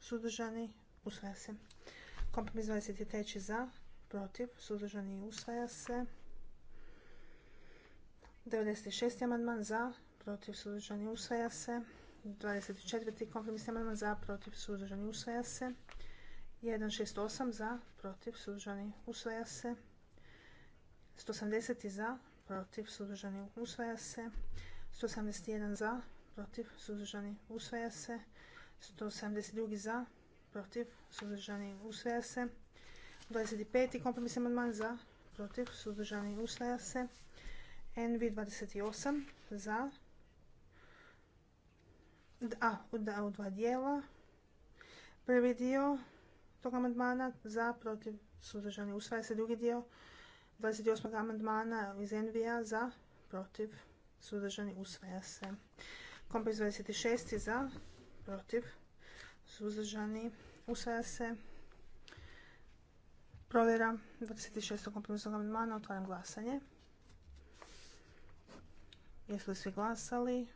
suzdržani, usvaja se. Kompromis 23 za, protiv, suzdržani, usvaja se. 96. amandman za, protiv, suzdržani, usvaja se. 24. kompromis amandman za, protiv, suzdržani, usvaja se. 168 za, protiv, suzdržani, usvaja se. 180 za, protiv, suzdržani, usvaja se. 171 za, protiv, suzdržani, usvaja se. 172 za, protiv, suzdržani, usvaja se. 25. kompromis amandman za, protiv, suzdržani, usvaja se. NV 28 za, a, u dva dijela. Prvi dio tog amandmana za, protiv, suzdržani, usvaja se. Drugi dio 28. amandmana iz Envija za, protiv, suzdržani, usvaja se. Kompromis 26. za, protiv, suzdržani, usvaja se. Provjera 26. kompromisnog amandmana, otvaram glasanje. Jesu li svi glasali?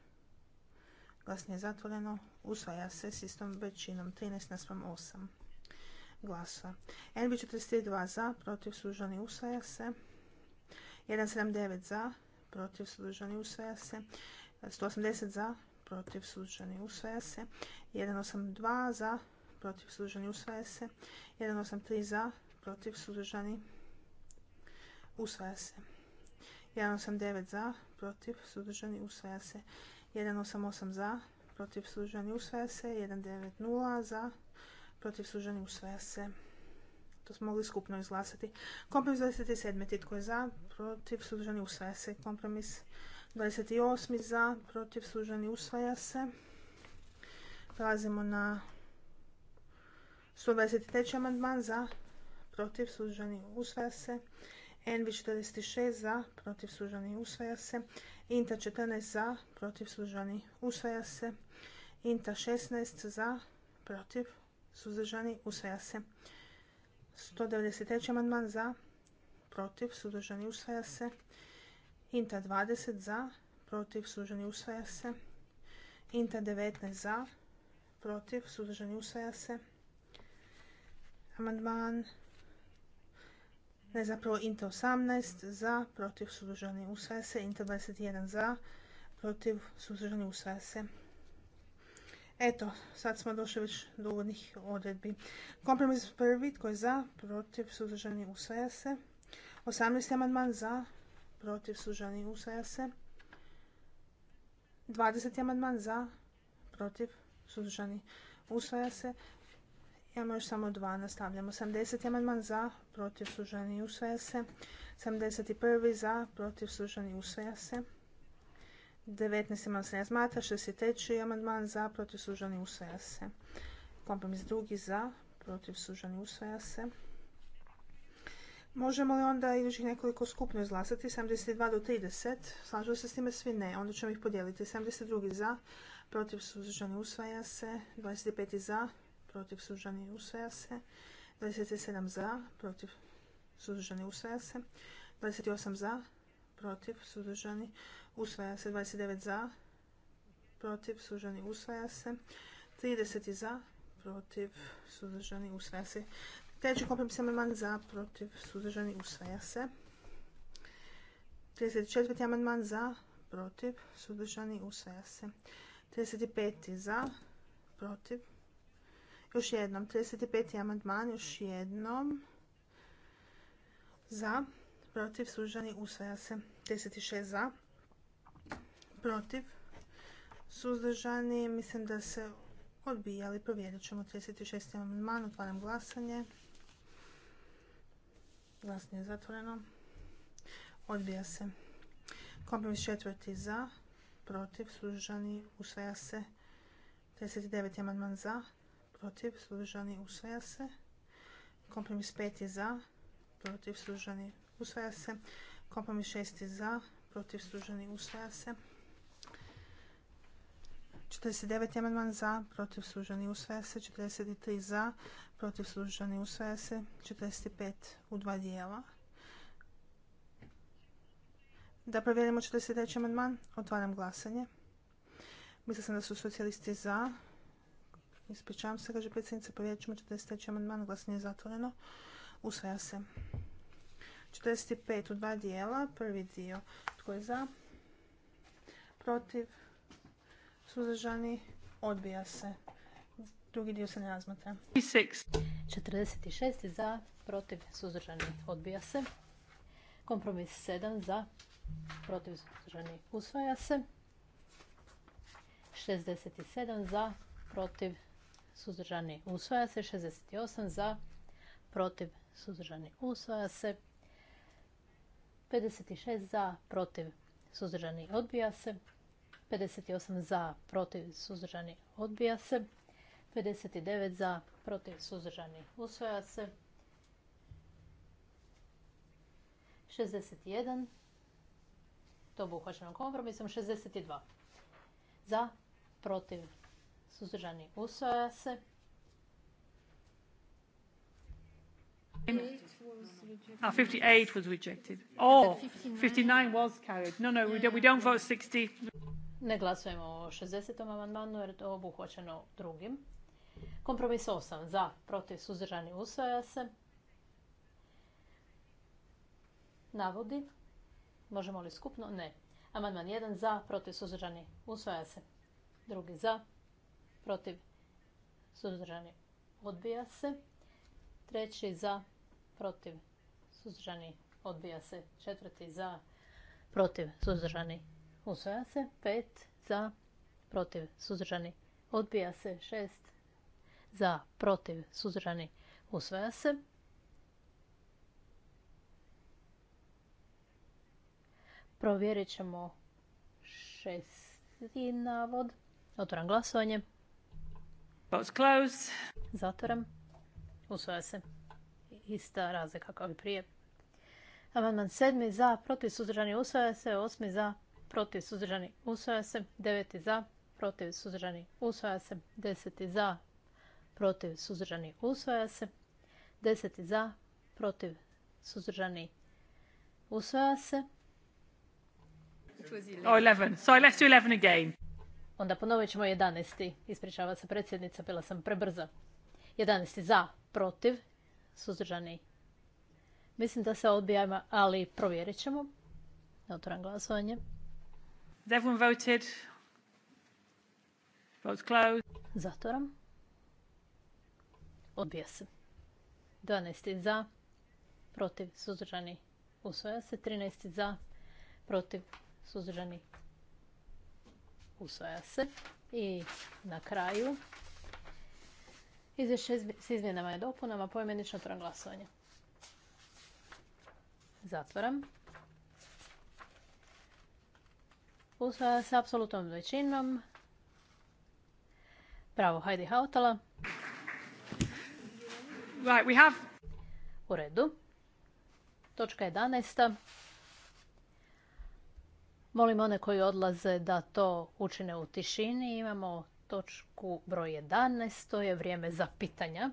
Glasanje je zatvoreno. Usvaja se s istom većinom 13 na 8 glasa. NB42 za, protiv suzdržani usvaja se. 179 za, protiv suzdržani usvaja se. 180 za, protiv suzdržani usvaja se. 182 za, protiv suzdržani usvaja se. 183 za, protiv suzdržani usvaja se. 189 za, protiv suzdržani usvaja se. 188 za, protiv suzdržani usvaja se. 190 za, protiv suženi usvaja se. To smo mogli skupno izglasati. Kompromis 27. Titko je za, protiv suženi usvaja se. Kompromis 28. za, protiv suženi usvaja se. Prelazimo na 123. amandman za, protiv suženi usvaja se. Envi 46 za, protiv suženi usvaja se. Inta 14 za, protiv suženi usvaja se. Inta 16 za, protiv suzdržani, usvaja se. 193. amandman za, protiv, suzdržani, usvaja se. Inta 20 za, protiv, suzdržani, usvaja se. Inta 19 za, protiv, suzdržani, usvaja se. Amandman ne zapravo Inta 18 za, protiv, suzdržani, usvaja se. Inta 21 za, protiv, suzdržani, usvaja se. Eto, sad smo došli već do uvodnih odredbi. Kompromis prvi, tko je za, protiv, suzdržani, usvaja se. 18. amandman za, protiv, suzdržani, usvaja se. 20. amandman za, protiv, suzdržani, usvaja se. Imamo još samo dva, nastavljamo. 80. amandman za, protiv, suzdržani, usvaja se. 71. za, protiv, suzdržani, usvaja se. 19. amandman se ne razmatra. 63. amandman za, protiv, sužani, usvaja se. Kompromis drugi za, protiv, sužani, usvaja se. Možemo li onda idućih nekoliko skupno izglasati? 72 do 30. Slažu se s time svi? Ne. Onda ćemo ih podijeliti. 72 za, protiv suzdržani usvaja se. 25 za, protiv sužani usvaja se. 27 za, protiv sužani usvaja se. 28 za, protiv suzdržani usvaja se usvaja se 29 za, protiv, suzdržani, usvaja se 30 za, protiv, suzdržani, usvaja se. Treći kompromis amandman za, protiv, suzdržani, usvaja se. 34. amandman za, protiv, suzdržani, usvaja se. 35. za, protiv. Još jednom, 35. amandman, još jednom. Za, protiv, suzdržani, usvaja se. 36. za, protiv, suzdržani, mislim da se odbija, ali provjerit ćemo 36. amandman, otvaram glasanje. Glasanje je zatvoreno. Odbija se. Kompromis četvrti za, protiv, suzdržani, usvaja se. 39. amandman za, protiv, suzdržani, usvaja se. Kompromis peti za, protiv, suzdržani, usvaja se. Kompromis šesti za, protiv, suzdržani, usvaja se. 49. amandman za, protiv sužani usvaja se. 43. za, protiv služani usvaja se. 45. u dva dijela. Da provjerimo 43. amandman. Otvaram glasanje. Mislim sam da su socijalisti za. Ispričavam se, kaže predsjednica. Provjerit ćemo 43. amandman. Glasanje je zatvoreno. Usvaja se. 45 u dva dijela. Prvi dio. Tko je za? Protiv? suzdržani, odbija se. Drugi dio se ne razmatra. 46 za, protiv, suzdržani, odbija se. Kompromis 7 za, protiv, suzdržani, usvaja se. 67 za, protiv, suzdržani, usvaja se. 68 za, protiv, suzdržani, usvaja se. 56 za, protiv, suzdržani, odbija se. 58 za, protiv, suzdržani, odbija se. 59 za, protiv, suzdržani, usvaja se. 61, to obuhvaćeno kompromisom, 62 za, protiv, suzdržani, usvaja se. Ah, 58 was rejected. Oh, 59 was carried. No, no, we don't, we don't vote 60. Ne glasujemo o 60. amandmanu jer je to obuhvaćeno drugim. Kompromis 8. Za, protiv, suzdržani, usvaja se. Navodi. Možemo li skupno? Ne. Amandman 1. Za, protiv, suzdržani, usvaja se. Drugi za, protiv, suzdržani, odbija se. Treći za, protiv, suzdržani, odbija se. Četvrti za, protiv, suzdržani, Usvaja se. 5 za, protiv, suzdržani. Odbija se. 6 za, protiv, suzdržani. Usvaja se. Provjerit ćemo šesti navod. Otvoram glasovanje. Close. Zatvoram. Usvaja se. Ista razlika kao i prije. Amandman sedmi za, protiv suzdržani usvaja se, osmi za, protiv suzdržani usvaja se, 9 za, protiv suzdržani usvaja se, 10 za, protiv suzdržani usvaja se, 10 za, protiv suzdržani usvaja se. 11. Onda ponovit ćemo 11. Ispričava se predsjednica, bila sam prebrza. 11 za, protiv, suzdržani. Mislim da se odbijamo, ali provjerit ćemo. Otvoram glasovanje. Has everyone voted? Vote's closed. Zatvoram. Odbija se. 12 za, protiv, suzdržani, usvaja se. 13 za, protiv, suzdržani, usvaja se. I na kraju izvješće s izmjenama i dopunama pojmenično glasovanje. Zatvoram. usvaja se apsolutnom većinom. Bravo, Heidi Hautala. we have... U redu. Točka 11. Molim one koji odlaze da to učine u tišini. Imamo točku broj 11. To je vrijeme za pitanja.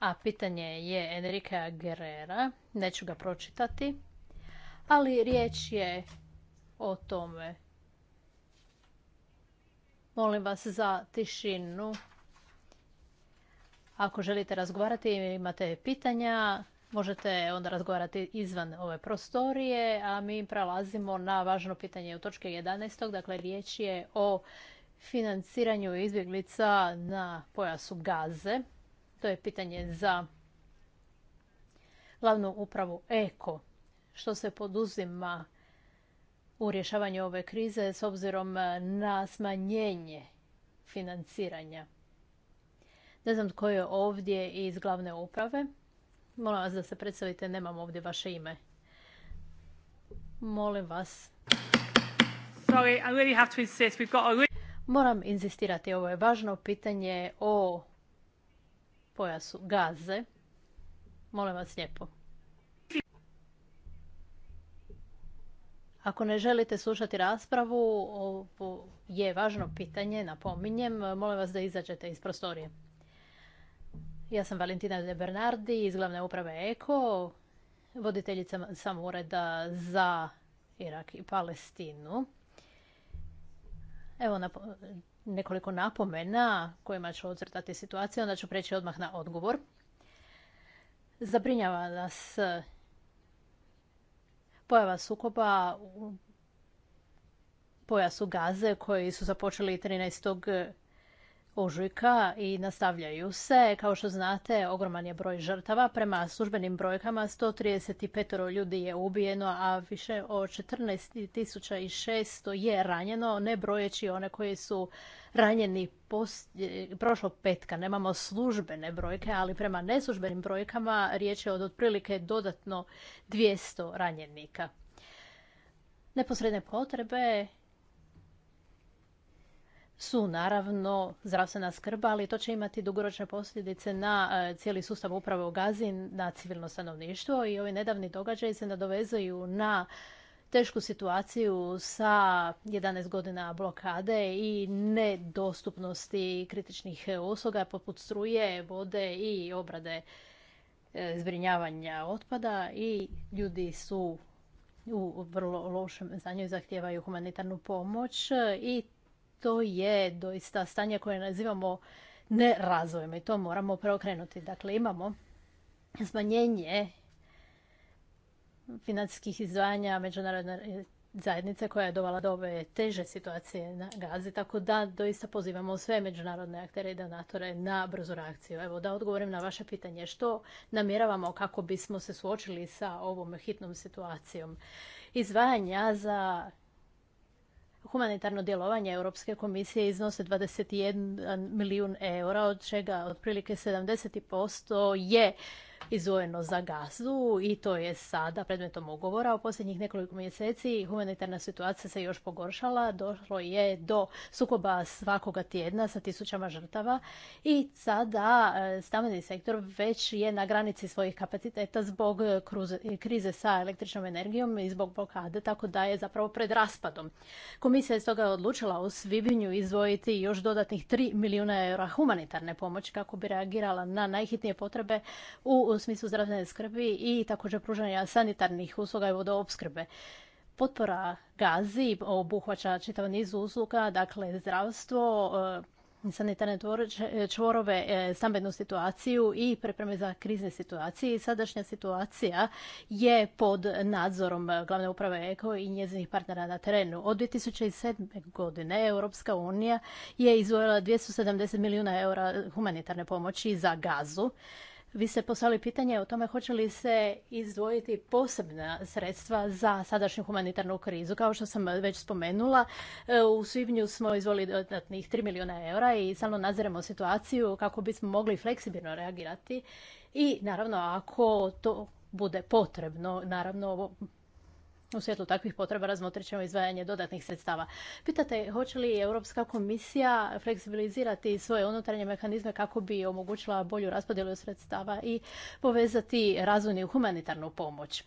A pitanje je Enrika Guerrera. Neću ga pročitati. Ali riječ je o tome. Molim vas za tišinu. Ako želite razgovarati i imate pitanja, možete onda razgovarati izvan ove prostorije, a mi prelazimo na važno pitanje u točke 11. Dakle, riječ je o financiranju izbjeglica na pojasu gaze. To je pitanje za glavnu upravu EKO. Što se poduzima u rješavanju ove krize s obzirom e, na smanjenje financiranja. Ne znam tko je ovdje iz glavne uprave. Molim vas da se predstavite, nemam ovdje vaše ime. Molim vas. Moram inzistirati, ovo je važno pitanje o pojasu gaze. Molim vas lijepo. Ako ne želite slušati raspravu, ovo je važno pitanje, napominjem, molim vas da izađete iz prostorije. Ja sam Valentina De Bernardi iz glavne uprave EKO, voditeljica ureda za Irak i Palestinu. Evo nekoliko napomena kojima ću ocrtati situaciju, onda ću preći odmah na odgovor. Zabrinjava nas pojava sukoba u pojasu Gaze koji su započeli 13 ožujka i nastavljaju se. Kao što znate, ogroman je broj žrtava. Prema službenim brojkama 135 ljudi je ubijeno, a više od 14.600 je ranjeno, ne brojeći one koji su ranjeni prošlog petka. Nemamo službene brojke, ali prema neslužbenim brojkama riječ je od otprilike dodatno 200 ranjenika. Neposredne potrebe su naravno zdravstvena skrba, ali to će imati dugoročne posljedice na e, cijeli sustav uprave u Gazi, na civilno stanovništvo i ovi nedavni događaji se nadovezaju na tešku situaciju sa 11 godina blokade i nedostupnosti kritičnih usluga poput struje, vode i obrade e, zbrinjavanja otpada i ljudi su u vrlo lošem stanju i zahtijevaju humanitarnu pomoć i to je doista stanje koje nazivamo nerazvojem i to moramo preokrenuti. Dakle, imamo smanjenje financijskih izdvajanja međunarodne zajednice koja je dovala do ove teže situacije na Gazi, tako da doista pozivamo sve međunarodne aktere i donatore na brzu reakciju. Evo da odgovorim na vaše pitanje što namjeravamo kako bismo se suočili sa ovom hitnom situacijom. Izdvajanja za humanitarno djelovanje Europske komisije iznose 21 milijun eura, od čega otprilike 70% je izvojeno za gazu i to je sada predmetom ugovora. U posljednjih nekoliko mjeseci humanitarna situacija se još pogoršala. Došlo je do sukoba svakoga tjedna sa tisućama žrtava i sada e, stambeni sektor već je na granici svojih kapaciteta zbog krize sa električnom energijom i zbog blokade, tako da je zapravo pred raspadom. Komisija je stoga odlučila u svibnju izdvojiti još dodatnih 3 milijuna eura humanitarne pomoći kako bi reagirala na najhitnije potrebe u u smislu zdravstvene skrbi i također pružanja sanitarnih usluga i vodoopskrbe. Potpora Gazi obuhvaća čitav niz usluga, dakle zdravstvo, e, sanitarne čvorove, e, stambenu situaciju i pripreme za krizne situacije. Sadašnja situacija je pod nadzorom glavne uprave EKO i njezinih partnera na terenu. Od 2007. godine Europska unija je izvojila 270 milijuna eura humanitarne pomoći za gazu. Vi ste poslali pitanje o tome hoće li se izdvojiti posebna sredstva za sadašnju humanitarnu krizu. Kao što sam već spomenula, e, u svibnju smo izvoli dodatnih 3 milijuna eura i stalno nadziremo situaciju kako bismo mogli fleksibilno reagirati. I naravno, ako to bude potrebno, naravno u svjetlu takvih potreba razmotrit ćemo izdvajanje dodatnih sredstava. Pitate hoće li Europska komisija fleksibilizirati svoje unutarnje mehanizme kako bi omogućila bolju raspodjelu sredstava i povezati razvojnu i humanitarnu pomoć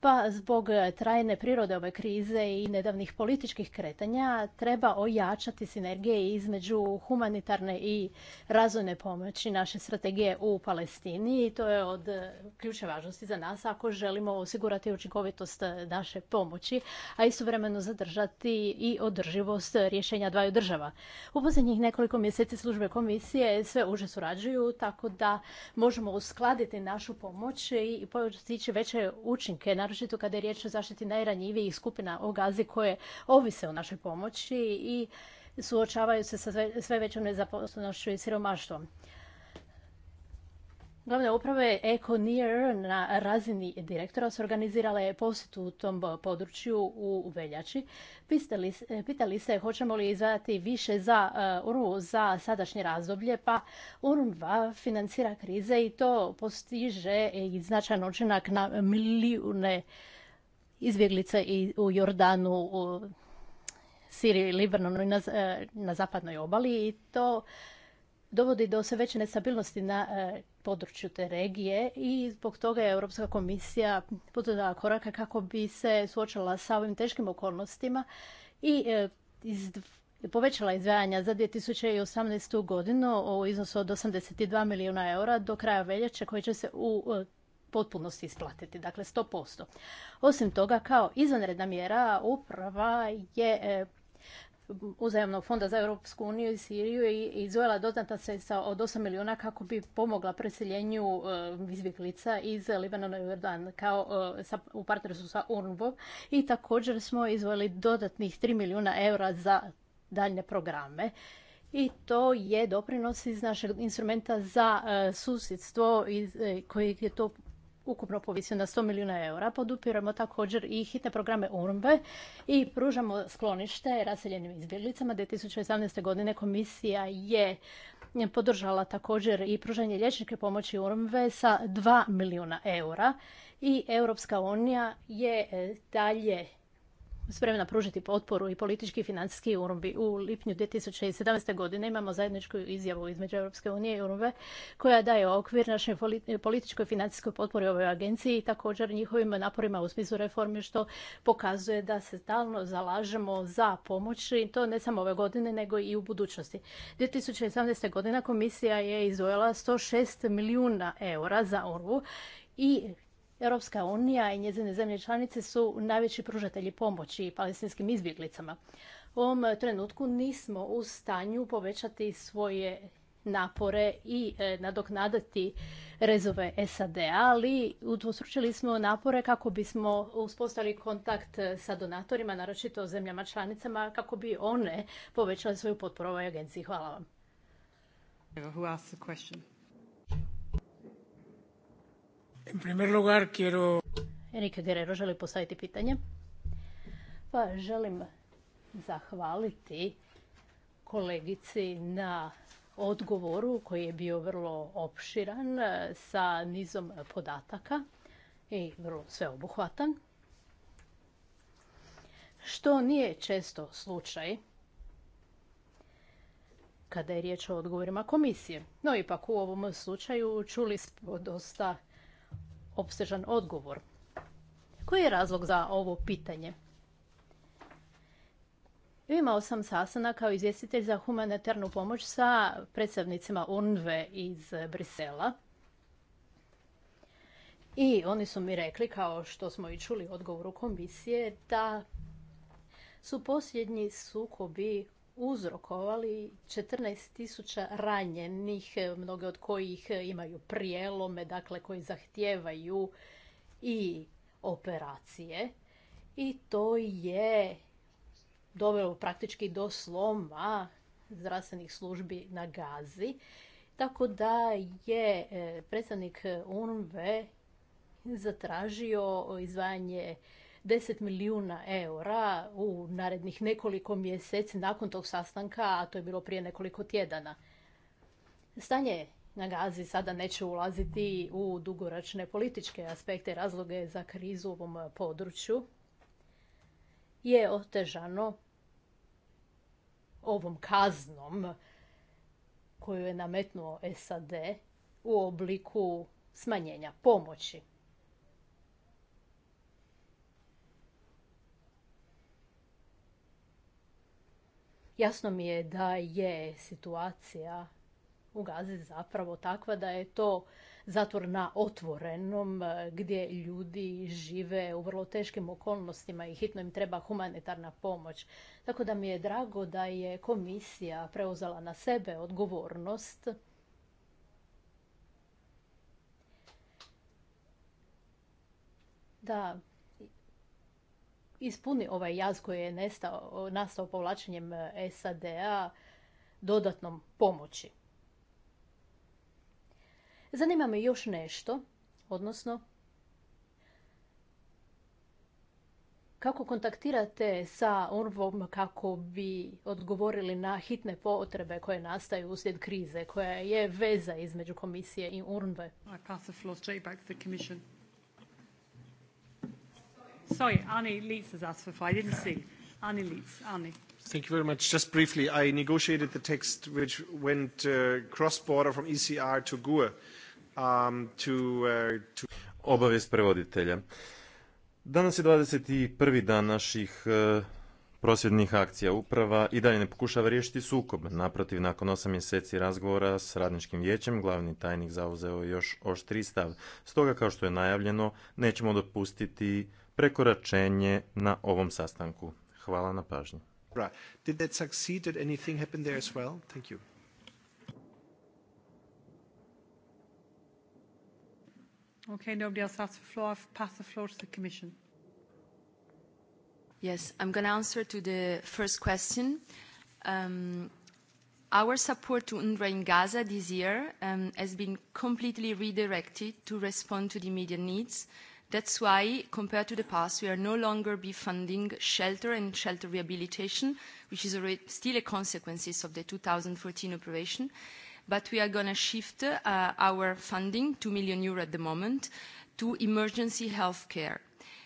pa zbog e, trajne prirode ove krize i nedavnih političkih kretanja treba ojačati sinergije između humanitarne i razvojne pomoći naše strategije u Palestini i to je od e, ključne važnosti za nas ako želimo osigurati učinkovitost e, naše pomoći, a istovremeno zadržati i održivost rješenja dvaju država. U posljednjih nekoliko mjeseci službe komisije sve uže surađuju tako da možemo uskladiti našu pomoć i postići veće učinke na naročito kada je riječ o zaštiti najranjivijih skupina u Gazi koje ovise o našoj pomoći i suočavaju se sa sve većom nezaposlenošću i siromaštvom. Glavne uprave Econier na razini direktora su organizirale posjetu u tom području u Veljači. Pitali, se hoćemo li izdvajati više za e, URU za sadašnje razdoblje, pa URU-2 financira krize i to postiže i značajan učinak na milijune izbjeglice u Jordanu, u Siriji, Libanonu i na, e, na zapadnoj obali i to dovodi do sve veće nestabilnosti na e, području te regije i zbog toga je Europska komisija poduzela koraka kako bi se suočila sa ovim teškim okolnostima i e, povećala izdvajanja za 2018. godinu u iznosu od 82 milijuna eura do kraja veljače koji će se u e, potpunosti isplatiti, dakle 100%. Osim toga, kao izvanredna mjera uprava je uzajamnog fonda za Europsku uniju i Siriju i izvojila dodatna sredstva od 8 milijuna kako bi pomogla preseljenju e, izbjeglica iz Libanona i Jordan kao e, u partnerstvu sa UNVOM i također smo izvojili dodatnih 3 milijuna eura za daljne programe. I to je doprinos iz našeg instrumenta za e, susjedstvo koji je to ukupno povisio na 100 milijuna eura. Podupiramo također i hitne programe URMBE i pružamo sklonište raseljenim izbjeglicama. 2018. godine komisija je podržala također i pružanje liječničke pomoći URMBE sa 2 milijuna eura i Europska unija je dalje spremna pružiti potporu i politički i financijski Urumbi. U lipnju 2017. godine imamo zajedničku izjavu između Europske unije i Urumbe koja daje okvir našoj političkoj i financijskoj potpori ovoj agenciji i također njihovim naporima u smislu reformi što pokazuje da se stalno zalažemo za pomoć i to ne samo ove godine nego i u budućnosti. 2017. godina komisija je izdvojila 106 milijuna eura za Urumbu i Europska unija i njezine zemlje članice su najveći pružatelji pomoći palestinskim izbjeglicama. U ovom trenutku nismo u stanju povećati svoje napore i e, nadoknadati rezove SAD-a, ali utvostručili smo napore kako bismo uspostavili kontakt sa donatorima, naročito zemljama članicama, kako bi one povećale svoju potporu ovoj agenciji. Hvala vam. En primer lugar, quiero... Guerrero želi postaviti pitanje. Pa želim zahvaliti kolegici na odgovoru koji je bio vrlo opširan e, sa nizom podataka i vrlo sveobuhvatan. Što nije često slučaj kada je riječ o odgovorima komisije. No ipak u ovom slučaju čuli smo dosta opsežan odgovor. Koji je razlog za ovo pitanje? Imao sam sasana kao izvjestitelj za humanitarnu pomoć sa predstavnicima UNVE iz Brisela. I oni su mi rekli, kao što smo i čuli u odgovoru komisije, da su posljednji sukobi uzrokovali 14.000 ranjenih, mnoge od kojih imaju prijelome, dakle koji zahtijevaju i operacije. I to je dovelo praktički do sloma zdravstvenih službi na Gazi. Tako da je e, predstavnik UNV zatražio izvajanje 10 milijuna eura u narednih nekoliko mjeseci nakon tog sastanka, a to je bilo prije nekoliko tjedana. Stanje na Gazi sada neće ulaziti u dugoračne političke aspekte razloge za krizu u ovom području je otežano ovom kaznom koju je nametnuo SAD u obliku smanjenja pomoći. Jasno mi je da je situacija u Gazi zapravo takva da je to zatvor na otvorenom e, gdje ljudi žive u vrlo teškim okolnostima i hitno im treba humanitarna pomoć. Tako da mi je drago da je komisija preuzela na sebe odgovornost da ispuni ovaj jaz koji je nastao povlačenjem e, SAD-a dodatnom pomoći. Zanima me još nešto, odnosno kako kontaktirate sa Orvom kako bi odgovorili na hitne potrebe koje nastaju uslijed krize, koja je veza između komisije i urnve. I Sorry, Annie Leitz has asked for five. I didn't see. Annie Leitz, Annie. Thank you very much. Just briefly, I negotiated the text which went uh, cross-border from ECR to GUE um, to, uh, to... Obavijest prevoditelja. Danas je 21. dan naših uh, prosvjednih akcija uprava i dalje ne pokušava riješiti sukob. Naprotiv, nakon osam mjeseci razgovora s radničkim vijećem, glavni tajnik zauzeo još oštri stav. Stoga, kao što je najavljeno, nećemo dopustiti prekoračenje na ovom sastanku. Hvala na pažnji. Did that succeed? Did anything happen there as well? Thank you. Okay, nobody else has the floor. I've passed the floor to the Commission. Yes, I'm going to answer to the first question. Um, our support to UNRWA in Gaza this year um, has been completely redirected to respond to the immediate needs That's why, compared to the past, we are no longer be funding shelter and shelter rehabilitation, which is already still a consequences of the 2014 operation, but we are going to shift uh, our funding, 2 million euro at the moment, to emergency health care.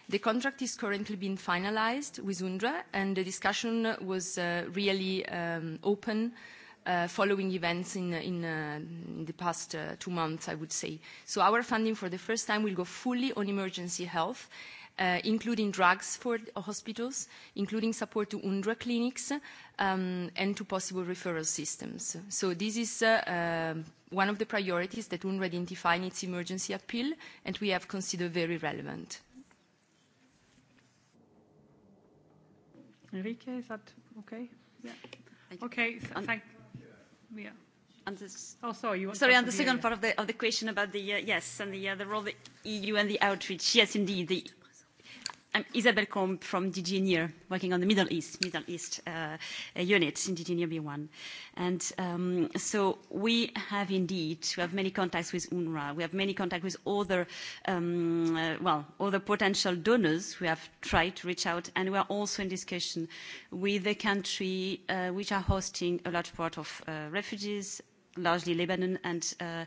The contract is currently being finalized with UNDRA and the discussion was uh, really um, open Uh, following events in, uh, uh, in, the past two months, I would say. So our funding for the first time will go fully on emergency health, including drugs for hospitals, including support to UNDRA clinics, um, and to possible referral systems. So this is one of the priorities that UNRWA identified in its emergency appeal, and we have considered very relevant. Enrique, is that okay? Yeah. Okay, thank Yeah. And this, oh, sorry, you want sorry, and the second part of the, of the question about the, uh, yes, and the, uh, the role of the EU and the outreach. Yes, indeed, the I'm Isabel Combe from DG Near, working on the Middle East, Middle East uh, unit in DG Near B1. And um, so we have indeed, we have many contacts with UNRWA. We have many contacts with other, um, uh, well, other potential donors. We have tried to reach out, and we are also in discussion with the country uh, which are hosting a large part of uh, refugees largely Lebanon and, uh,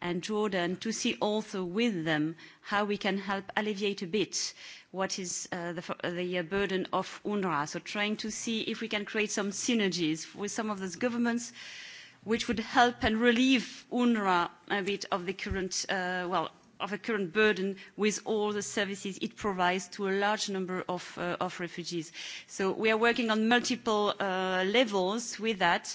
and Jordan, to see also with them how we can help alleviate a bit what is uh, the, the uh, burden of UNRWA. So trying to see if we can create some synergies with some of those governments which would help and relieve UNRWA a bit of the current, uh, well, of the current burden with all the services it provides to a large number of, uh, of refugees. So we are working on multiple uh, levels with that.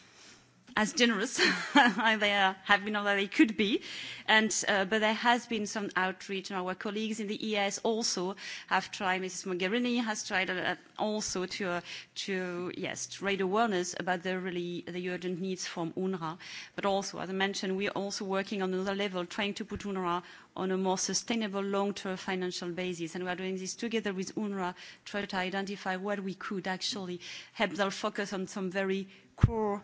as generous [laughs] as they uh, have been or they could be. And, uh, but there has been some outreach, and our colleagues in the ES also have tried, Mrs. Mogherini has tried uh, also to, to, yes, raise awareness about the really the urgent needs from UNRWA. But also, as I mentioned, we are also working on another level, trying to put UNRWA on a more sustainable long-term financial basis. And we are doing this together with UNRWA, try to identify what we could actually help them focus on some very core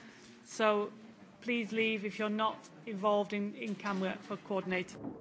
So please leave if you're not involved in, in camera for coordinating.